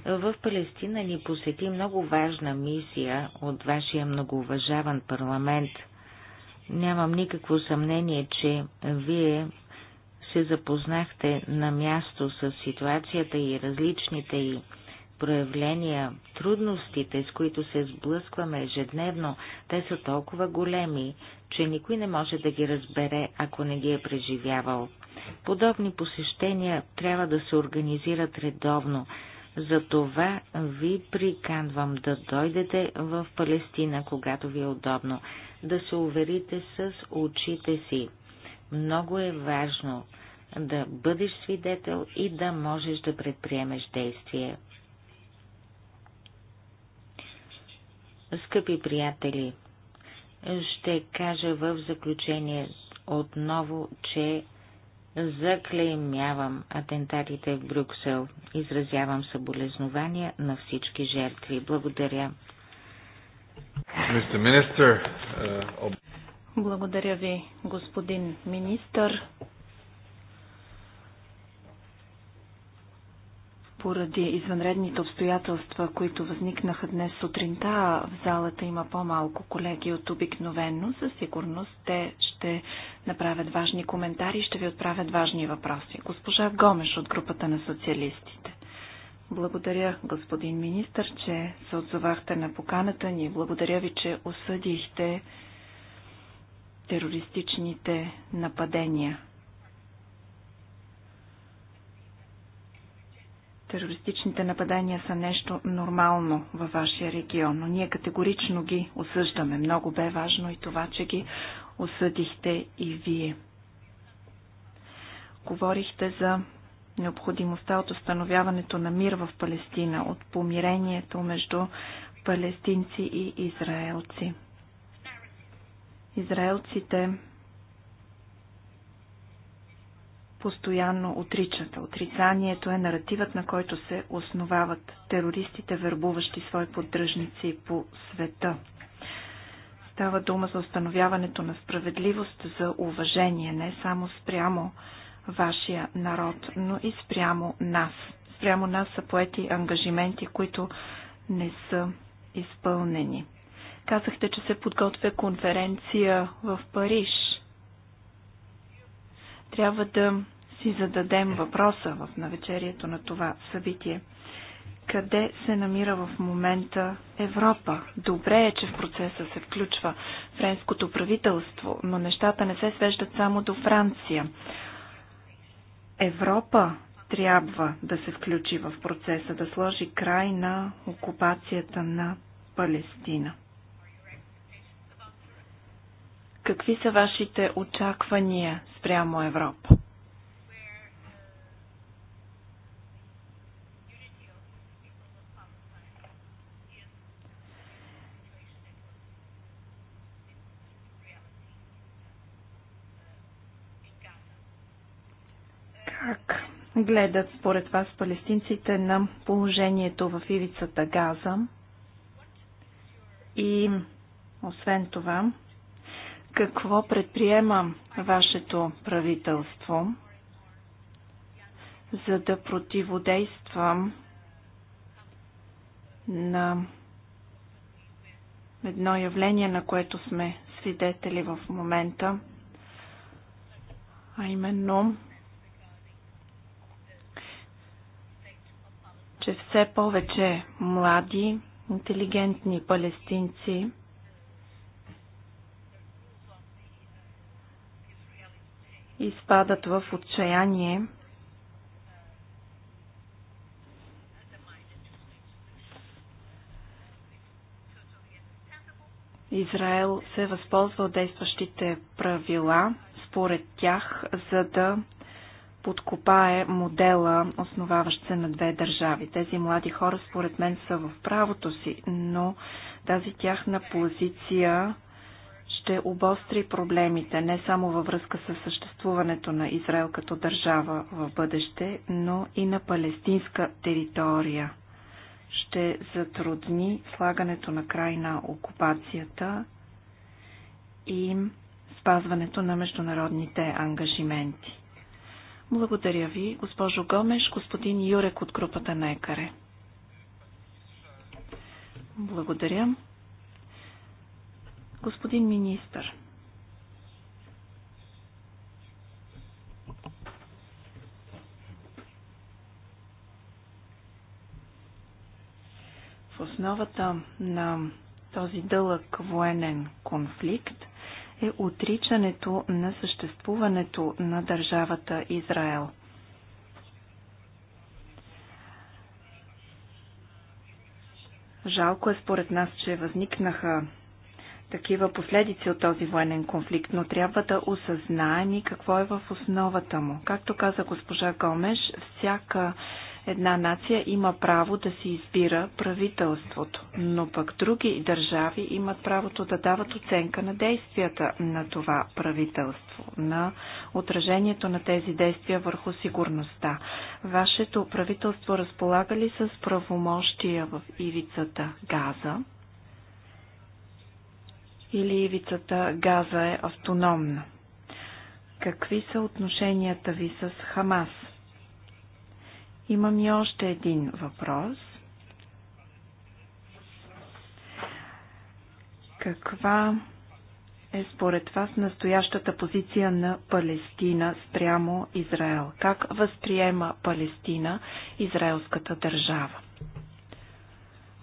в Палестина ни посети много важна мисия от вашия многоуважаван парламент – Нямам никакво съмнение, че вие се запознахте на място с ситуацията и различните и проявления, трудностите, с които се сблъскваме ежедневно, те са толкова големи, че никой не може да ги разбере, ако не ги е преживявал. Подобни посещения трябва да се организират редовно. Затова ви приканвам да дойдете в Палестина, когато ви е удобно да се уверите с очите си. Много е важно да бъдеш свидетел и да можеш да предприемеш действие. Скъпи приятели, ще кажа в заключение отново, че заклеймявам атентатите в Брюксел. Изразявам съболезнования на всички жертви. Благодаря. Uh, Благодаря ви, господин министър. Поради извънредните обстоятелства, които възникнаха днес сутринта, в залата има по-малко колеги от обикновено. Със сигурност те ще направят важни коментари и ще ви отправят важни въпроси. Госпожа Гомеш от групата на социалистите. Благодаря, господин министр, че се отзовахте на поканата ни. Благодаря ви, че осъдихте терористичните нападения. Терористичните нападения са нещо нормално във вашия регион, но ние категорично ги осъждаме. Много бе важно и това, че ги осъдихте и вие. Говорихте за необходимостта от установяването на мир в Палестина, от помирението между палестинци и израелци. Израелците постоянно отричат. Отрицанието е наративът, на който се основават терористите, вербуващи свои поддръжници по света. Става дума за установяването на справедливост, за уважение, не само спрямо вашия народ, но и спрямо нас. Спрямо нас са поети ангажименти, които не са изпълнени. Казахте, че се подготвя конференция в Париж. Трябва да си зададем въпроса в навечерието на това събитие. Къде се намира в момента Европа? Добре е, че в процеса се включва френското правителство, но нещата не се свеждат само до Франция. Европа трябва да се включи в процеса, да сложи край на окупацията на Палестина. Какви са вашите очаквания спрямо Европа? гледат според вас палестинците на положението в ивицата Газа? И освен това, какво предприема вашето правителство, за да противодействам на едно явление, на което сме свидетели в момента, а именно че все повече млади, интелигентни палестинци изпадат в отчаяние Израел се възползва от действащите правила, според тях, за да подкопае модела, основаващ се на две държави. Тези млади хора, според мен, са в правото си, но тази тяхна позиция ще обостри проблемите не само във връзка с съществуването на Израел като държава в бъдеще, но и на палестинска територия. Ще затрудни слагането на край на окупацията и спазването на международните ангажименти. Благодаря ви, госпожо Гомеш, господин Юрек от групата на ЕКАРЕ. Благодаря. Господин министър, в основата на този дълъг военен конфликт е отричането на съществуването на държавата Израел. Жалко е според нас, че възникнаха такива последици от този военен конфликт, но трябва да осъзнаем и какво е в основата му. Както каза госпожа Гомеш, всяка Една нация има право да си избира правителството, но пък други държави имат правото да дават оценка на действията на това правителство, на отражението на тези действия върху сигурността. Вашето правителство разполага ли с правомощия в ивицата Газа? Или ивицата Газа е автономна? Какви са отношенията ви с Хамас? Имам и още един въпрос. Каква е според вас настоящата позиция на Палестина спрямо Израел? Как възприема Палестина израелската държава?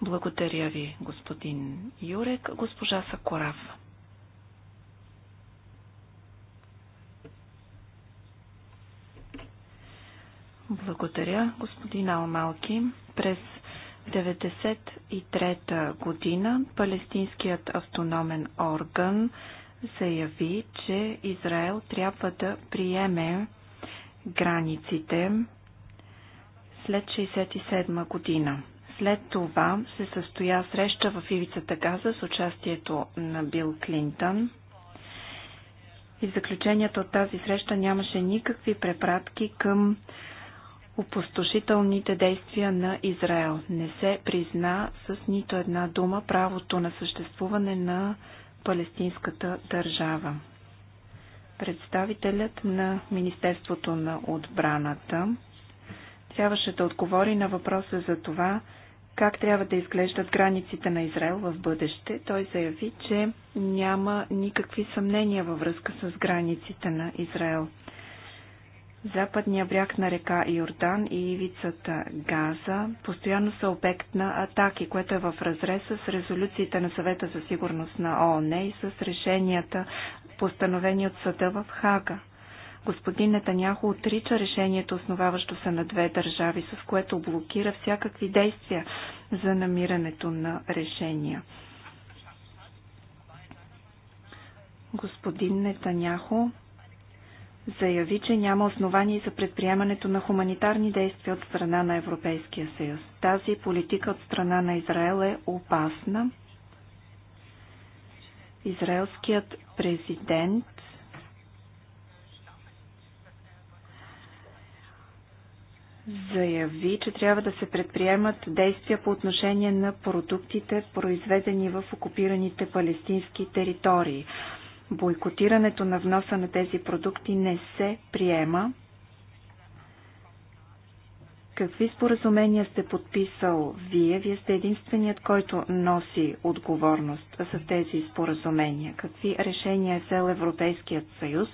Благодаря ви, господин Юрек. Госпожа Сакорафа. Благодаря, господин Алмалки. През 1993 година Палестинският автономен орган заяви, че Израел трябва да приеме границите след 1967 година. След това се състоя среща в Ивицата Газа с участието на Бил Клинтън. И в заключението от тази среща нямаше никакви препратки към опустошителните действия на Израел. Не се призна с нито една дума правото на съществуване на палестинската държава. Представителят на Министерството на отбраната трябваше да отговори на въпроса за това, как трябва да изглеждат границите на Израел в бъдеще, той заяви, че няма никакви съмнения във връзка с границите на Израел. Западния бряг на река Йордан и ивицата Газа постоянно са обект на атаки, което е в разрез с резолюциите на съвета за сигурност на ООН и с решенията, постановени от съда в Хага. Господин Нетаняхо отрича решението, основаващо се на две държави, с което блокира всякакви действия за намирането на решения. Господин Нетаняхо заяви, че няма основание за предприемането на хуманитарни действия от страна на Европейския съюз. Тази политика от страна на Израел е опасна. Израелският президент заяви, че трябва да се предприемат действия по отношение на продуктите, произведени в окупираните палестински територии. Бойкотирането на вноса на тези продукти не се приема. Какви споразумения сте подписал вие? Вие сте единственият, който носи отговорност за тези споразумения. Какви решения е взел Европейският съюз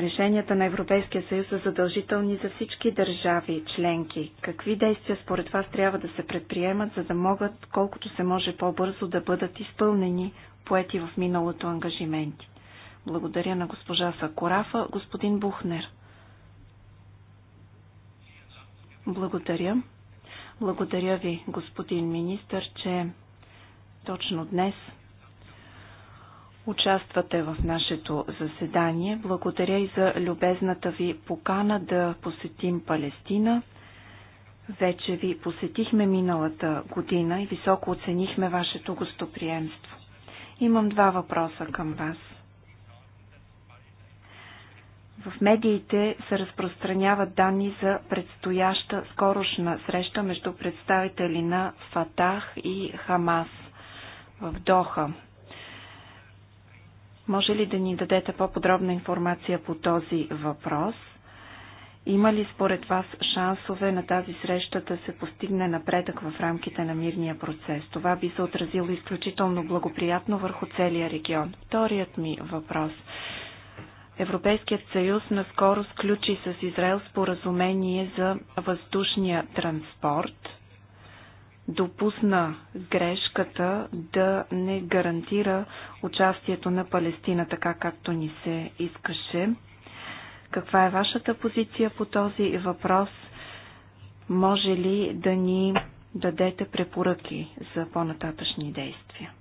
Решенията на Европейския съюз са задължителни за всички държави членки. Какви действия според вас трябва да се предприемат, за да могат колкото се може по-бързо да бъдат изпълнени поети в миналото ангажименти? Благодаря на госпожа Сакорафа, господин Бухнер. Благодаря. Благодаря ви, господин министър, че точно днес участвате в нашето заседание. Благодаря и за любезната ви покана да посетим Палестина. Вече ви посетихме миналата година и високо оценихме вашето гостоприемство. Имам два въпроса към вас. В медиите се разпространяват данни за предстояща скорошна среща между представители на Фатах и Хамас в Доха. Може ли да ни дадете по-подробна информация по този въпрос? Има ли според вас шансове на тази среща да се постигне напредък в рамките на мирния процес? Това би се отразило изключително благоприятно върху целия регион. Вторият ми въпрос. Европейският съюз наскоро сключи с Израел споразумение за въздушния транспорт – допусна грешката да не гарантира участието на Палестина така, както ни се искаше. Каква е вашата позиция по този въпрос? Може ли да ни дадете препоръки за по-нататъчни действия?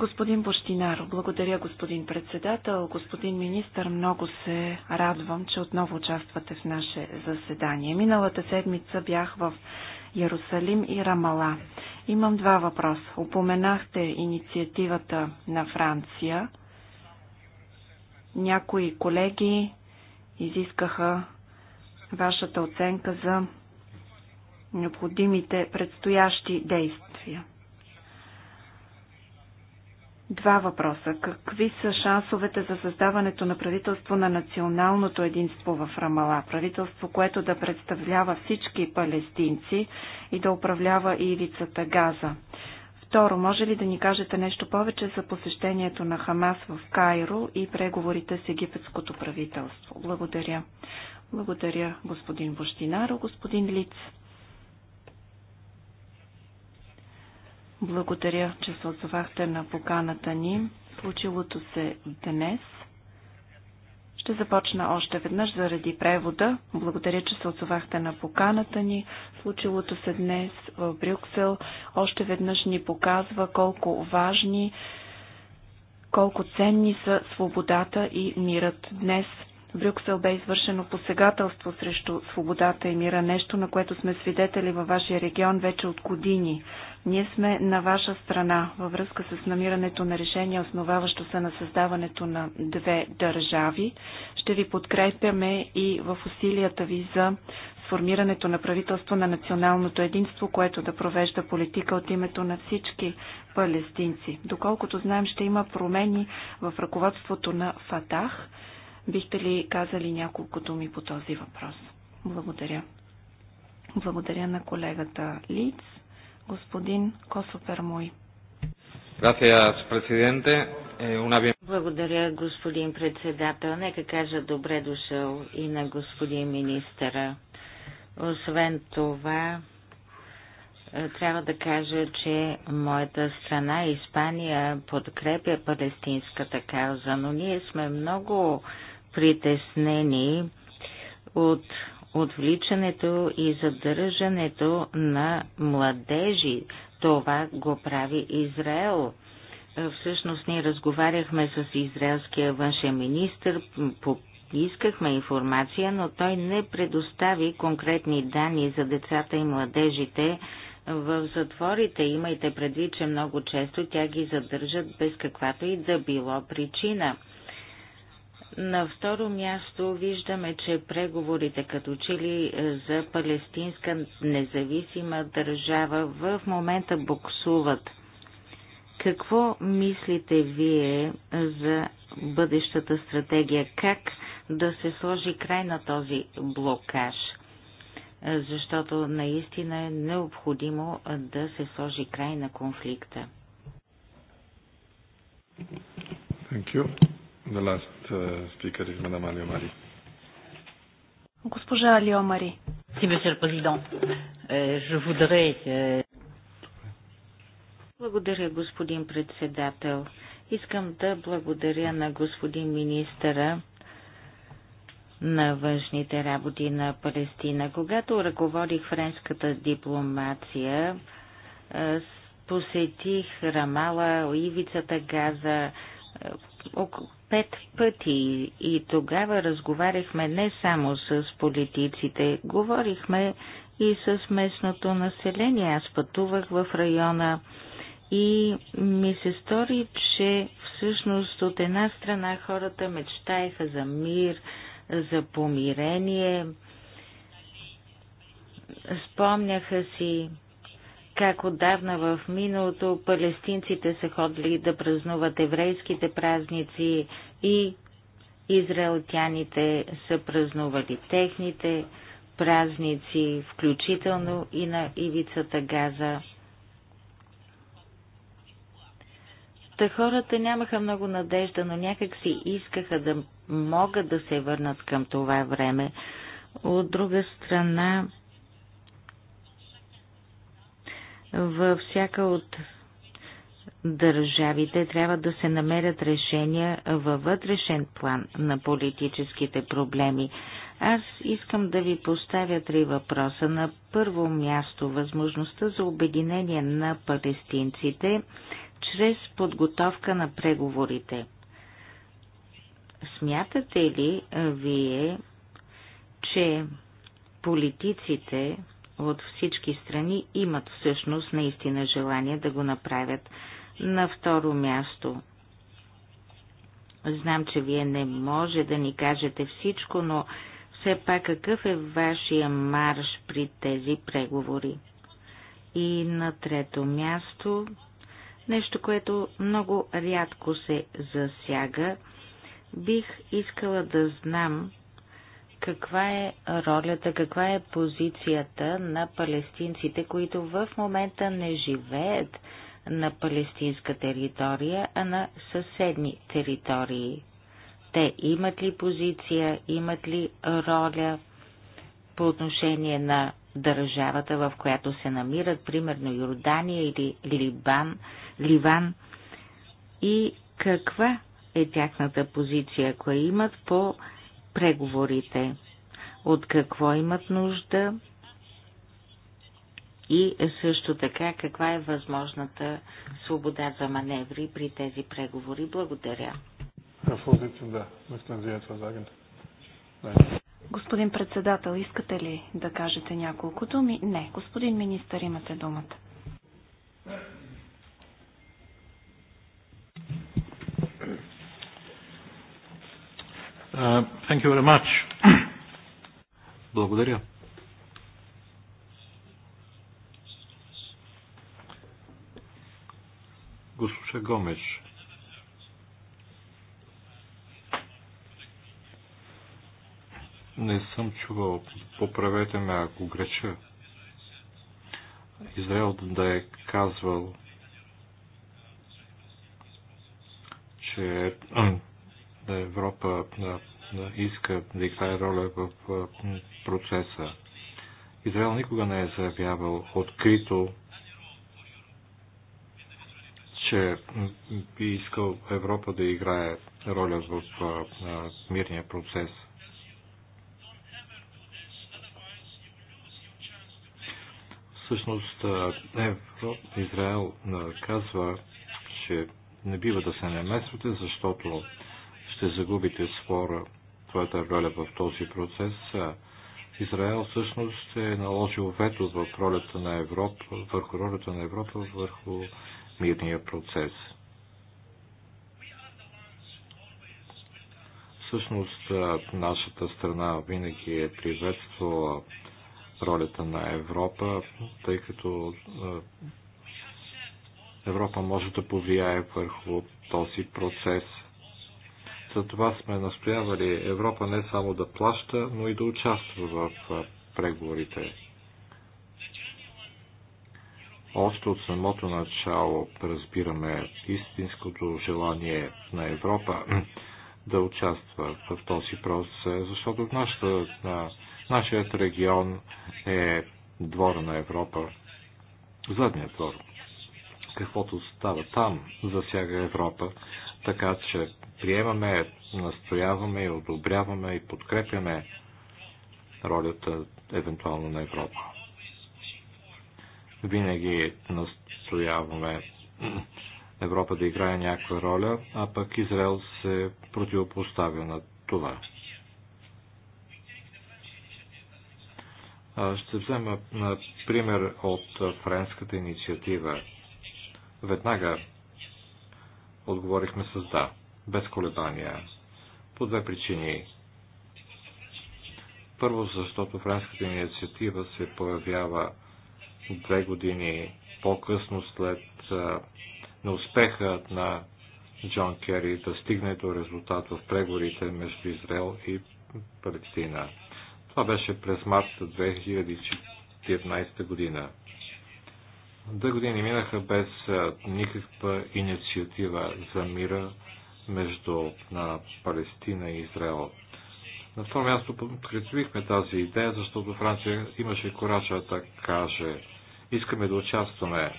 Господин Бощинаро, благодаря господин председател. Господин министр, много се радвам, че отново участвате в наше заседание. Миналата седмица бях в Ярусалим и Рамала. Имам два въпроса. Упоменахте инициативата на Франция. Някои колеги изискаха вашата оценка за необходимите предстоящи действия. Два въпроса. Какви са шансовете за създаването на правителство на националното единство в Рамала? Правителство, което да представлява всички палестинци и да управлява ивицата Газа. Второ, може ли да ни кажете нещо повече за посещението на Хамас в Кайро и преговорите с египетското правителство? Благодаря. Благодаря, господин Бощинаро, господин Лиц. Благодаря, че се отзовахте на поканата ни. Случилото се днес. Ще започна още веднъж заради превода. Благодаря, че се отзовахте на поканата ни. Случилото се днес в Брюксел още веднъж ни показва колко важни, колко ценни са свободата и мирът. Днес в Брюксел бе извършено посегателство срещу свободата и мира, нещо на което сме свидетели във вашия регион вече от години. Ние сме на ваша страна във връзка с намирането на решение, основаващо се на създаването на две държави. Ще ви подкрепяме и в усилията ви за сформирането на правителство на националното единство, което да провежда политика от името на всички палестинци. Доколкото знаем, ще има промени в ръководството на Фатах. Бихте ли казали няколко думи по този въпрос? Благодаря. Благодаря на колегата Лиц господин мой. Eh, Благодаря, господин председател. Нека кажа добре дошъл и на господин министъра. Освен това, е, трябва да кажа, че моята страна, Испания, подкрепя палестинската кауза, но ние сме много притеснени от отвличането и задържането на младежи. Това го прави Израел. Е, всъщност ние разговаряхме с израелския външен министр, искахме информация, но той не предостави конкретни данни за децата и младежите в затворите. Имайте предвид, че много често тя ги задържат без каквато и да било причина – на второ място виждаме, че преговорите като чили е, за палестинска независима държава в момента буксуват. Какво мислите вие за бъдещата стратегия? Как да се сложи край на този блокаж? Защото наистина е необходимо е, да се сложи край на конфликта. Thank you. The last uh, speaker is Madame Алио Mari. Госпожа Алио Мари. Си, месье президент. Je voudrais... Euh, благодаря, господин председател. Искам да благодаря на господин министъра на външните работи на Палестина. Когато ръководих френската дипломация, посетих Рамала, Ивицата Газа, е, около пет пъти и тогава разговаряхме не само с политиците, говорихме и с местното население. Аз пътувах в района и ми се стори, че всъщност от една страна хората мечтаеха за мир, за помирение, спомняха си как отдавна в миналото палестинците са ходили да празнуват еврейските празници и израелтяните са празнували техните празници, включително и на ивицата Газа. Та хората нямаха много надежда, но някак си искаха да могат да се върнат към това време. От друга страна, Във всяка от държавите трябва да се намерят решения във вътрешен план на политическите проблеми. Аз искам да ви поставя три въпроса. На първо място възможността за обединение на палестинците чрез подготовка на преговорите. Смятате ли вие, че политиците от всички страни имат всъщност наистина желание да го направят. На второ място, знам, че вие не може да ни кажете всичко, но все пак какъв е вашия марш при тези преговори? И на трето място, нещо, което много рядко се засяга, бих искала да знам каква е ролята, каква е позицията на палестинците, които в момента не живеят на палестинска територия, а на съседни територии. Те имат ли позиция, имат ли роля по отношение на държавата, в която се намират, примерно Йордания или Либан, Ливан, и каква е тяхната позиция, ако имат по преговорите, от какво имат нужда и също така каква е възможната свобода за маневри при тези преговори. Благодаря. Господин председател, искате ли да кажете няколко думи? Не. Господин министър, имате думата. Uh, thank you very much. Благодаря. Госпожа Гомеш. Не съм чувал. Поправете ме, ако греша. Израел да е казвал, че Европа иска да играе роля в процеса. Израел никога не е заявявал открито, че би искал Европа да играе роля в мирния процес. Всъщност Европа, Израел казва, че не бива да се намесвате, защото ще загубите своя, твоята роля в този процес. Израел всъщност е наложил вето в ролята на Европа, върху ролята на Европа, върху мирния процес. Всъщност нашата страна винаги е приветствала ролята на Европа, тъй като Европа може да повлияе върху този процес – затова сме настоявали Европа не само да плаща, но и да участва в преговорите. Още от самото начало разбираме истинското желание на Европа да участва в този процес, защото нашата, нашият регион е двора на Европа, задният двор. Каквото става там, засяга Европа, така че приемаме, настояваме и одобряваме и подкрепяме ролята евентуално на Европа. Винаги настояваме Европа да играе някаква роля, а пък Израел се противопоставя на това. Ще взема пример от френската инициатива. Веднага отговорихме с да без колебания. По две причини. Първо, защото френската инициатива се появява две години по-късно след неуспеха на, Джон Кери да стигне до резултат в преговорите между Израел и Палестина. Това беше през март 2014 година. Две години минаха без никаква инициатива за мира между на Палестина и Израел. На това място подкрепихме тази идея, защото Франция имаше коража да каже искаме да участваме.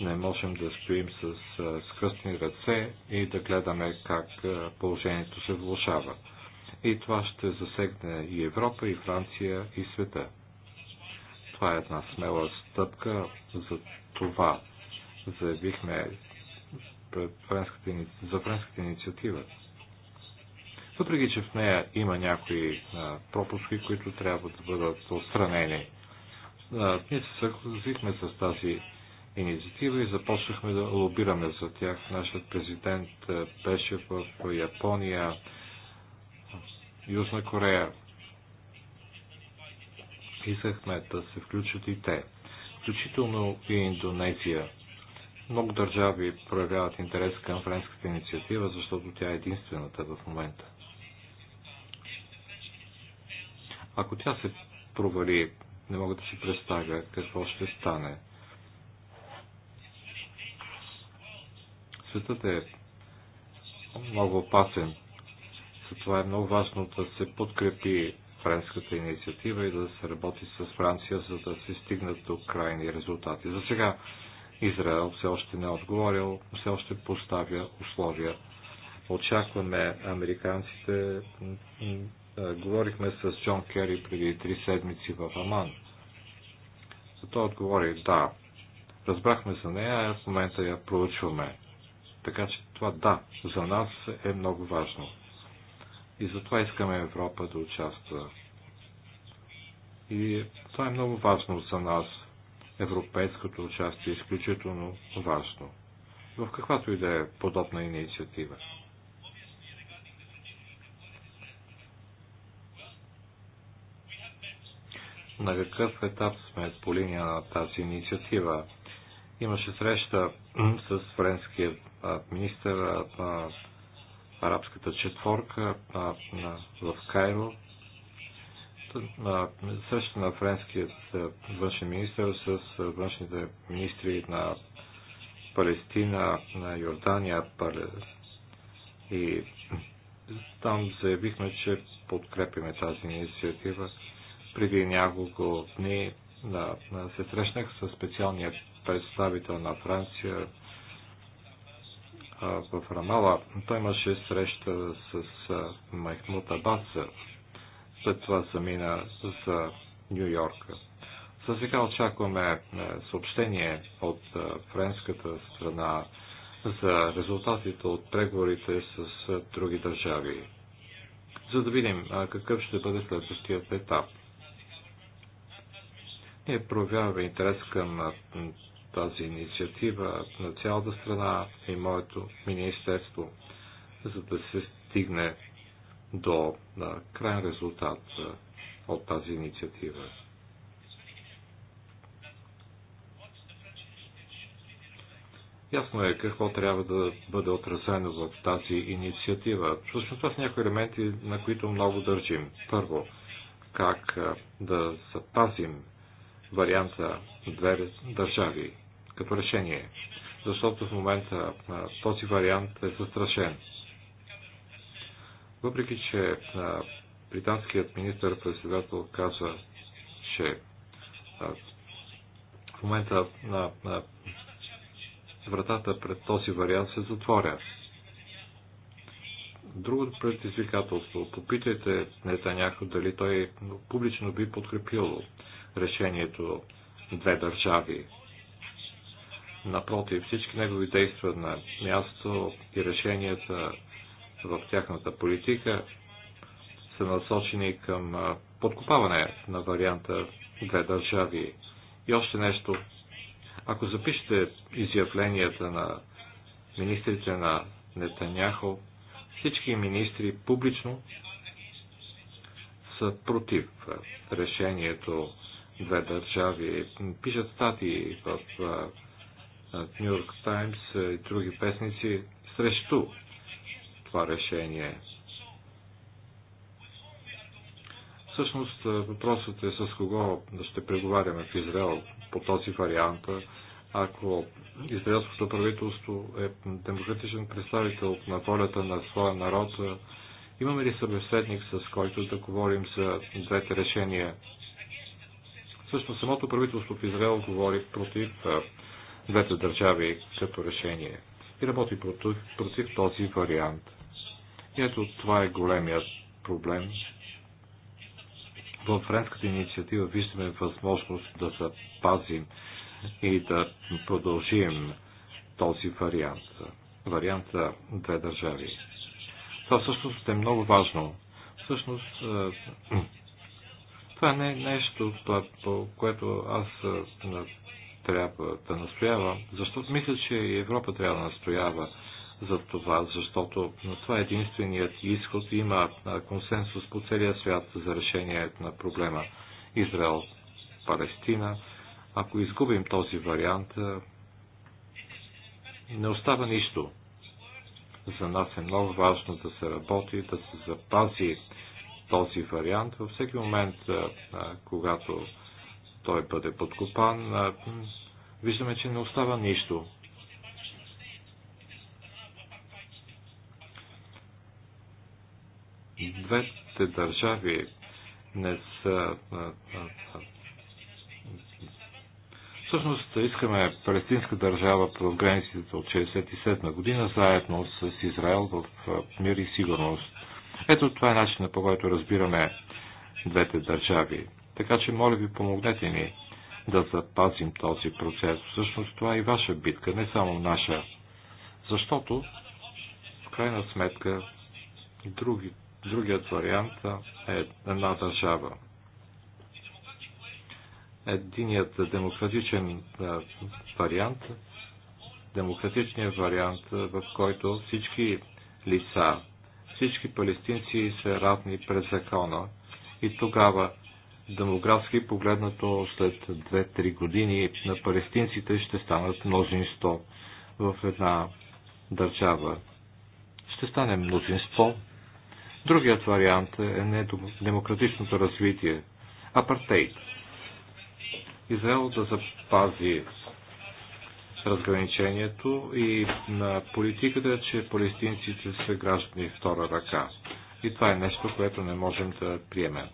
Не можем да стоим с скръстни ръце и да гледаме как положението се влушава. И това ще засегне и Европа, и Франция, и света. Това е една смела стъпка за това. Заявихме пред френската, за френската инициатива. Въпреки, че в нея има някои пропуски, които трябва да бъдат отстранени. Ние се съгласихме с тази инициатива и започнахме да лобираме за тях. Нашият президент беше в Япония, Южна Корея. Искахме да се включат и те, включително и Индонезия. Много държави проявяват интерес към френската инициатива, защото тя е единствената в момента. Ако тя се провали, не мога да си представя какво ще стане. Светът е много опасен. Затова е много важно да се подкрепи френската инициатива и да се работи с Франция, за да се стигнат до крайни резултати. За сега Израел все още не е отговорил, все още поставя условия. Очакваме американците. Говорихме с Джон Кери преди три седмици в Аман. За той отговори да. Разбрахме за нея, в момента я проучваме. Така че това да, за нас е много важно. И затова искаме Европа да участва. И това е много важно за нас европейското участие е изключително важно в каквато и да е подобна инициатива. На какъв етап сме по линия на тази инициатива? Имаше среща с френския министър на арабската четворка в Кайро среща на френският е, външен министр с е, външните министри на Палестина, на Йордания и там заявихме, че подкрепиме тази инициатива. Преди няколко дни да, се срещнах с специалния представител на Франция е, в Рамала. Той имаше среща с Махмуд Абаса, след това се мина за Нью Йорк. За сега очакваме е, съобщение от френската страна за резултатите от преговорите с други държави, за да видим какъв ще бъде следващият етап. Ние проявяваме интерес към тази инициатива на цялата страна и моето министерство, за да се стигне до крайен резултат от тази инициатива. Ясно е какво трябва да бъде отразено в тази инициатива. Всъщност това са някои елементи, на които много държим. Първо, как да запазим варианта две държави като решение, защото в момента този вариант е застрашен. Въпреки, че британският министр-председател каза, че в момента на, на вратата пред този вариант се затворя. Другото предизвикателство. Попитайте Нетаняхо дали той публично би подкрепил решението две държави. Напротив, всички негови действия на място и решенията в тяхната политика са насочени към подкопаване на варианта две държави. И още нещо. Ако запишете изявленията на министрите на Нетаняхо, всички министри публично са против решението две държави. Пишат статии в Нью Йорк Таймс и други песници срещу това решение. Всъщност е, въпросът е с кого ще преговаряме в Израел по този вариант, ако израелското правителство е демократичен представител на волята на своя народ, имаме ли събеседник, с който да говорим за двете решения? Също самото правителство в Израел говори против е, двете държави като решение и работи против, против този вариант. Ето това е големият проблем. В френската инициатива виждаме възможност да запазим и да продължим този вариант. Варианта две държави. Това всъщност е много важно. Всъщност е, това не е нещо, по което аз е, трябва да настоявам, защото мисля, че Европа трябва да настоява за това, защото това е единственият изход. Има консенсус по целия свят за решение на проблема Израел-Палестина. Ако изгубим този вариант, не остава нищо. За нас е много важно да се работи, да се запази този вариант. Във всеки момент, когато той бъде подкопан, виждаме, че не остава нищо. двете държави не са. Всъщност искаме палестинска държава в границите от 1967 година, заедно с Израел в мир и сигурност. Ето това е начинът по който разбираме двете държави. Така че, моля ви, помогнете ни да запазим този процес. Всъщност това е и ваша битка, не само наша. Защото, в крайна сметка, и други Другият вариант е една държава. Единият демократичен вариант, демократичният вариант, в който всички лица, всички палестинци са равни през закона и тогава демографски погледнато след 2-3 години на палестинците ще станат мнозинство в една държава. Ще стане мнозинство Другият вариант е недемократичното развитие, апартейт. Израел да запази разграничението и на политиката, че палестинците са граждани втора ръка. И това е нещо, което не можем да приемем.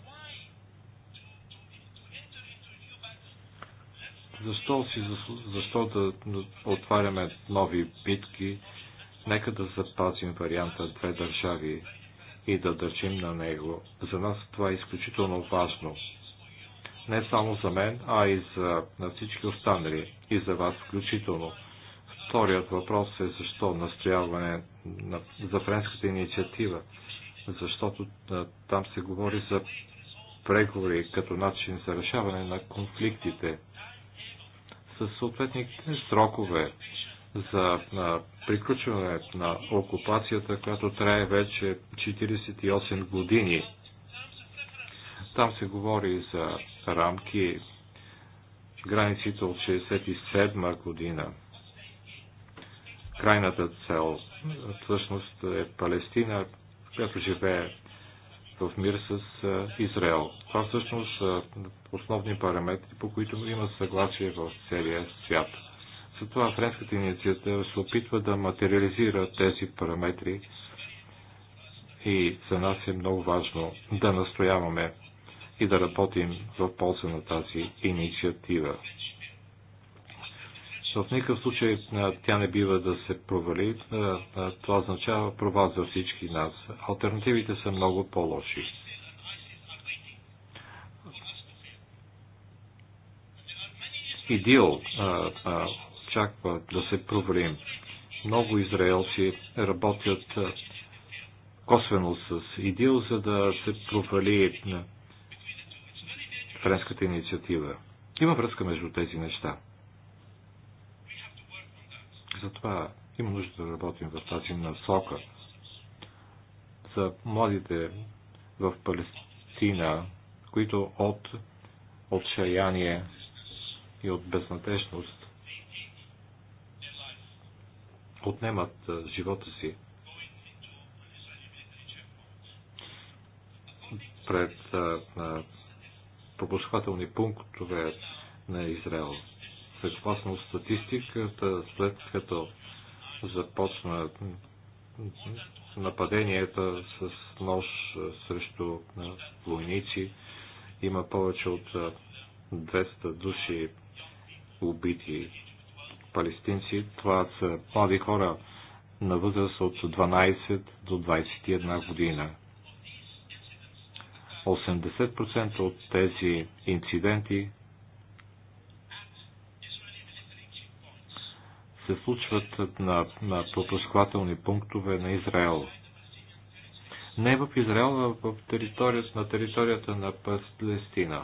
Защо, си, защо да отваряме нови битки? Нека да запазим варианта две държави и да държим на него. За нас това е изключително важно. Не само за мен, а и за на всички останали и за вас включително. Вторият въпрос е защо настояване на, за френската инициатива, защото а, там се говори за преговори като начин за решаване на конфликтите с съответни срокове за приключване на окупацията, която трае вече 48 години. Там се говори за рамки, границите от 67 година. Крайната цел всъщност е Палестина, която живее в мир с Израел. Това всъщност са основни параметри, по които има съгласие в целия свят. Затова френската инициатива се опитва да материализира тези параметри и за нас е много важно да настояваме и да работим в полза на тази инициатива. В никакъв случай тя не бива да се провали. Това означава провал за всички нас. Альтернативите са много по-лоши. Идил очаква да се провалим. Много израелци работят косвено с ИДИЛ, за да се провали на френската инициатива. Има връзка между тези неща. Затова има нужда да работим в тази насока. За младите в Палестина, които от отчаяние и от безнадежност отнемат живота си. Пред пропускателни пунктове на Израел. Съгласно статистиката, след като започна нападенията с нож срещу войници, има повече от 200 души убити палестинци. Това са млади хора на възраст от 12 до 21 година. 80% от тези инциденти се случват на, на пропускателни пунктове на Израел. Не в Израел, а в територията, на територията на Палестина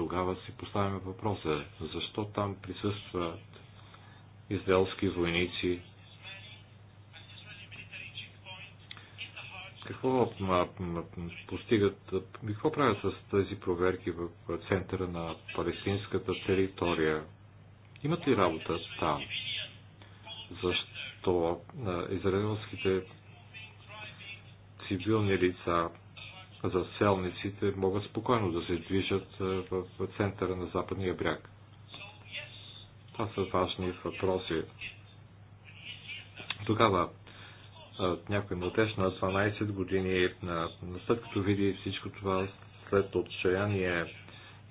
тогава си поставяме въпроса, защо там присъстват израелски войници. Какво постигат, какво правят с тези проверки в центъра на палестинската територия? Имат ли работа там? Защо израелските цивилни лица за селниците могат спокойно да се движат е, в центъра на западния бряг. Това са важни въпроси. Тогава е, някой младеж на 12 години, е, след като види всичко това, след отчаяние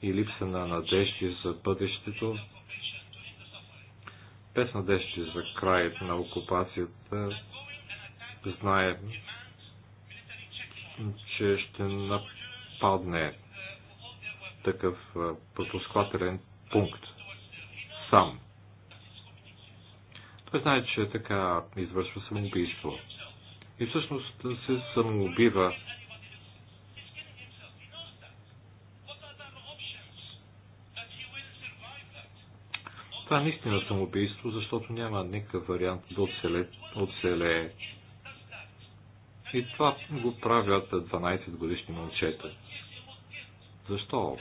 и липса на надежди за бъдещето, без надежди за краят на окупацията, знае, че ще нападне такъв пропускателен пункт сам. Той знае, че така извършва самоубийство. И всъщност се самоубива Това е наистина самоубийство, защото няма никакъв вариант да оцелее и това го правят 12 годишни момчета. Защо?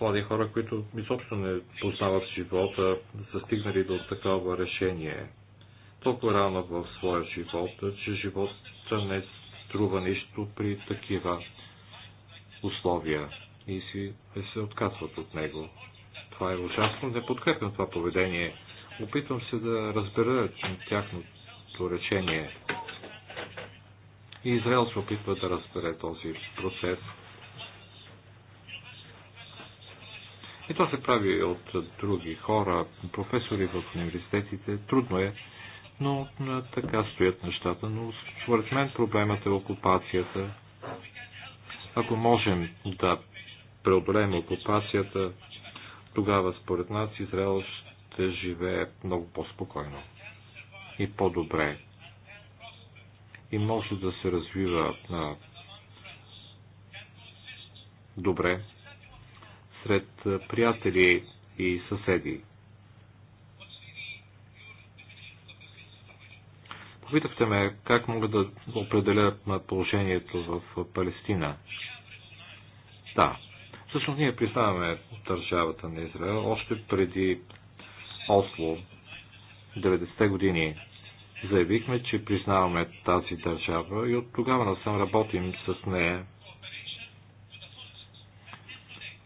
млади хора, които изобщо не познават живота, са стигнали до такова решение. Толкова рано в своя живот, че живота не струва нищо при такива условия и си, е, се отказват от него. Това е ужасно, не подкрепям това поведение Опитвам се да разбера тяхното речение. И Израел се опитва да разбере този процес. И това се прави от други хора, професори в университетите. Трудно е, но така стоят нещата. Но според мен проблемът е окупацията. Ако можем да преодолеем окупацията, тогава според нас Израел ще. Да живее много по-спокойно и по-добре. И може да се развива на добре сред приятели и съседи. Попитахте ме как мога да определя положението в Палестина. Да, всъщност ние признаваме държавата на Израел още преди Осло 90-те години. Заявихме, че признаваме тази държава и от тогава насам работим с нея.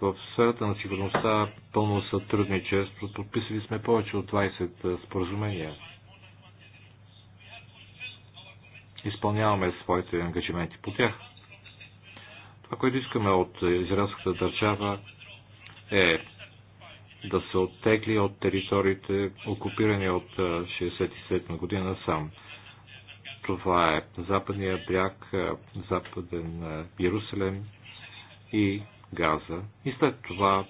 В сферата на сигурността пълно сътрудничество подписали сме повече от 20 споразумения. Изпълняваме своите ангажименти по тях. Това, което искаме от израелската държава е да се оттегли от териториите, окупирани от 67 година сам. Това е западния бряг, западен Иерусалим и Газа. И след това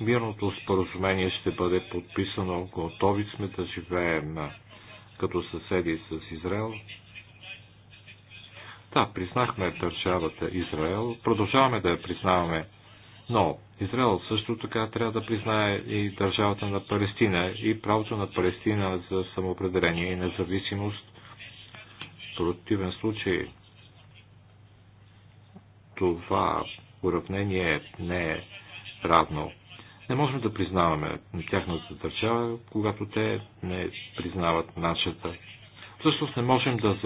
мирното споразумение ще бъде подписано. Готови сме да живеем като съседи с Израел. Да, признахме държавата Израел. Продължаваме да я признаваме но Израел също така трябва да признае и държавата на Палестина и правото на Палестина за самоопределение и независимост. В противен случай това уравнение не е равно. Не можем да признаваме тяхната държава, когато те не признават нашата. Всъщност не можем да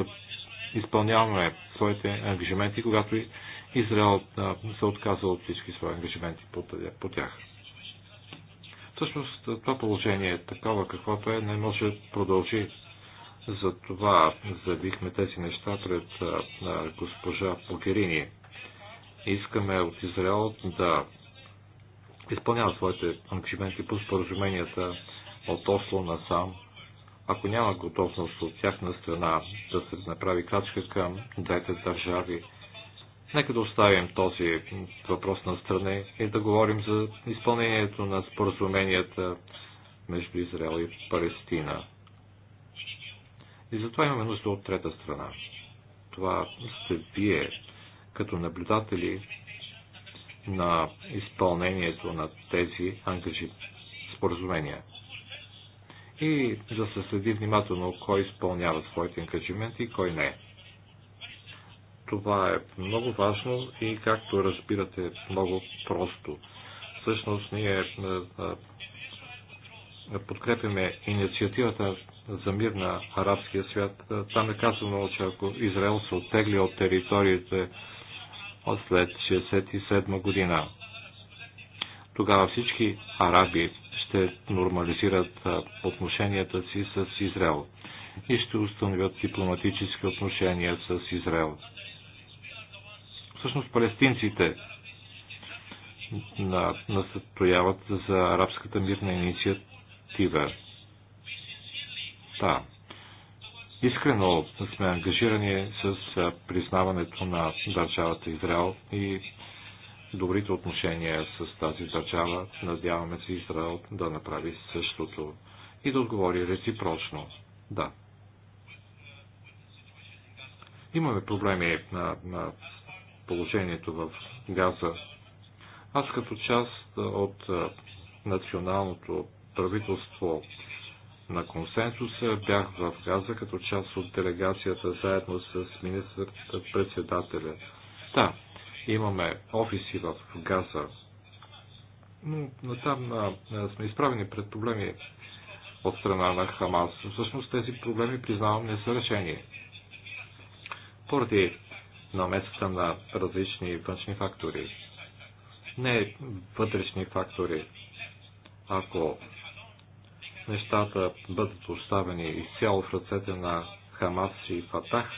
изпълняваме своите ангажименти, когато Израел се отказва от всички свои ангажименти по тях. Всъщност това положение е такова, каквото е, не може да продължи. Затова заявихме тези неща пред госпожа Погерини. Искаме от Израел да изпълнява своите ангажименти по споразуменията от Осло насам. Ако няма готовност от тяхна страна да се направи крачка към двете държави, Нека да оставим този въпрос на стране и да говорим за изпълнението на споразуменията между Израел и Палестина. И затова имаме нужда от трета страна. Това сте вие, като наблюдатели на изпълнението на тези ангажи споразумения. И да се следи внимателно кой изпълнява своите ангажименти и кой не. Това е много важно и, както разбирате, много просто. Всъщност ние е, е, подкрепяме инициативата за мир на арабския свят. Е, там е казано, че ако Израел се оттегли от териториите от след 1967 година, тогава всички араби ще нормализират отношенията си с Израел и ще установят дипломатически отношения с Израел всъщност палестинците настояват за арабската мирна инициатива. Да. Искрено сме ангажирани с признаването на държавата Израел и добрите отношения с тази държава. Надяваме се Израел да направи същото и да отговори реципрочно. Да. Имаме проблеми на, на положението в Газа. Аз като част от националното правителство на консенсуса бях в Газа като част от делегацията заедно с министър-председателя. Да, имаме офиси в Газа, но там а, сме изправени пред проблеми от страна на Хамас. Всъщност тези проблеми, признавам, не са решени. Поради намесата на различни външни фактори. Не вътрешни фактори. Ако нещата бъдат оставени изцяло в ръцете на Хамас и Фатах,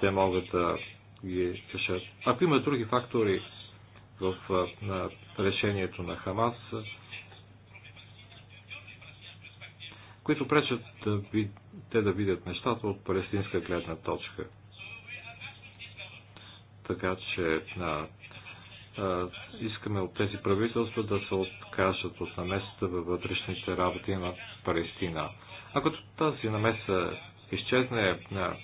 те могат да ги решат. Ако има други фактори в на решението на Хамас, които пречат да, те да видят нещата от палестинска гледна точка. Така че на, а, искаме от тези правителства да се откажат от намесата във вътрешните работи на Палестина. Ако тази намеса изчезне, на,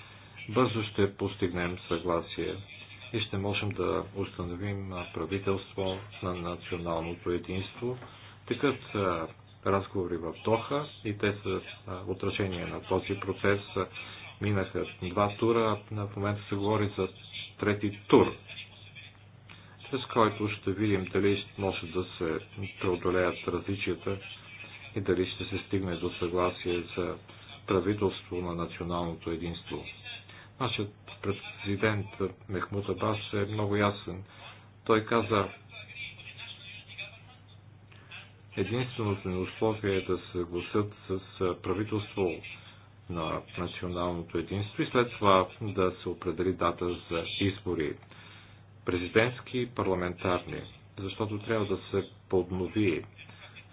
бързо ще постигнем съгласие и ще можем да установим правителство на националното единство. Такъв са разговори в Доха и те са отражение на този процес. Минаха два тура, в момента се говори за трети тур, чрез който ще видим дали може да се преодолеят различията и дали ще се стигне до съгласие за правителство на националното единство. Нашият президент Мехмут Абас е много ясен. Той каза, единственото ни условие е да се съгласят с правителство на националното единство и след това да се определи дата за избори президентски и парламентарни, защото трябва да се поднови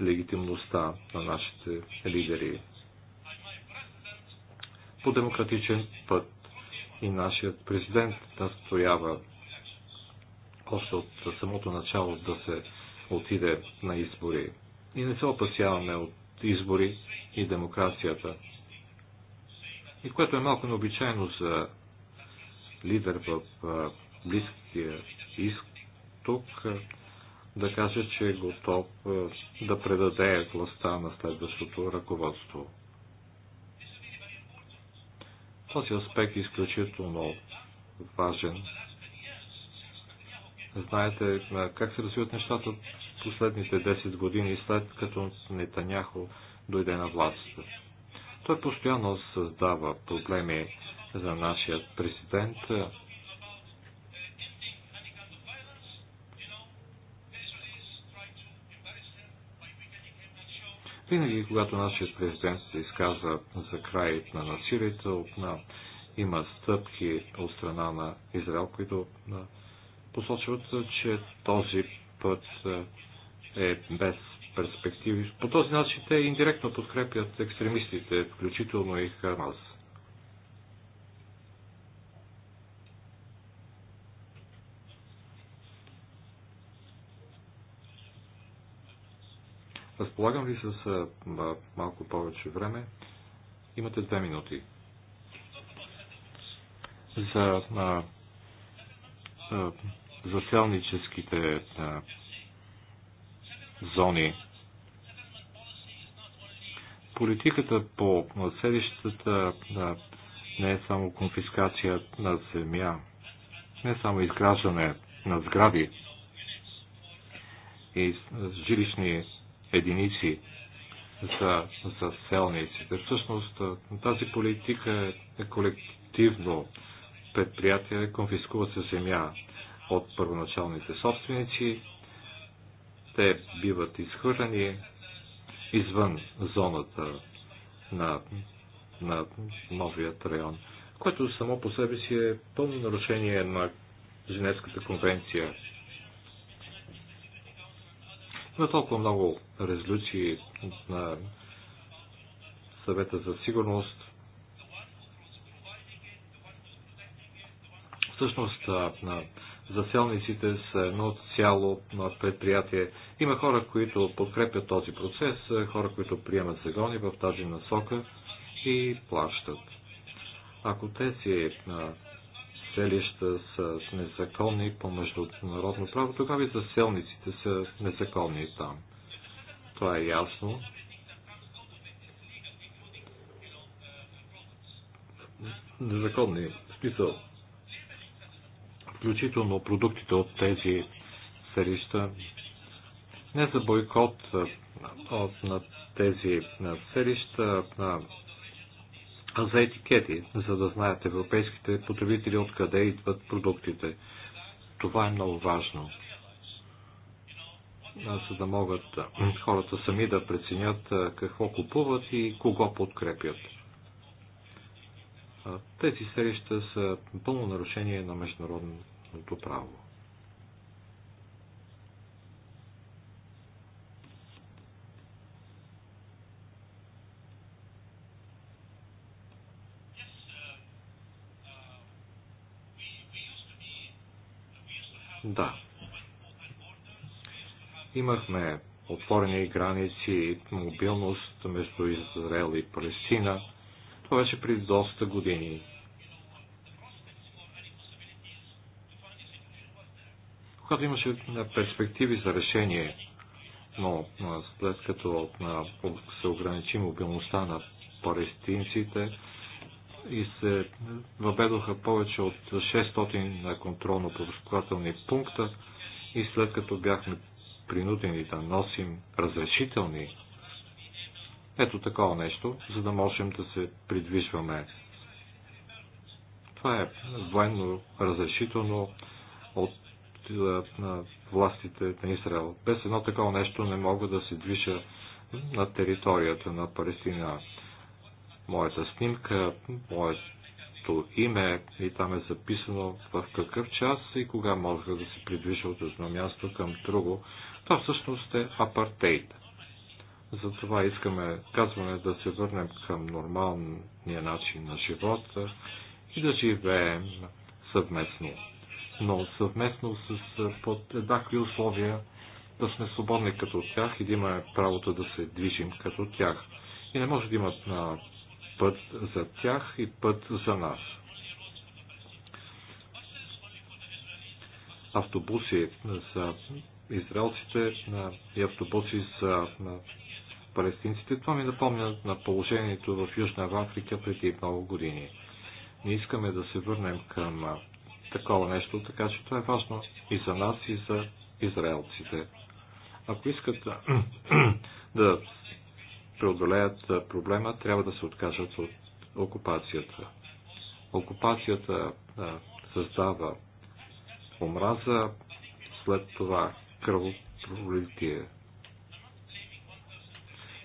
легитимността на нашите лидери по демократичен път и нашият президент настоява още от самото начало да се отиде на избори. И не се опасяваме от избори и демокрацията и което е малко необичайно за лидер в Близкия изток, да каже, че е готов да предаде властта на следващото ръководство. Този аспект е изключително важен. Знаете как се развиват нещата последните 10 години след като Нетаняхо дойде на власт. Той постоянно създава проблеми за нашия президент. Винаги, когато нашият президент се изказва за край на насилието, на, има стъпки от страна на Израел, които посочват, че този път е без перспективи. По този начин те индиректно подкрепят екстремистите, включително и Хамас. Разполагам ви с малко повече време. Имате две минути. За а, а, а, зони. Политиката по селищата не е само конфискация на земя, не е само изграждане на сгради и жилищни единици за, за селниците. Всъщност тази политика е, е колективно предприятие, конфискува се земя от първоначалните собственици те биват изхвърлени извън зоната на, на новият район, което само по себе си е пълно нарушение на Женевската конвенция. Има толкова много резолюции на съвета за сигурност. Всъщност, на заселниците са едно цяло предприятие. Има хора, които подкрепят този процес, хора, които приемат загони в тази насока и плащат. Ако тези селища са незаконни по международно право, тогава и заселниците са незаконни там. Това е ясно. Незаконни в смисъл включително продуктите от тези селища, не за бойкот от, на тези селища, а за етикети, за да знаят европейските потребители откъде идват продуктите. Това е много важно за да могат хората сами да преценят какво купуват и кого подкрепят. Тези среща са пълно нарушение на международното право. Uh, uh, да. Имахме отворени граници, мобилност между Израел и Палестина – това беше преди доста години. Когато имаше перспективи за решение, но след като се ограничи мобилността на палестинците и се въведоха повече от 600 на контролно-пропускателни пункта и след като бяхме принудени да носим разрешителни ето такова нещо, за да можем да се придвижваме. Това е военно разрешително от на властите на Израел. Без едно такова нещо не мога да се движа на територията на Палестина. Моята снимка, моето име и там е записано в какъв час и кога мога да се придвижа от едно място към друго. Това всъщност е апартейт. Затова искаме, казваме, да се върнем към нормалния начин на живота и да живеем съвместно. Но съвместно с под еднакви условия да сме свободни като тях и да имаме правото да се движим като тях. И не може да имат на път за тях и път за нас. Автобуси за израелците и автобуси за палестинците. Това ми напомня на положението в Южна Африка преди много години. Не искаме да се върнем към такова нещо, така че това е важно и за нас, и за израелците. Ако искат да преодолеят проблема, трябва да се откажат от окупацията. Окупацията създава омраза, след това кръвопролитие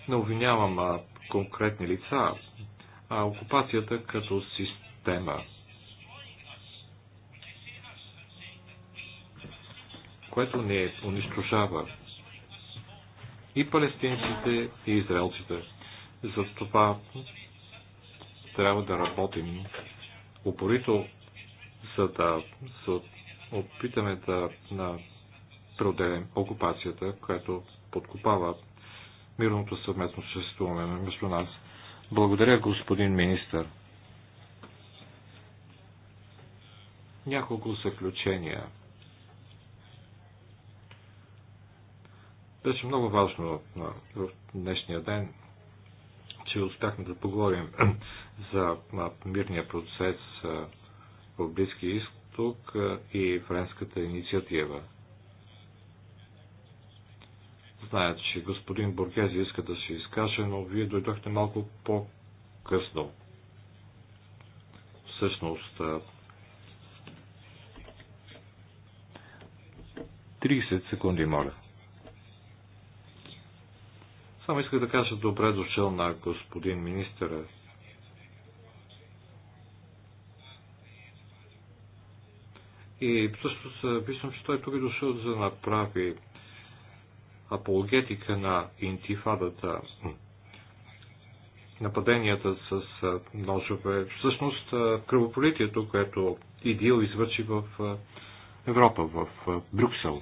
не обвинявам конкретни лица, а окупацията като система. което не унищожава и палестинците, и израелците. За това трябва да работим упорито, за да за опитаме да на преодолеем окупацията, която подкопава мирното съвместно съществуване между нас. Благодаря, господин министър. Няколко заключения. Беше много важно в днешния ден, че успяхме да поговорим за мирния процес в Близкия изток и френската инициатива. Зная, че господин Бургези иска да се изкаже, но вие дойдохте малко по-късно. Всъщност, 30 секунди, моля. Само исках да кажа добре дошъл на господин министъра. И се виждам, че той тук е дошъл за да направи апологетика на интифадата, нападенията с ножове, всъщност кръвополитието, което ИДИЛ извърши в Европа, в Брюксел.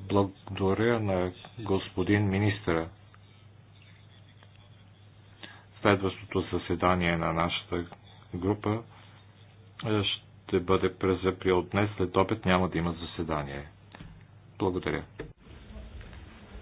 Благодаря на господин министра. Следващото заседание на нашата група ще бъде през април. Днес след обед няма да има заседание. Благодаря.